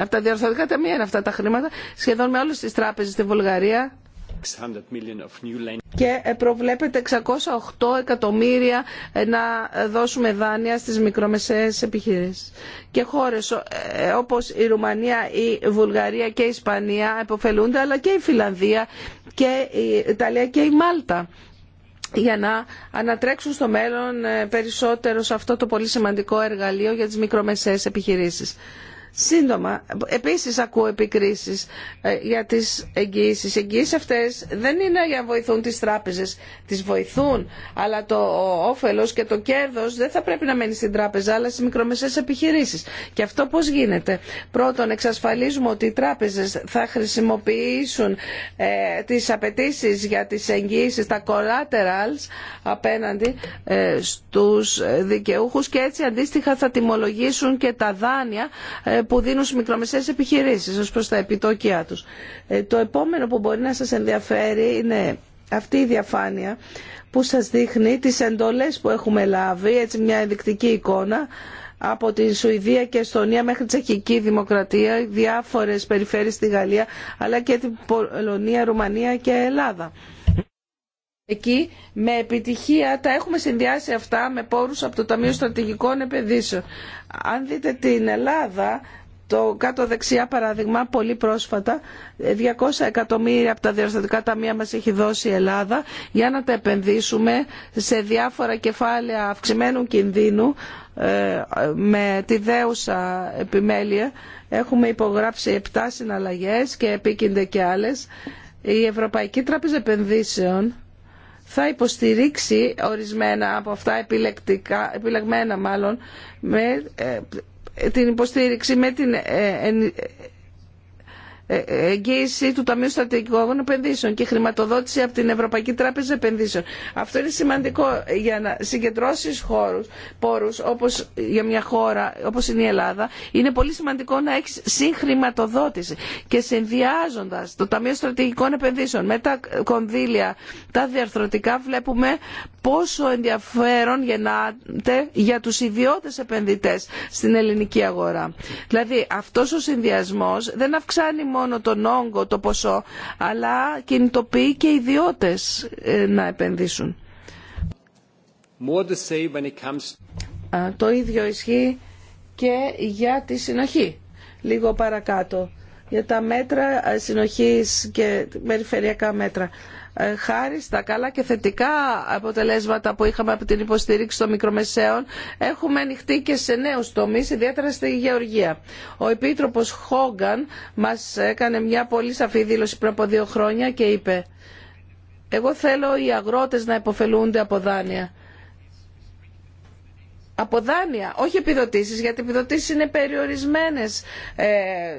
Από τα διορθωτικά ταμεία είναι αυτά τα χρήματα. Σχεδόν με όλες τις τράπεζες στη Βουλγαρία. Και ε, προβλέπεται 608 εκατομμύρια ε, να ε, δώσουμε δάνεια στις μικρομεσαίες επιχειρήσεις. Και χώρες όπως η Ρουμανία, η Βουλγαρία και η Ισπανία επωφελούνται, αλλά και η Φιλανδία και η Ιταλία και η Μάλτα για να ανατρέξουν στο μέλλον ε, περισσότερο σε αυτό το πολύ σημαντικό εργαλείο για τις μικρομεσαίες επιχειρήσεις. Σύντομα, επίσης ακούω επικρίσεις ε, για τις εγγύησεις. Οι εγγύησεις αυτές δεν είναι για να βοηθούν τις τράπεζες. Τις βοηθούν, αλλά το όφελος και το κέρδος δεν θα πρέπει να μένει στην τράπεζα, αλλά στις μικρομεσαίες επιχειρήσεις. Και αυτό πώς γίνεται. Πρώτον, εξασφαλίζουμε ότι οι τράπεζες θα χρησιμοποιήσουν ε, τις απαιτήσει για τις εγγύησεις, τα collaterals απέναντι ε, στους δικαιούχους και έτσι αντίστοιχα θα τιμολογήσουν και τα δάνεια ε, που δίνουν στις μικρομεσαίες επιχειρήσεις ως προς τα επιτόκια τους. Ε, το επόμενο που μπορεί να σας ενδιαφέρει είναι αυτή η διαφάνεια που σας δείχνει τις εντολές που έχουμε λάβει, έτσι μια ενδεικτική εικόνα, από τη Σουηδία και Εστονία μέχρι τη Τσεχική Δημοκρατία, διάφορες περιφέρειες στη Γαλλία, αλλά και την Πολωνία, Ρουμανία και Ελλάδα εκεί με επιτυχία τα έχουμε συνδυάσει αυτά με πόρους από το Ταμείο Στρατηγικών Επενδύσεων. Αν δείτε την Ελλάδα, το κάτω δεξιά παράδειγμα, πολύ πρόσφατα, 200 εκατομμύρια από τα διαστατικά ταμεία μας έχει δώσει η Ελλάδα για να τα επενδύσουμε σε διάφορα κεφάλαια αυξημένου κινδύνου ε, με τη δέουσα επιμέλεια. Έχουμε υπογράψει 7 συναλλαγές και επίκυνται και άλλες. Η Ευρωπαϊκή Τράπεζα Επενδύσεων θα υποστηρίξει ορισμένα από αυτά επιλεκτικά, επιλεγμένα μάλλον με ε, την υποστήριξη με την ε, εγγύηση του Ταμείου Στρατηγικών Επενδύσεων και χρηματοδότηση από την Ευρωπαϊκή Τράπεζα Επενδύσεων. Αυτό είναι σημαντικό για να συγκεντρώσει χώρους, πόρους όπως για μια χώρα όπω είναι η Ελλάδα. Είναι πολύ σημαντικό να έχει συγχρηματοδότηση και συνδυάζοντα το Ταμείο Στρατηγικών Επενδύσεων με τα κονδύλια, τα διαρθρωτικά βλέπουμε πόσο ενδιαφέρον γεννάται για τους ιδιώτες επενδυτές στην ελληνική αγορά. Δηλαδή αυτός ο συνδυασμός δεν αυξάνει μόνο τον όγκο, το ποσό, αλλά κινητοποιεί και ιδιώτες ε, να επενδύσουν. Το ίδιο ισχύει και για τη συνοχή. Λίγο παρακάτω. Για τα μέτρα ε, συνοχής και περιφερειακά μέτρα. Ε, χάρη στα καλά και θετικά αποτελέσματα που είχαμε από την υποστήριξη των μικρομεσαίων, έχουμε ανοιχτεί και σε νέους τομείς, ιδιαίτερα στη γεωργία. Ο Επίτροπος Χόγκαν μας έκανε μια πολύ σαφή δήλωση πριν από δύο χρόνια και είπε «Εγώ θέλω οι αγρότες να υποφελούνται από δάνεια» από δάνεια, όχι επιδοτήσεις, γιατί επιδοτήσεις είναι περιορισμένες ε,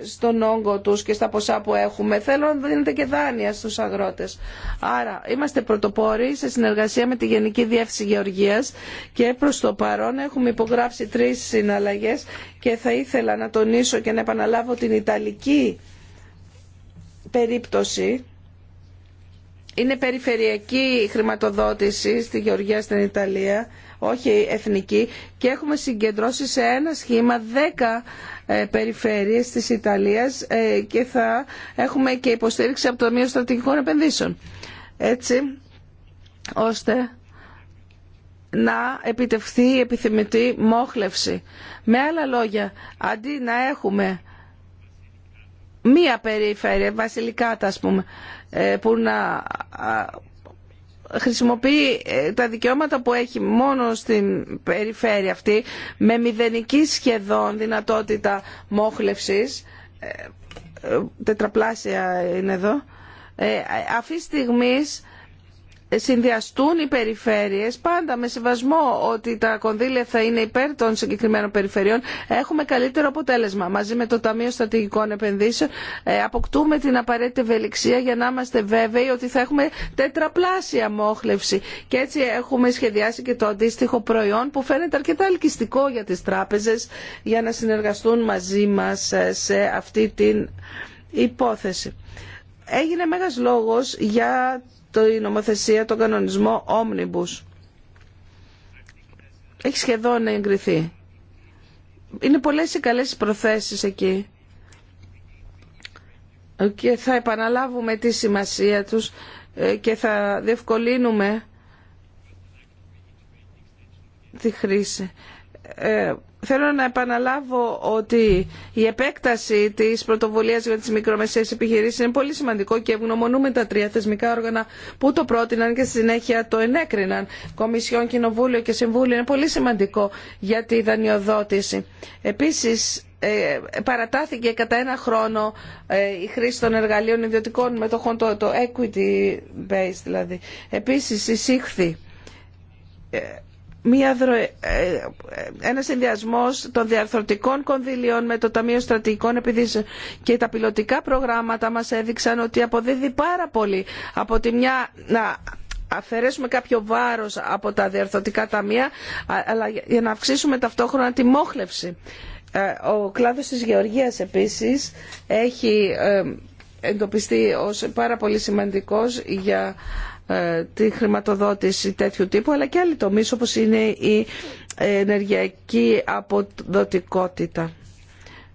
στον όγκο τους και στα ποσά που έχουμε. Θέλω να δίνετε και δάνεια στους αγρότες. Άρα είμαστε πρωτοπόροι σε συνεργασία με τη Γενική Διεύθυνση Γεωργίας και προς το παρόν έχουμε υπογράψει τρεις συναλλαγές και θα ήθελα να τονίσω και να επαναλάβω την Ιταλική περίπτωση είναι περιφερειακή χρηματοδότηση στη Γεωργία στην Ιταλία όχι εθνική και έχουμε συγκεντρώσει σε ένα σχήμα 10 ε, περιφέρειες της Ιταλίας ε, και θα έχουμε και υποστήριξη από το Μείο Στρατηγικών Επενδύσεων. Έτσι, ώστε να επιτευχθεί η επιθυμητή μόχλευση. Με άλλα λόγια, αντί να έχουμε μία περιφέρεια, βασιλικάτα ας πούμε, ε, που να χρησιμοποιεί ε, τα δικαιώματα που έχει μόνο στην περιφέρεια αυτή με μηδενική σχεδόν δυνατότητα μόχλευσης ε, ε, τετραπλάσια είναι εδώ αυτή τη στιγμή συνδυαστούν οι περιφέρειες πάντα με σεβασμό ότι τα κονδύλια θα είναι υπέρ των συγκεκριμένων περιφερειών έχουμε καλύτερο αποτέλεσμα. Μαζί με το Ταμείο Στατηγικών Επενδύσεων ε, αποκτούμε την απαραίτητη ευελιξία για να είμαστε βέβαιοι ότι θα έχουμε τετραπλάσια μόχλευση και έτσι έχουμε σχεδιάσει και το αντίστοιχο προϊόν που φαίνεται αρκετά ελκυστικό για τις τράπεζες για να συνεργαστούν μαζί μας ε, σε αυτή την υπόθεση. Έγινε μέγας λόγος για η νομοθεσία, τον κανονισμό Omnibus. Έχει σχεδόν εγκριθεί. Είναι πολλές οι καλές προθέσεις εκεί. Και θα επαναλάβουμε τη σημασία τους ε, και θα διευκολύνουμε τη χρήση. Ε, θέλω να επαναλάβω ότι η επέκταση της πρωτοβουλίας για τις μικρομεσαίες επιχειρήσεις είναι πολύ σημαντικό και ευγνωμονούμε τα τρία θεσμικά όργανα που το πρότειναν και στη συνέχεια το ενέκριναν. Κομισιόν, Κοινοβούλιο και Συμβούλιο είναι πολύ σημαντικό για τη δανειοδότηση. Επίσης, ε, παρατάθηκε κατά ένα χρόνο ε, η χρήση των εργαλείων ιδιωτικών μετοχών, το, equity based, δηλαδή. Επίσης, εισήχθη ε, μια, ε, ε, ένα συνδυασμό των διαρθρωτικών κονδυλίων με το Ταμείο Στρατηγικών επειδή και τα πιλωτικά προγράμματα μας έδειξαν ότι αποδίδει πάρα πολύ από τη μια να αφαιρέσουμε κάποιο βάρος από τα διαρθρωτικά ταμεία αλλά για να αυξήσουμε ταυτόχρονα τη μόχλευση. Ε, ο κλάδος της γεωργίας επίσης έχει εντοπιστεί ως πάρα πολύ σημαντικός για ε, τη χρηματοδότηση τέτοιου τύπου αλλά και άλλοι τομείς όπως είναι η ενεργειακή αποδοτικότητα.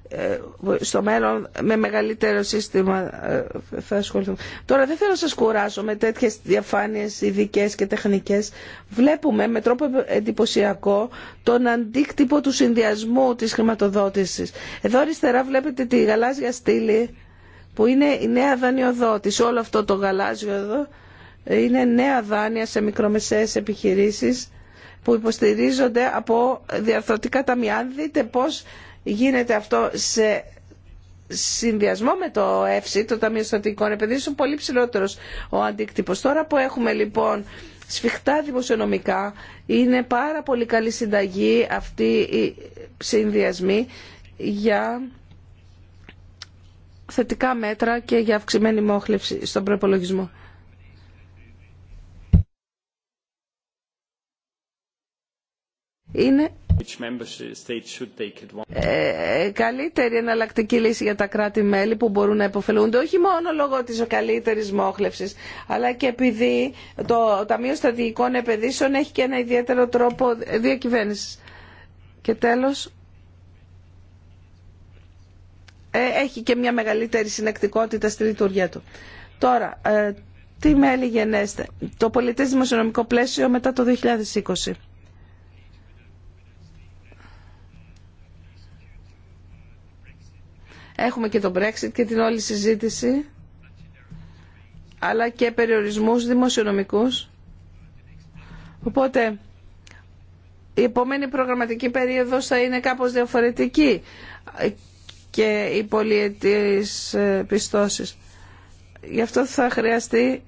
Ε, στο μέλλον με μεγαλύτερο σύστημα ε, θα ασχοληθούμε. Τώρα δεν θέλω να σας κουράσω με τέτοιες διαφάνειες ειδικέ και τεχνικές. Βλέπουμε με τρόπο εντυπωσιακό τον αντίκτυπο του συνδυασμού της χρηματοδότησης. Εδώ αριστερά βλέπετε τη γαλάζια στήλη που είναι η νέα δανειοδότηση. Όλο αυτό το γαλάζιο εδώ είναι νέα δάνεια σε μικρομεσαίες επιχειρήσεις που υποστηρίζονται από διαρθρωτικά ταμεία. Αν δείτε πώς γίνεται αυτό σε συνδυασμό με το ΕΦΣΥ, το Ταμείο Στατικών Επενδύσεων, πολύ ψηλότερο ο αντίκτυπος. Τώρα που έχουμε λοιπόν σφιχτά δημοσιονομικά, είναι πάρα πολύ καλή συνταγή αυτή η συνδυασμή για θετικά μέτρα και για αυξημένη μόχλευση στον προπολογισμό. είναι ε, ε, καλύτερη εναλλακτική λύση για τα κράτη-μέλη που μπορούν να υποφελούνται όχι μόνο λόγω της καλύτερης μόχλευσης αλλά και επειδή το Ταμείο Στρατηγικών Επαιδήσεων έχει και ένα ιδιαίτερο τρόπο διακυβέρνησης. Και τέλος, ε, έχει και μια μεγαλύτερη συνεκτικότητα στη λειτουργία του. Τώρα, ε, τι μέλη γενέστε. Το πολιτές δημοσιονομικό πλαίσιο μετά το 2020. Έχουμε και το Brexit και την όλη συζήτηση, αλλά και περιορισμούς δημοσιονομικούς. Οπότε, η επόμενη προγραμματική περίοδος θα είναι κάπως διαφορετική και οι πολιετής ε, πιστώσεις. Γι' αυτό θα χρειαστεί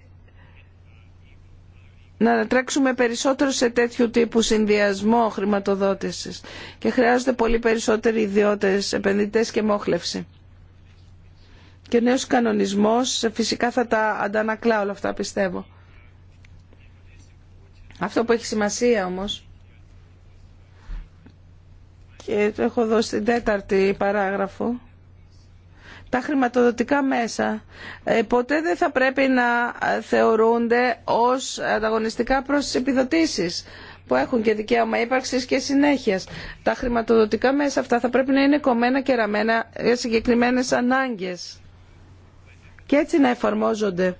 να τρέξουμε περισσότερο σε τέτοιου τύπου συνδυασμό χρηματοδότησης και χρειάζονται πολύ περισσότεροι ιδιώτες επενδυτές και μόχλευση και νέος κανονισμός φυσικά θα τα αντανακλά όλα αυτά πιστεύω. Αυτό που έχει σημασία όμως και το έχω δώσει στην τέταρτη παράγραφο τα χρηματοδοτικά μέσα ε, ποτέ δεν θα πρέπει να θεωρούνται ως ανταγωνιστικά προς τις επιδοτήσεις που έχουν και δικαίωμα ύπαρξη και συνέχεια. Τα χρηματοδοτικά μέσα αυτά θα πρέπει να είναι κομμένα και ραμμένα για συγκεκριμένε ανάγκες και έτσι να εφαρμόζονται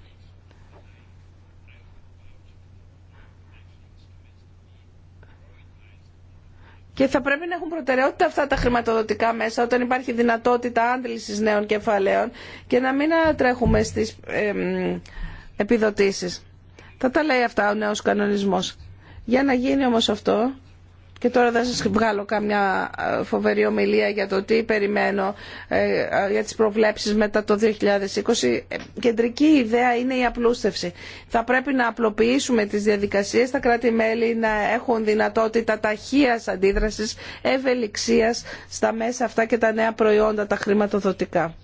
Και θα πρέπει να έχουν προτεραιότητα αυτά τα χρηματοδοτικά μέσα όταν υπάρχει δυνατότητα άντλησης νέων κεφαλαίων και να μην τρέχουμε στις ε, επιδοτήσεις. Θα τα λέει αυτά ο νέος κανονισμός. Για να γίνει όμως αυτό και τώρα δεν σας βγάλω καμιά ε, φοβερή ομιλία για το τι περιμένω ε, ε, για τις προβλέψεις μετά το 2020. Κεντρική ιδέα είναι η απλούστευση. Θα πρέπει να απλοποιήσουμε τις διαδικασίες, τα κράτη-μέλη να έχουν δυνατότητα ταχείας αντίδρασης, ευελιξίας στα μέσα αυτά και τα νέα προϊόντα, τα χρηματοδοτικά.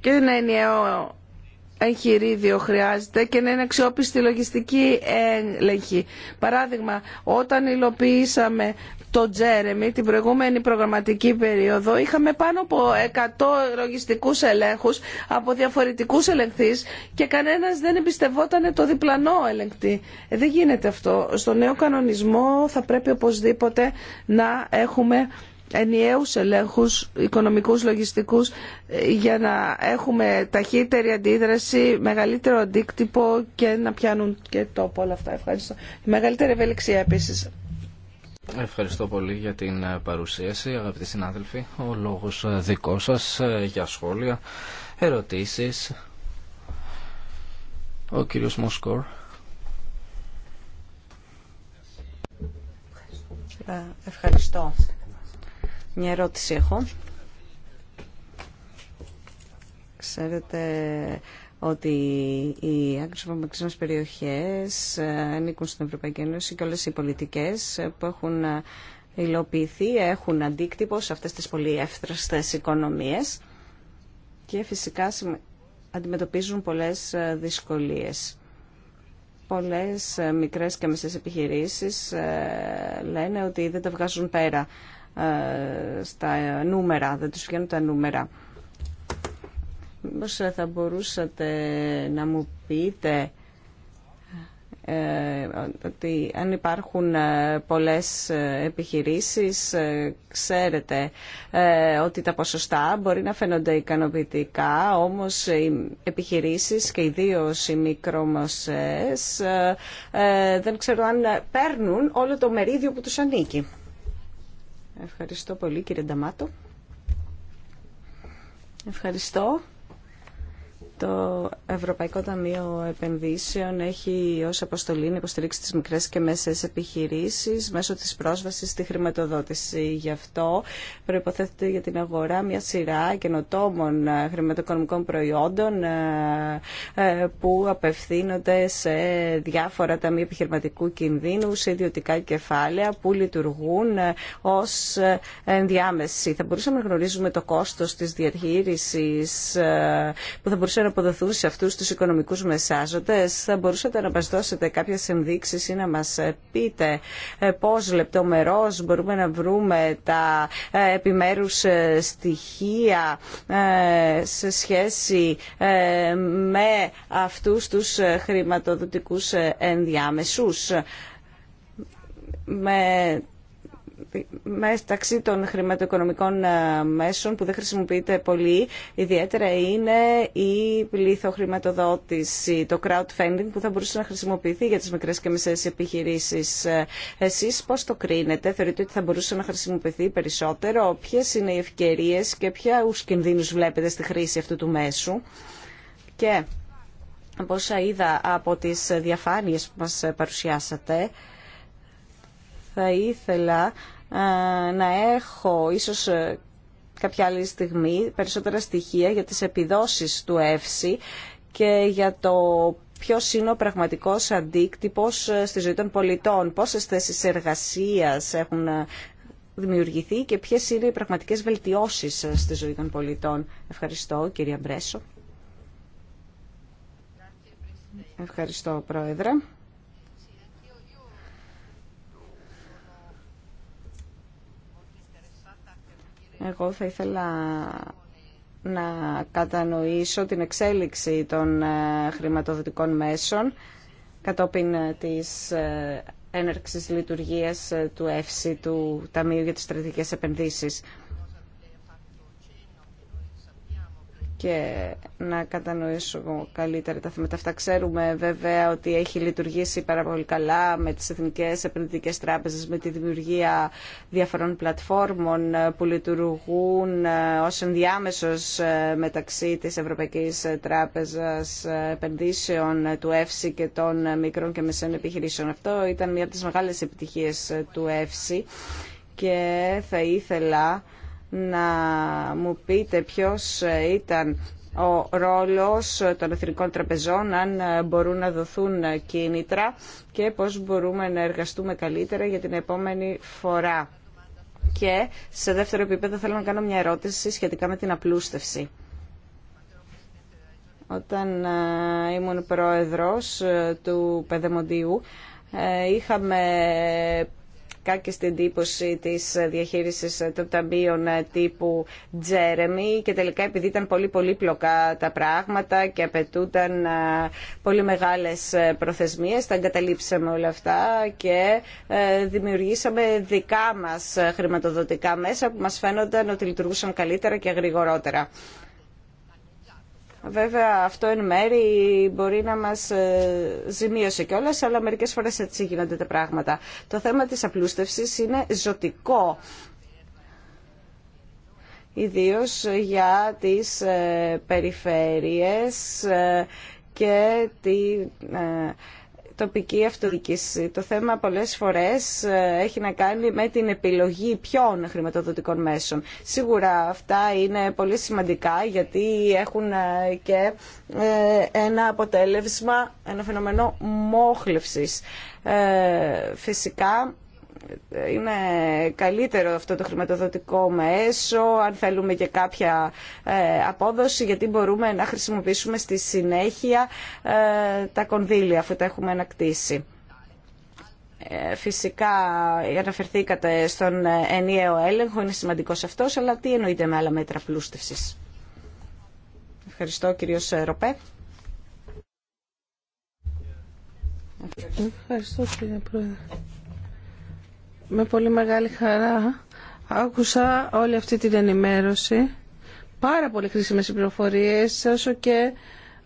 Και είναι ενιαίο εγχειρίδιο χρειάζεται και να είναι αξιόπιστη λογιστική έλεγχη. Παράδειγμα, όταν υλοποιήσαμε το Τζέρεμι την προηγούμενη προγραμματική περίοδο είχαμε πάνω από 100 λογιστικούς ελέγχους από διαφορετικούς ελεγχθείς και κανένας δεν εμπιστευόταν το διπλανό ελεγκτή. Ε, δεν γίνεται αυτό. Στο νέο κανονισμό θα πρέπει οπωσδήποτε να έχουμε ενιαίους ελέγχους οικονομικούς, λογιστικούς ε, για να έχουμε ταχύτερη αντίδραση, μεγαλύτερο αντίκτυπο και να πιάνουν και τόπο όλα αυτά. Ευχαριστώ. Μεγαλύτερη ευελιξία επίσης. Ευχαριστώ πολύ για την ε, παρουσίαση, αγαπητοί συνάδελφοι. Ο λόγος ε, δικό σας για σχόλια, ερωτήσεις. Ο κύριος Μοσκόρ. Ευχαριστώ. Μια ερώτηση έχω. Ξέρετε ότι οι άκρες βομβαξινές περιοχές ε, ανήκουν στην Ευρωπαϊκή Ένωση και όλες οι πολιτικές που έχουν ε, υλοποιηθεί έχουν αντίκτυπο σε αυτές τις πολύ εύθραστες οικονομίες και φυσικά αντιμετωπίζουν πολλές ε, δυσκολίες. Πολλές μικρές και μεσές επιχειρήσεις λένε ότι δεν τα βγάζουν πέρα ε, στα νούμερα, δεν τους βγαίνουν τα νούμερα. Μήπως ε, θα μπορούσατε να μου πείτε ε, ότι αν υπάρχουν πολλές επιχειρήσεις ξέρετε ότι τα ποσοστά μπορεί να φαίνονται ικανοποιητικά όμως οι επιχειρήσεις και ιδίως οι μικρομεσαίες δεν ξέρω αν παίρνουν όλο το μερίδιο που τους ανήκει. Ευχαριστώ πολύ κύριε Νταμάτο. Ευχαριστώ. Το Ευρωπαϊκό Ταμείο Επενδύσεων έχει ως αποστολή να υποστηρίξει τις μικρές και μέσες επιχειρήσεις μέσω της πρόσβασης στη χρηματοδότηση. Γι' αυτό προϋποθέτεται για την αγορά μια σειρά καινοτόμων ε, χρηματοοικονομικών προϊόντων ε, ε, που απευθύνονται σε διάφορα ταμεία επιχειρηματικού κινδύνου, σε ιδιωτικά κεφάλαια που λειτουργούν ως ενδιάμεση. Θα μπορούσαμε να γνωρίζουμε το κόστος της διαχείριση που θα μπορούσε να τροποδοθούν αυτούς τους οικονομικούς μεσάζοντες. Θα μπορούσατε να μας δώσετε κάποιες ενδείξεις ή να μας ε, πείτε ε, πώς λεπτομερώς μπορούμε να βρούμε τα ε, επιμέρους στοιχεία σε σχέση με αυτούς τους χρηματοδοτικούς ενδιάμεσους με μεταξύ των χρηματοοικονομικών ε, μέσων που δεν χρησιμοποιείται πολύ ιδιαίτερα είναι η πλήθοχρηματοδότηση, το crowdfunding που θα μπορούσε να χρησιμοποιηθεί για τις μικρές και μεσαίες επιχειρήσεις. Ε, εσείς πώς το κρίνετε, θεωρείτε ότι θα μπορούσε να χρησιμοποιηθεί περισσότερο, ποιε είναι οι ευκαιρίες και ποια κινδύνους βλέπετε στη χρήση αυτού του μέσου. Και από όσα είδα από τις διαφάνειες που μας παρουσιάσατε, θα ήθελα να έχω ίσως ε, κάποια άλλη στιγμή περισσότερα στοιχεία για τις επιδόσεις του ΕΦΣΥ και για το ποιο είναι ο πραγματικός αντίκτυπος ε, στη ζωή των πολιτών, πόσες θέσει εργασίας έχουν ε, δημιουργηθεί και ποιες είναι οι πραγματικές βελτιώσεις στη ζωή των πολιτών. Ευχαριστώ, κυρία Μπρέσο. Ευχαριστώ, Πρόεδρε. Εγώ θα ήθελα να κατανοήσω την εξέλιξη των ε, χρηματοδοτικών μέσων κατόπιν ε, της ε, έναρξης λειτουργίας του ΕΦΣΙ, του Ταμείου για τις Στρατηγικές Επενδύσεις. και να κατανοήσω καλύτερα τα θέματα αυτά. Ξέρουμε βέβαια ότι έχει λειτουργήσει πάρα πολύ καλά με τις Εθνικές Επενδυτικές Τράπεζες, με τη δημιουργία διαφορών πλατφόρμων που λειτουργούν ε, ως ενδιάμεσος ε, μεταξύ της Ευρωπαϊκής Τράπεζας Επενδύσεων, ε, του ΕΦΣΙ και των μικρών και μεσαίων επιχειρήσεων. Αυτό ήταν μια από τις μεγάλες επιτυχίες του ΕΦΣΙ και θα ήθελα να μου πείτε ποιος ήταν ο ρόλος των εθνικών τραπεζών, αν μπορούν να δοθούν κίνητρα και πώς μπορούμε να εργαστούμε καλύτερα για την επόμενη φορά. Και σε δεύτερο επίπεδο θέλω να κάνω μια ερώτηση σχετικά με την απλούστευση. Όταν ε, ήμουν πρόεδρος ε, του Παιδεμοντίου, ε, είχαμε και στην τύπωση της διαχείρισης των ταμείων τύπου Τζέρεμι και τελικά επειδή ήταν πολύ πολύπλοκα τα πράγματα και απαιτούνταν πολύ μεγάλες ε, προθεσμίες τα εγκαταλείψαμε όλα αυτά και ε, δημιουργήσαμε δικά μας ε, χρηματοδοτικά μέσα που μας φαίνονταν ότι λειτουργούσαν καλύτερα και γρηγορότερα. Βέβαια αυτό εν μέρη μπορεί να μας ε, ζημίωσε κιόλας, αλλά μερικές φορές έτσι γίνονται τα πράγματα. Το θέμα της απλούστευσης είναι ζωτικό ιδίως για τις ε, περιφέρειες ε, και την τοπική αυτοδιοίκηση. Το θέμα πολλές φορές ε, έχει να κάνει με την επιλογή ποιων χρηματοδοτικών μέσων. Σίγουρα αυτά είναι πολύ σημαντικά γιατί έχουν ε, και ε, ένα αποτέλεσμα, ένα φαινόμενο μόχλευσης. Φυσικά είναι καλύτερο αυτό το χρηματοδοτικό μέσο, αν θέλουμε και κάποια ε, απόδοση, γιατί μπορούμε να χρησιμοποιήσουμε στη συνέχεια ε, τα κονδύλια αφού τα έχουμε ανακτήσει. Ε, φυσικά αναφερθήκατε στον ενιαίο έλεγχο, είναι σημαντικός αυτός, αλλά τι εννοείται με άλλα μέτρα πλούστευσης. Ευχαριστώ κύριος Ροπέ. Ευχαριστώ κύριε Πρόεδρε. Με πολύ μεγάλη χαρά άκουσα όλη αυτή την ενημέρωση. Πάρα πολύ χρήσιμες οι πληροφορίες, όσο και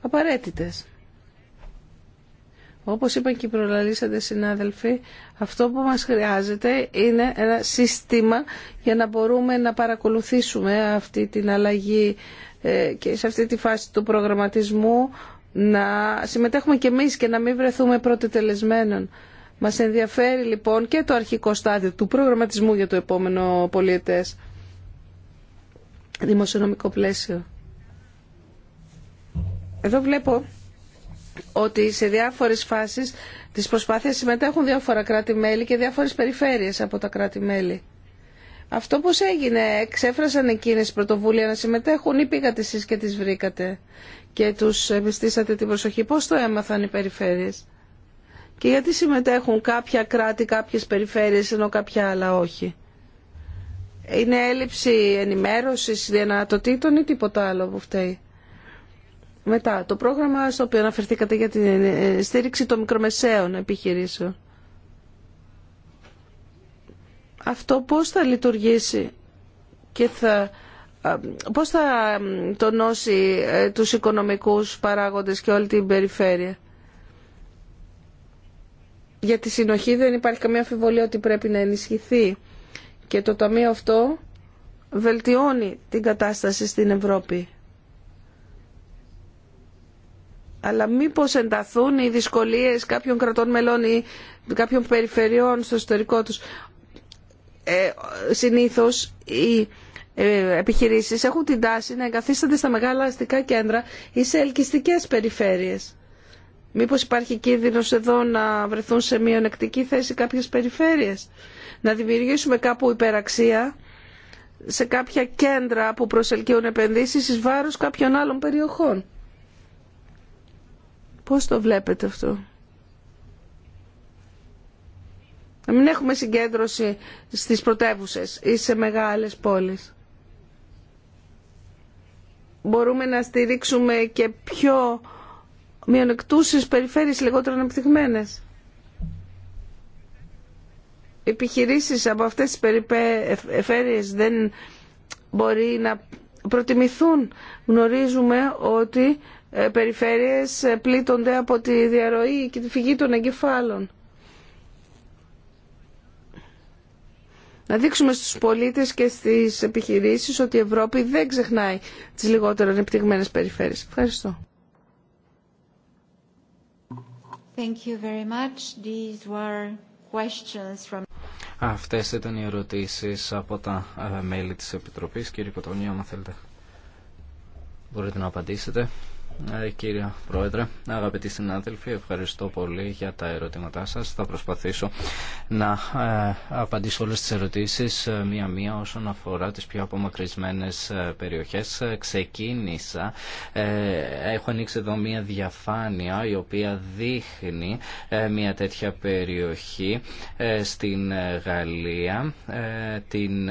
απαραίτητες. Όπως είπαν και οι προλαλήσαντες συνάδελφοι, αυτό που μας χρειάζεται είναι ένα σύστημα για να μπορούμε να παρακολουθήσουμε αυτή την αλλαγή ε, και σε αυτή τη φάση του προγραμματισμού να συμμετέχουμε και εμείς και να μην βρεθούμε μας ενδιαφέρει λοιπόν και το αρχικό στάδιο του προγραμματισμού για το επόμενο πολιετέ δημοσιονομικό πλαίσιο. Εδώ βλέπω ότι σε διάφορες φάσεις της προσπάθειας συμμετέχουν διάφορα κράτη-μέλη και διάφορες περιφέρειες από τα κράτη-μέλη. Αυτό πώς έγινε, εξέφρασαν εκείνες πρωτοβουλία να συμμετέχουν ή πήγατε εσείς και τις βρήκατε και τους εμπιστήσατε την προσοχή. Πώς το έμαθαν οι περιφέρειες. Και γιατί συμμετέχουν κάποια κράτη, κάποιες περιφέρειες, ενώ κάποια άλλα όχι. Είναι έλλειψη ενημέρωσης, δυνατοτήτων ή τίποτα άλλο που φταίει. Μετά, το πρόγραμμα στο οποίο αναφερθήκατε για την ε, στήριξη των μικρομεσαίων επιχειρήσεων. Αυτό πώς θα λειτουργήσει και θα, ε, πώς θα ε, τονώσει τους οικονομικούς παράγοντες και όλη την περιφέρεια για τη συνοχή δεν υπάρχει καμία αμφιβολία ότι πρέπει να ενισχυθεί και το ταμείο αυτό βελτιώνει την κατάσταση στην Ευρώπη. Αλλά μήπως ενταθούν οι δυσκολίες κάποιων κρατών μελών ή κάποιων περιφερειών στο εσωτερικό τους. Ε, συνήθως οι ε, επιχειρήσεις έχουν την τάση να εγκαθίστανται στα μεγάλα αστικά κέντρα ή σε ελκυστικές περιφέρειες. Μήπως υπάρχει κίνδυνος εδώ να βρεθούν σε μειονεκτική θέση κάποιες περιφέρειες. Να δημιουργήσουμε κάπου υπεραξία σε κάποια κέντρα που προσελκύουν επενδύσεις εις βάρος κάποιων άλλων περιοχών. Πώς το βλέπετε αυτό. Να μην έχουμε συγκέντρωση στις πρωτεύουσες ή σε μεγάλες πόλεις. Μπορούμε να στηρίξουμε και πιο μειονεκτούσες περιφέρειες λιγότερο αναπτυγμένες. Επιχειρήσεις από αυτές τις περιφέρειες δεν μπορεί να προτιμηθούν. Γνωρίζουμε ότι ε, περιφέρειες ε, πλήττονται από τη διαρροή και τη φυγή των εγκεφάλων. Να δείξουμε στους πολίτες και στις επιχειρήσεις ότι η Ευρώπη δεν ξεχνάει τις λιγότερο ανεπτυγμένες περιφέρειες. Ευχαριστώ. Thank you very much. These were questions from... Αυτές ήταν οι ερωτήσεις από τα ε, μέλη της Επιτροπής. Κύριε Κοτονία, αν θέλετε, μπορείτε να απαντήσετε. Ε, κύριε Πρόεδρε, αγαπητοί συνάδελφοι, ευχαριστώ πολύ για τα ερωτήματά σας. Θα προσπαθήσω να ε, απαντήσω όλες τις ερωτήσεις ε, μία-μία όσον αφορά τις πιο απομακρυσμένες περιοχές. Ξεκίνησα, έχω ανοίξει εδώ μία διαφάνεια η οποία δείχνει μία τέτοια περιοχή στην Γαλλία, την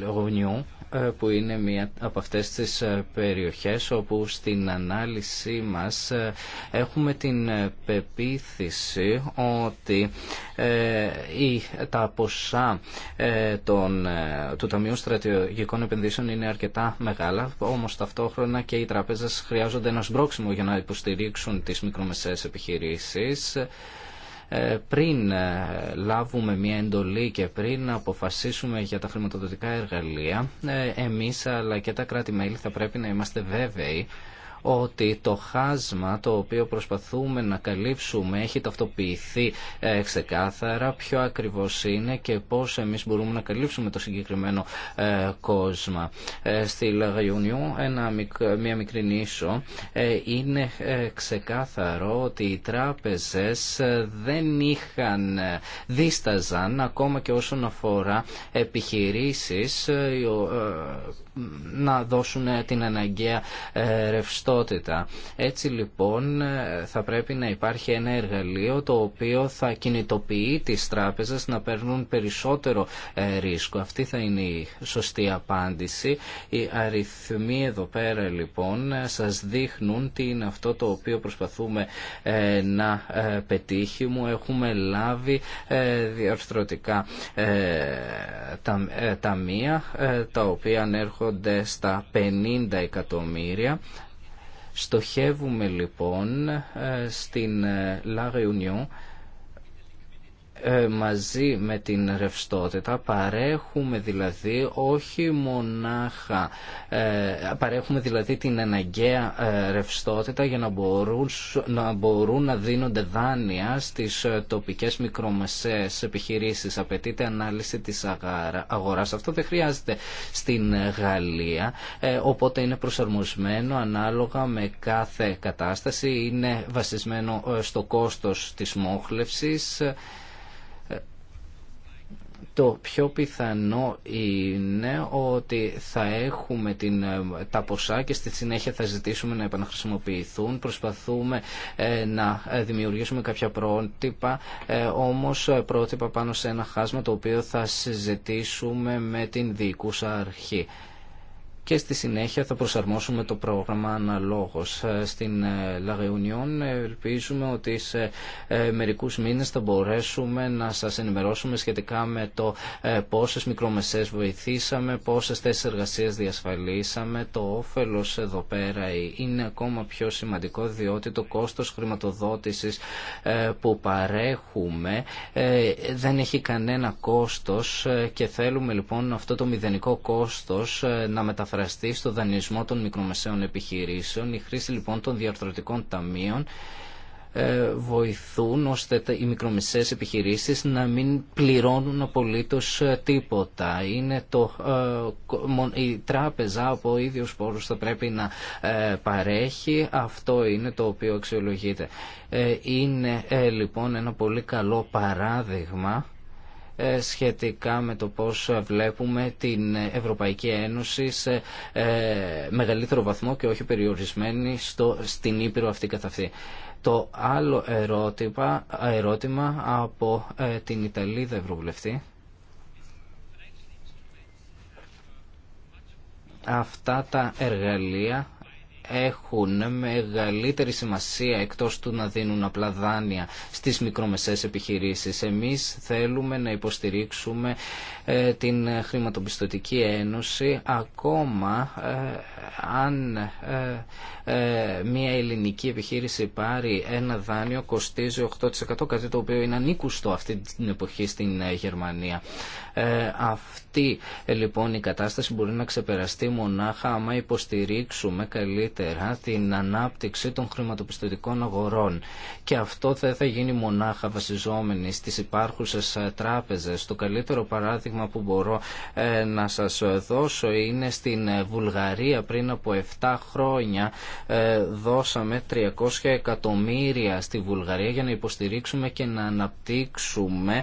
Λογονιού ε, που είναι μία από αυτές τις ε, περιοχές όπου στην ανάλυση μας ε, έχουμε την πεποίθηση ότι η, τα ποσά των, του Ταμείου Στρατηγικών Επενδύσεων είναι αρκετά μεγάλα όμως ταυτόχρονα και οι τραπέζες χρειάζονται ένα σμπρόξιμο για να υποστηρίξουν τις μικρομεσαίες επιχειρήσεις ε, πριν ε, λάβουμε μια εντολή και πριν αποφασίσουμε για τα χρηματοδοτικά εργαλεία, ε, εμείς αλλά και τα κράτη-μέλη θα πρέπει να είμαστε βέβαιοι ότι το χάσμα το οποίο προσπαθούμε να καλύψουμε έχει ταυτοποιηθεί ε, ξεκάθαρα ποιο ακριβώς είναι και πώς εμείς μπορούμε να καλύψουμε το συγκεκριμένο ε, κόσμο. Ε, στη Λαγαϊουνιού, μια μικρή νήσο, είναι ξεκάθαρο ότι οι τράπεζες δεν είχαν, δίσταζαν ακόμα και όσον αφορά επιχειρήσεις να δώσουν την αναγκαία ρευστότητα έτσι λοιπόν θα πρέπει να υπάρχει ένα εργαλείο το οποίο θα κινητοποιεί τις τράπεζες να παίρνουν περισσότερο ε, ρίσκο. Αυτή θα είναι η σωστή απάντηση. Οι αριθμοί εδώ πέρα λοιπόν σας δείχνουν τι είναι αυτό το οποίο προσπαθούμε ε, να ε, πετύχουμε. Έχουμε λάβει διαρθρωτικά ταμεία τα οποία ανέρχονται στα 50 εκατομμύρια Στοχεύουμε λοιπόν ε, στην ε, La Réunion ε, μαζί με την ρευστότητα παρέχουμε δηλαδή όχι μονάχα ε, παρέχουμε δηλαδή την αναγκαία ε, ρευστότητα για να μπορούν να, μπορούν να δίνονται δάνεια στις τοπικές μικρομεσαίες επιχειρήσεις απαιτείται ανάλυση της αγοράς αυτό δεν χρειάζεται στην Γαλλία οπότε είναι προσαρμοσμένο ανάλογα με κάθε κατάσταση είναι βασισμένο στο κόστος της μόχλευσης το πιο πιθανό είναι ότι θα έχουμε την, ε, τα ποσά και στη συνέχεια θα ζητήσουμε να επαναχρησιμοποιηθούν. Προσπαθούμε ε, να ε, δημιουργήσουμε κάποια πρότυπα, όμως πρότυπα πάνω σε ένα χάσμα το οποίο θα συζητήσουμε με την διοικούσα αρχή και στη συνέχεια θα προσαρμόσουμε το πρόγραμμα αναλόγως. Ε, στην ε, La Reunion ε, ελπίζουμε ότι σε μερικούς μήνες θα μπορέσουμε να σας ενημερώσουμε σχετικά με το πόσες μικρομεσές βοηθήσαμε, πόσες θέσεις εργασίας διασφαλίσαμε. Το όφελος εδώ πέρα είναι ακόμα πιο σημαντικό διότι το κόστος χρηματοδότησης που παρέχουμε δεν έχει κανένα κόστος και θέλουμε λοιπόν αυτό το μηδενικό κόστος να μεταφράσουμε μεταφραστεί στο δανεισμό των μικρομεσαίων επιχειρήσεων. Η χρήση λοιπόν των διαρθρωτικών ταμείων ε, βοηθούν ώστε οι μικρομεσαίες επιχειρήσεις να μην πληρώνουν απολύτως ε, τίποτα. Είναι το, ε, η τράπεζα από ίδιους πόρους θα πρέπει να παρέχει. Αυτό είναι το οποίο αξιολογείται. είναι λοιπόν ένα πολύ καλό παράδειγμα ε, σχετικά με το πώς βλέπουμε την Ευρωπαϊκή Ένωση σε ε, μεγαλύτερο βαθμό και όχι περιορισμένη στο, στην Ήπειρο αυτή καθ' αυτή. Το άλλο ερώτημα, ερώτημα από ε, την Ιταλίδα Ευρωβουλευτή. Αυτά τα εργαλεία έχουν μεγαλύτερη σημασία εκτός του να δίνουν απλά δάνεια στις μικρομεσαίες επιχειρήσεις. Εμείς θέλουμε να υποστηρίξουμε ε, την Χρηματοπιστωτική Ένωση ακόμα ε, αν ε, μια ελληνική επιχείρηση πάρει ένα δάνειο κοστίζει 8% κάτι το οποίο είναι ανήκουστο αυτή την εποχή στην Γερμανία. Αυτή λοιπόν η κατάσταση μπορεί να ξεπεραστεί μονάχα άμα υποστηρίξουμε καλύτερα την ανάπτυξη των χρηματοπιστωτικών αγορών και αυτό δεν θα γίνει μονάχα βασιζόμενοι στις υπάρχουσες ε, τράπεζες. Το καλύτερο παράδειγμα που μπορώ ε, να σας ε, δώσω είναι στην Βουλγαρία πριν από 7 χρόνια δώσαμε 300 εκατομμύρια στη Βουλγαρία για να υποστηρίξουμε και να αναπτύξουμε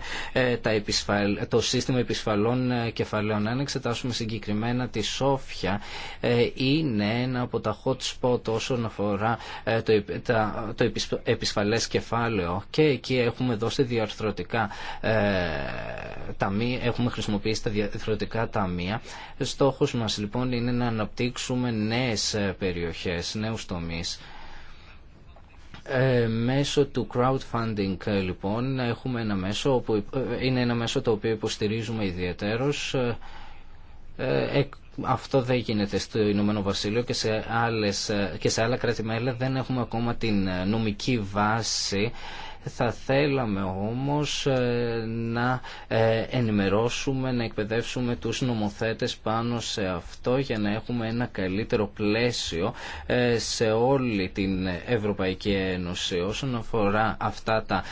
το σύστημα επισφαλών κεφαλαίων. Αν εξετάσουμε συγκεκριμένα τη Σόφια, είναι ένα από τα hot spot όσον αφορά ε, το, τα, το επισφαλές κεφάλαιο και εκεί έχουμε δώσει διαρθρωτικά ε, ταμεία, έχουμε χρησιμοποιήσει τα διαρθρωτικά ταμεία. Στόχος μας λοιπόν είναι να αναπτύξουμε νέες ε, περιοχές, νέους τομείς. Ε, μέσω του crowdfunding λοιπόν έχουμε ένα μέσο όπου, είναι ένα μέσο το οποίο υποστηρίζουμε ιδιαίτερος αυτό δεν γίνεται στο Ηνωμένο Βασίλειο και σε, άλλες, και σε άλλα κράτη-μέλη δεν έχουμε ακόμα την νομική βάση θα θέλαμε όμως ε, να ε, ενημερώσουμε, να εκπαιδεύσουμε τους νομοθέτες πάνω σε αυτό για να έχουμε ένα καλύτερο πλαίσιο ε, σε όλη την Ευρωπαϊκή Ένωση όσον αφορά αυτά τα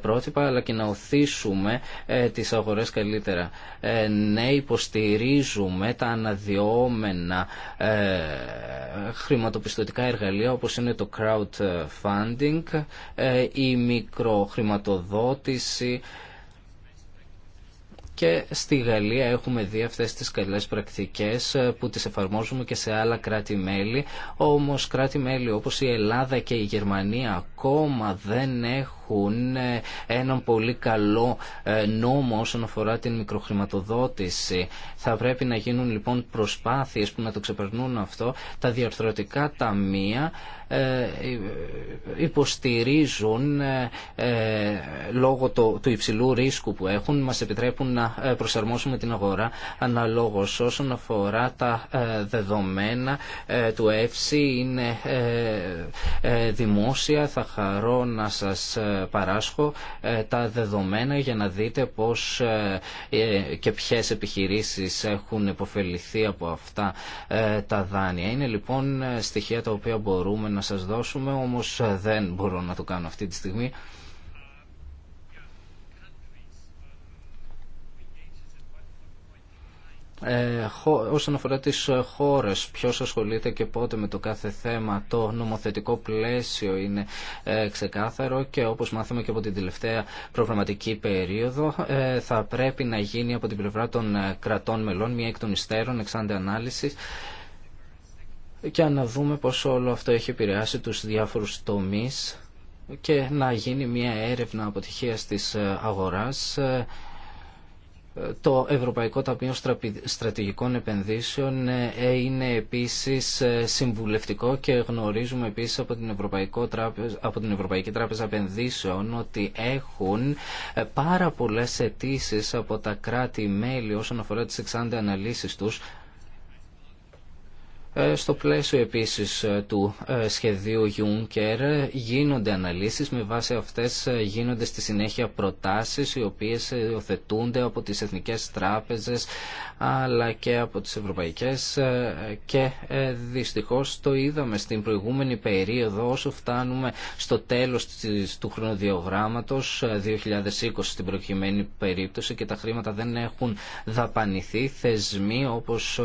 πρότυπα αλλά και να οθήσουμε τις αγορές καλύτερα. Ναι, υποστηρίζουμε τα αναδυόμενα χρηματοπιστωτικά εργαλεία όπως είναι το crowdfunding, η μικρο μικροχρηματοδότηση και στη Γαλλία έχουμε δει αυτέ τις καλές πρακτικές ε, που τις εφαρμόζουμε και σε άλλα κράτη-μέλη. Όμως κράτη-μέλη όπως η Ελλάδα και η Γερμανία ακόμα δεν έχουν έχουν ε, έναν πολύ καλό ε, νόμο όσον αφορά την μικροχρηματοδότηση. Θα πρέπει να γίνουν λοιπόν προσπάθειες που να το ξεπερνούν αυτό. Τα διαρθρωτικά ταμεία ε, υποστηρίζουν λόγω του υψηλού ρίσκου που έχουν, μας επιτρέπουν να προσαρμόσουμε την αγορά αναλόγως όσον αφορά τα δεδομένα του ΕΦΣΥ είναι δημόσια. Θα χαρώ να σας παράσχω ε, τα δεδομένα για να δείτε πώς ε, ε, και ποιες επιχειρήσεις έχουν υποφεληθεί από αυτά τα δάνεια. Είναι λοιπόν στοιχεία τα οποία μπορούμε να σας δώσουμε, όμως δεν μπορώ να το κάνω αυτή τη στιγμή. Ε, όσον αφορά τις χώρες, ποιος ασχολείται και πότε με το κάθε θέμα, το νομοθετικό πλαίσιο είναι ε, ξεκάθαρο και όπως μάθαμε και από την τελευταία προγραμματική περίοδο ε, θα πρέπει να γίνει από την πλευρά των κρατών μελών μια εκ των υστέρων εξάντε ανάλυση και να δούμε πώς όλο αυτό έχει επηρεάσει τους διάφορους τομείς και να γίνει μια έρευνα αποτυχίας της αγοράς το Ευρωπαϊκό Ταμείο Στρατηγικών Επενδύσεων ε, είναι επίσης ε, συμβουλευτικό και γνωρίζουμε επίσης από την, Ευρωπαϊκό από την Ευρωπαϊκή Τράπεζα Επενδύσεων ότι έχουν ε, πάρα πολλές αιτήσει από τα κράτη-μέλη όσον αφορά τις 60 αναλύσεις τους ε, στο πλαίσιο επίσης ε, του ε, σχεδίου Juncker γίνονται αναλύσεις, με βάση αυτές γίνονται στη συνέχεια προτάσεις οι οποίες υιοθετούνται από τις εθνικές τράπεζες αλλά και από τις ευρωπαϊκές και δυστυχώς το είδαμε στην προηγούμενη περίοδο όσο φτάνουμε στο τέλος του χρονοδιογράμματος 2020 στην προκειμένη περίπτωση και τα χρήματα δεν έχουν δαπανηθεί θεσμοί όπως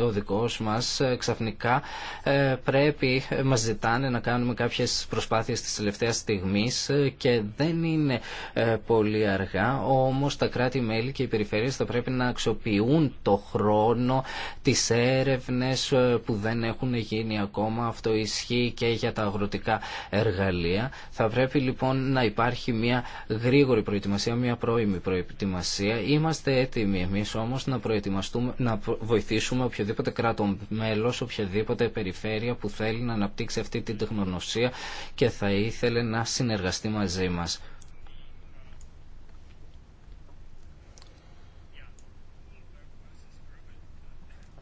ο δικός μας ξαφνικά ε, πρέπει, μας ζητάνε να κάνουμε κάποιες προσπάθειες της τελευταίας στιγμής ε, και δεν είναι ε, πολύ αργά, όμως τα κράτη-μέλη και οι περιφέρειες θα πρέπει να αξιοποιούν το χρόνο, τις έρευνες που δεν έχουν γίνει ακόμα, αυτό ισχύει και για τα αγροτικά εργαλεία. Θα πρέπει λοιπόν να υπάρχει μια γρήγορη προετοιμασία, μια πρώιμη προετοιμασία. Είμαστε έτοιμοι εμείς όμως να, προετοιμαστούμε, να βοηθήσουμε οποιοδήποτε κράτο μέλος οποιαδήποτε περιφέρεια που θέλει να αναπτύξει αυτή την τεχνογνωσία και θα ήθελε να συνεργαστεί μαζί μα.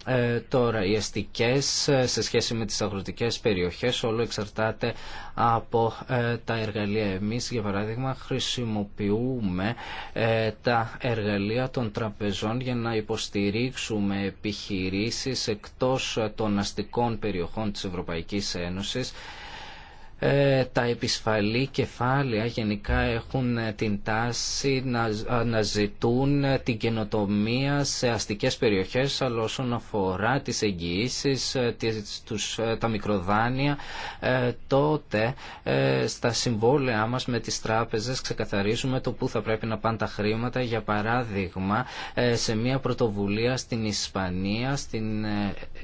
Ε, τώρα οι αστικές ε, σε σχέση με τις αγροτικές περιοχές όλο εξαρτάται από ε, τα εργαλεία. Εμείς για παράδειγμα χρησιμοποιούμε τα εργαλεία των τραπεζών για να υποστηρίξουμε επιχειρήσεις εκτός των αστικών περιοχών της Ευρωπαϊκής Ένωσης ε, τα επισφαλή κεφάλαια γενικά έχουν ε, την τάση να ζητούν ε, την καινοτομία σε αστικές περιοχές αλλά όσον αφορά τις εγγυήσεις, τα μικροδάνεια τότε στα συμβόλαιά μας με τις τράπεζες ξεκαθαρίζουμε το που θα πρέπει να πάνε τα χρήματα για παράδειγμα σε μια πρωτοβουλία στην Ισπανία στην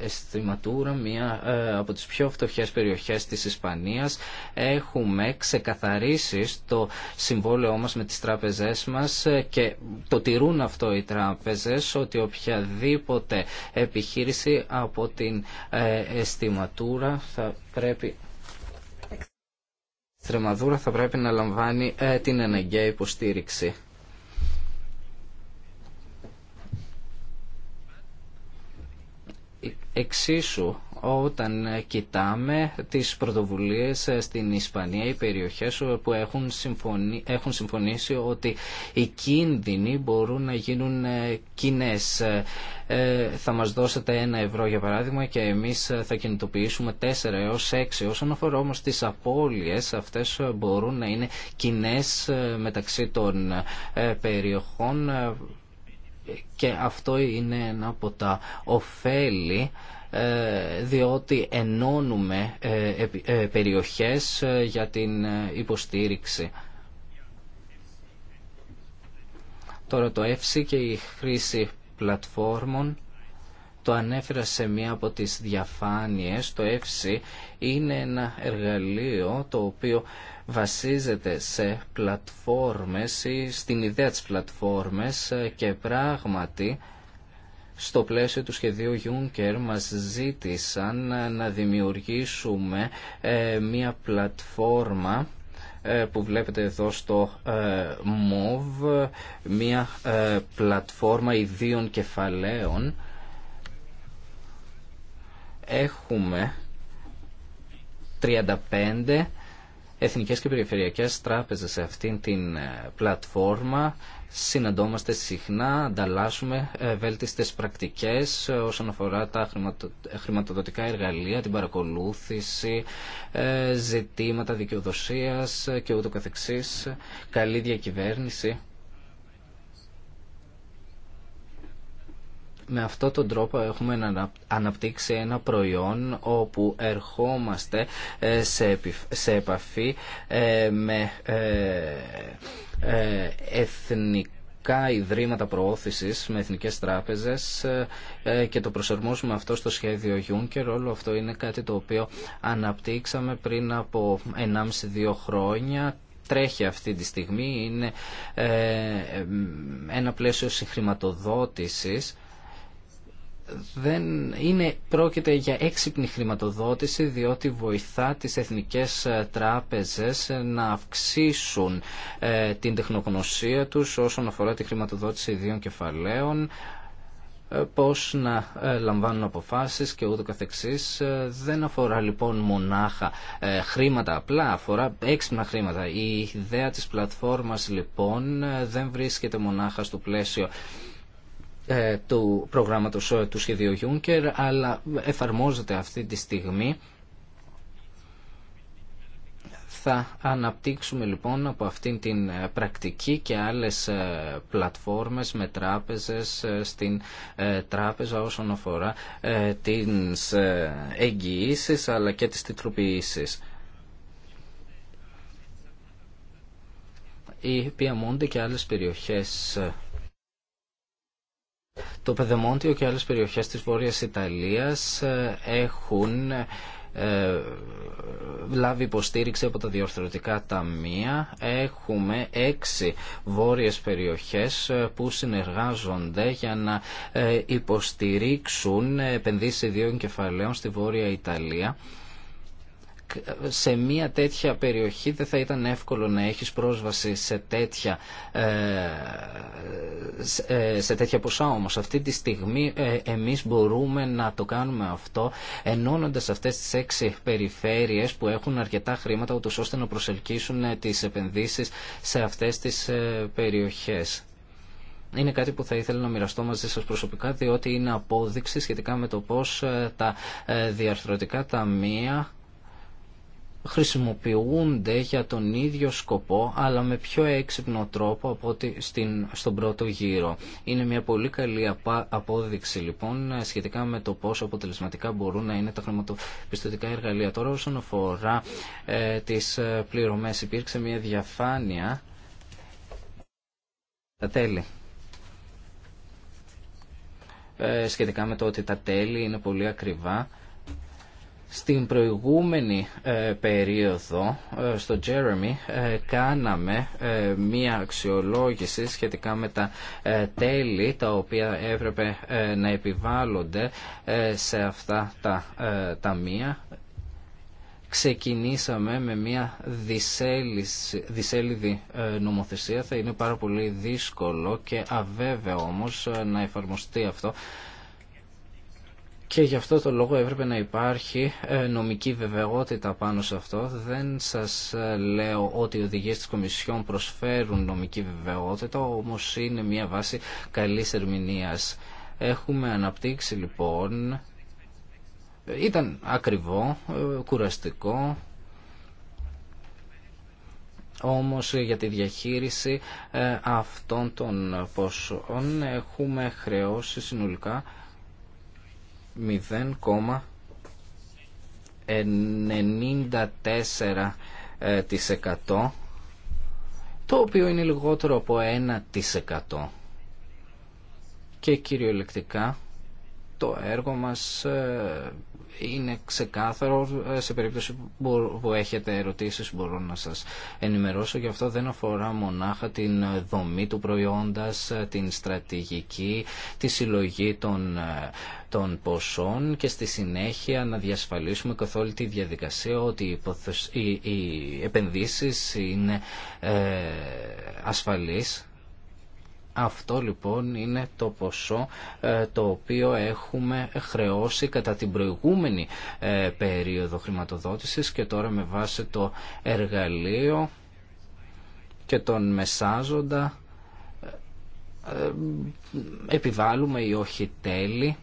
Εστιματούρα μια από τις πιο φτωχές περιοχές της Ισπανίας Έχουμε ξεκαθαρίσει το συμβόλαιό μας με τις τράπεζές μας και το τηρούν αυτό οι τράπεζες ότι οποιαδήποτε επιχείρηση από την εστιματούρα θα πρέπει Στρεμαδούρα θα πρέπει να λαμβάνει ε, την αναγκαία υποστήριξη. Εξίσου όταν κοιτάμε τις πρωτοβουλίες ε, στην Ισπανία, οι περιοχές που έχουν, έχουν συμφωνήσει ότι οι κίνδυνοι μπορούν να γίνουν ε, κοινέ. Ε, θα μας δώσετε ένα ευρώ για παράδειγμα και εμείς θα κινητοποιήσουμε 4 έως 6. Όσον αφορά όμως τις απώλειες, αυτές μπορούν να είναι κοινέ μεταξύ των περιοχών και αυτό είναι ένα από τα ωφέλη ε, διότι ενώνουμε ε, ε, περιοχές για την υποστήριξη. Τώρα το ΕΦΣΙ και η χρήση πλατφόρμων το ανέφερα σε μία από τις διαφάνειες, το ΕΦΣΙ είναι ένα εργαλείο το οποίο βασίζεται σε πλατφόρμες ή στην ιδέα της πλατφόρμες και πράγματι στο πλαίσιο του σχεδίου Juncker μας ζήτησαν να δημιουργήσουμε ε, μια πλατφόρμα ε, που βλέπετε εδώ στο MOV, ε, μια πλατφόρμα ιδίων κεφαλαίων. Έχουμε 35 εθνικές και περιφερειακές τράπεζες σε αυτήν την ε, πλατφόρμα. Συναντόμαστε συχνά, ανταλλάσσουμε ε, βέλτιστες πρακτικές ε, όσον αφορά τα χρηματοδοτικά εργαλεία, την παρακολούθηση, ζητήματα δικαιοδοσίας και ούτω καθεξής, καλή διακυβέρνηση. με αυτόν τον τρόπο έχουμε αναπτύξει ένα προϊόν όπου ερχόμαστε ε, σε επαφή ε, με ε, εθνικά ιδρύματα προώθησης με εθνικές τράπεζες και το προσαρμόσουμε αυτό στο σχέδιο Juncker. Όλο αυτό είναι κάτι το οποίο αναπτύξαμε πριν από 1,5-2 χρόνια. Τρέχει αυτή τη στιγμή. Είναι ένα πλαίσιο συγχρηματοδότησης δεν είναι, πρόκειται για έξυπνη χρηματοδότηση διότι βοηθά τις εθνικές ε, τράπεζες να αυξήσουν ε, την τεχνογνωσία τους όσον αφορά τη χρηματοδότηση ιδίων κεφαλαίων ε, πώς να λαμβάνουν αποφάσεις και ούτω καθεξής. Δεν αφορά λοιπόν μονάχα χρήματα απλά, αφορά έξυπνα χρήματα. Η ιδέα της πλατφόρμας λοιπόν δεν βρίσκεται μονάχα στο πλαίσιο ε, του προγράμματος ε, του σχεδίου Juncker αλλά εφαρμόζεται αυτή τη στιγμή θα αναπτύξουμε λοιπόν από αυτήν την ε, πρακτική και άλλες πλατφόρμες με τράπεζες στην τράπεζα όσον αφορά τις εγγυήσεις αλλά και τις τιτροποιήσεις. Η Πιαμόντε και άλλες περιοχές το Πεδεμόντιο και άλλες περιοχές της Βόρειας Ιταλίας ε, έχουν ε, λάβει υποστήριξη από τα διορθωτικά ταμεία. Έχουμε έξι βόρειες περιοχές ε, που συνεργάζονται για να υποστηρίξουν επενδύσεις ιδίων κεφαλαίων στη Βόρεια Ιταλία σε μια τέτοια περιοχή δεν θα ήταν εύκολο να έχεις πρόσβαση σε τέτοια, ε, ε, σε τέτοια ποσά όμως αυτή τη στιγμή ε, εμείς μπορούμε να το κάνουμε αυτό ενώνοντας αυτές τις έξι περιφέρειες που έχουν αρκετά χρήματα ούτως ώστε να προσελκύσουν τις επενδύσεις σε αυτές τις περιοχές. Είναι κάτι που θα ήθελα να μοιραστώ μαζί σας προσωπικά διότι είναι απόδειξη σχετικά με το πώς τα διαρθρωτικά ταμεία χρησιμοποιούνται για τον ίδιο σκοπό αλλά με πιο έξυπνο τρόπο από ότι στην, στον πρώτο γύρο. Είναι μια πολύ καλή απόδειξη λοιπόν σχετικά με το πόσο αποτελεσματικά μπορούν να είναι τα χρηματοπιστωτικά εργαλεία. Τώρα όσον αφορά ε, τις ε, πληρωμές υπήρξε μια διαφάνεια τα τέλη ε, σχετικά με το ότι τα τέλη είναι πολύ ακριβά στην προηγούμενη ε, περίοδο ε, στο Jeremy ε, κάναμε μία αξιολόγηση σχετικά με τα τέλη τα οποία έπρεπε να επιβάλλονται σε αυτά τα ταμεία ξεκινήσαμε με μια ε, νομοθεσία. Θα είναι πάρα πολύ δύσκολο και αβέβαιο όμως να εφαρμοστεί αυτό και γι' αυτό το λόγο έπρεπε να υπάρχει ε, νομική βεβαιότητα πάνω σε αυτό. Δεν σας ε, λέω ότι οι οδηγίες της Κομισιόν προσφέρουν νομική βεβαιότητα, όμως είναι μια βάση καλή ερμηνείας. Έχουμε αναπτύξει λοιπόν, ήταν ακριβό, ε, κουραστικό, όμως για τη διαχείριση αυτών των ποσών έχουμε χρεώσει συνολικά 0,94% ε, το οποίο είναι λιγότερο από 1% και κυριολεκτικά το έργο μας ε, είναι ξεκάθαρο. Ε, σε περίπτωση που έχετε ερωτήσεις μπορώ να σας ενημερώσω. Γι' αυτό δεν αφορά μονάχα την δομή του προϊόντας, ε, την στρατηγική, τη συλλογή των, ποσών και στη συνέχεια να διασφαλίσουμε καθ' όλη τη διαδικασία ότι οι, οι επενδύσεις είναι ε, ασφαλείς αυτό λοιπόν είναι το ποσό ε, το οποίο έχουμε χρεώσει κατά την προηγούμενη ε, περίοδο χρηματοδότησης και τώρα με βάση το εργαλείο και τον μεσάζοντα ε, επιβάλλουμε ή όχι τέλη.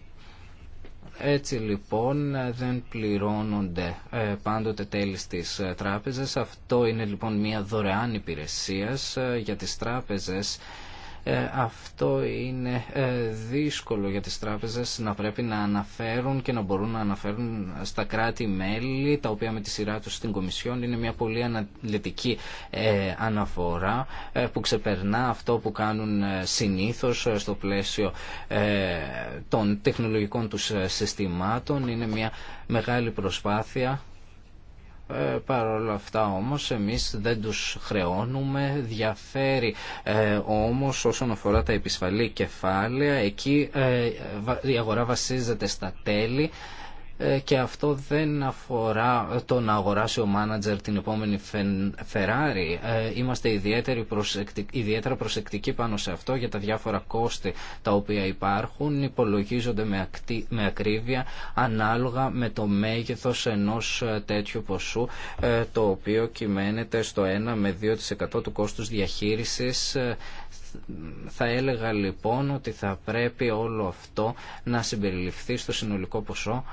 Έτσι λοιπόν δεν πληρώνονται πάντοτε τέλη στις τράπεζες. Αυτό είναι λοιπόν μια δωρεάν υπηρεσία για τις τράπεζες ε, αυτό είναι ε, δύσκολο για τις τράπεζες να πρέπει να αναφέρουν και να μπορούν να αναφέρουν στα κράτη-μέλη, τα οποία με τη σειρά τους στην Κομισιόν είναι μια πολύ αναλυτική ε, αναφορά που ξεπερνά αυτό που κάνουν συνήθως στο πλαίσιο των τεχνολογικών τους συστημάτων. Είναι μια μεγάλη προσπάθεια ε, Παρ' όλα αυτά όμως εμείς δεν τους χρεώνουμε, διαφέρει ε, όμως όσον αφορά τα επισφαλή κεφάλαια, εκεί ε, η αγορά βασίζεται στα τέλη ε, και αυτό δεν αφορά το να αγοράσει ο μάνατζερ την επόμενη Ferrari. Ε, είμαστε ιδιαίτερα προσεκτικοί πάνω σε αυτό για τα διάφορα κόστη τα οποία υπάρχουν. Υπολογίζονται με ακρίβεια ανάλογα με το μέγεθος ενός ε, τέτοιου ποσού το οποίο κυμαίνεται στο 1 με 2% του κόστους διαχείρισης θα έλεγα λοιπόν ότι θα πρέπει όλο αυτό να συμπεριληφθεί στο συνολικό ποσό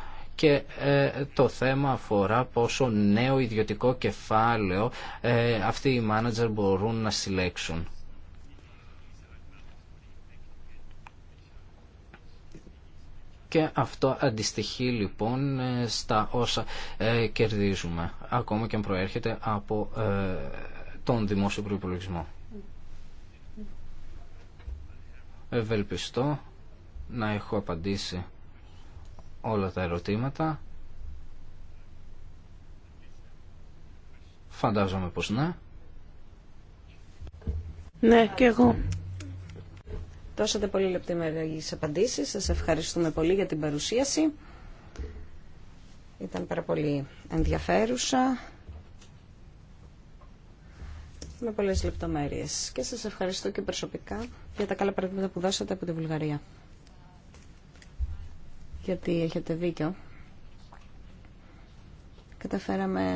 και ε, το θέμα αφορά πόσο νέο ιδιωτικό κεφάλαιο ε, αυτοί οι μάνατζερ μπορούν να συλλέξουν. και αυτό αντιστοιχεί λοιπόν ε, στα όσα κερδίζουμε ακόμα και αν προέρχεται από τον δημόσιο προϋπολογισμό. Ευελπιστώ να έχω απαντήσει όλα τα ερωτήματα. Φαντάζομαι πως ναι. Ναι, και εγώ. Δώσατε πολύ λεπτομέρειες απαντήσεις. Σας ευχαριστούμε πολύ για την παρουσίαση. Ήταν πάρα πολύ ενδιαφέρουσα. Με πολλές λεπτομέρειες. Και σας ευχαριστώ και προσωπικά για τα καλά παραδείγματα που δώσατε από τη Βουλγαρία γιατί έχετε δίκιο. Καταφέραμε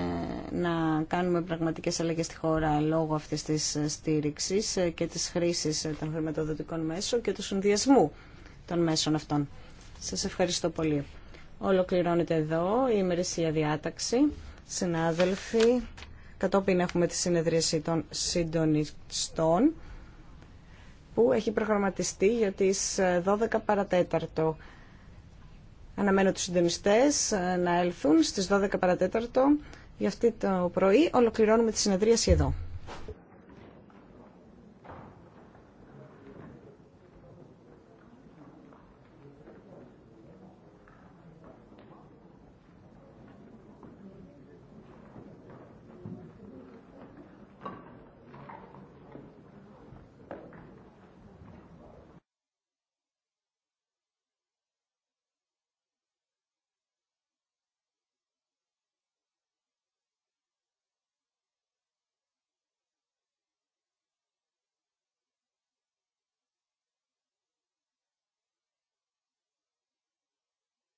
να κάνουμε πραγματικές αλλαγές στη χώρα λόγω αυτής της στήριξης και της χρήσης των χρηματοδοτικών μέσων και του συνδυασμού των μέσων αυτών. Σας ευχαριστώ πολύ. Ολοκληρώνεται εδώ η ημερησία διάταξη. Συνάδελφοι, κατόπιν έχουμε τη συνεδρίαση των συντονιστών που έχει προγραμματιστεί για τις 12 παρατέταρτο. Αναμένω τους συντονιστές ε, να έλθουν στις 12 παρατέταρτο. Για αυτή το πρωί ολοκληρώνουμε τη συνεδρίαση εδώ.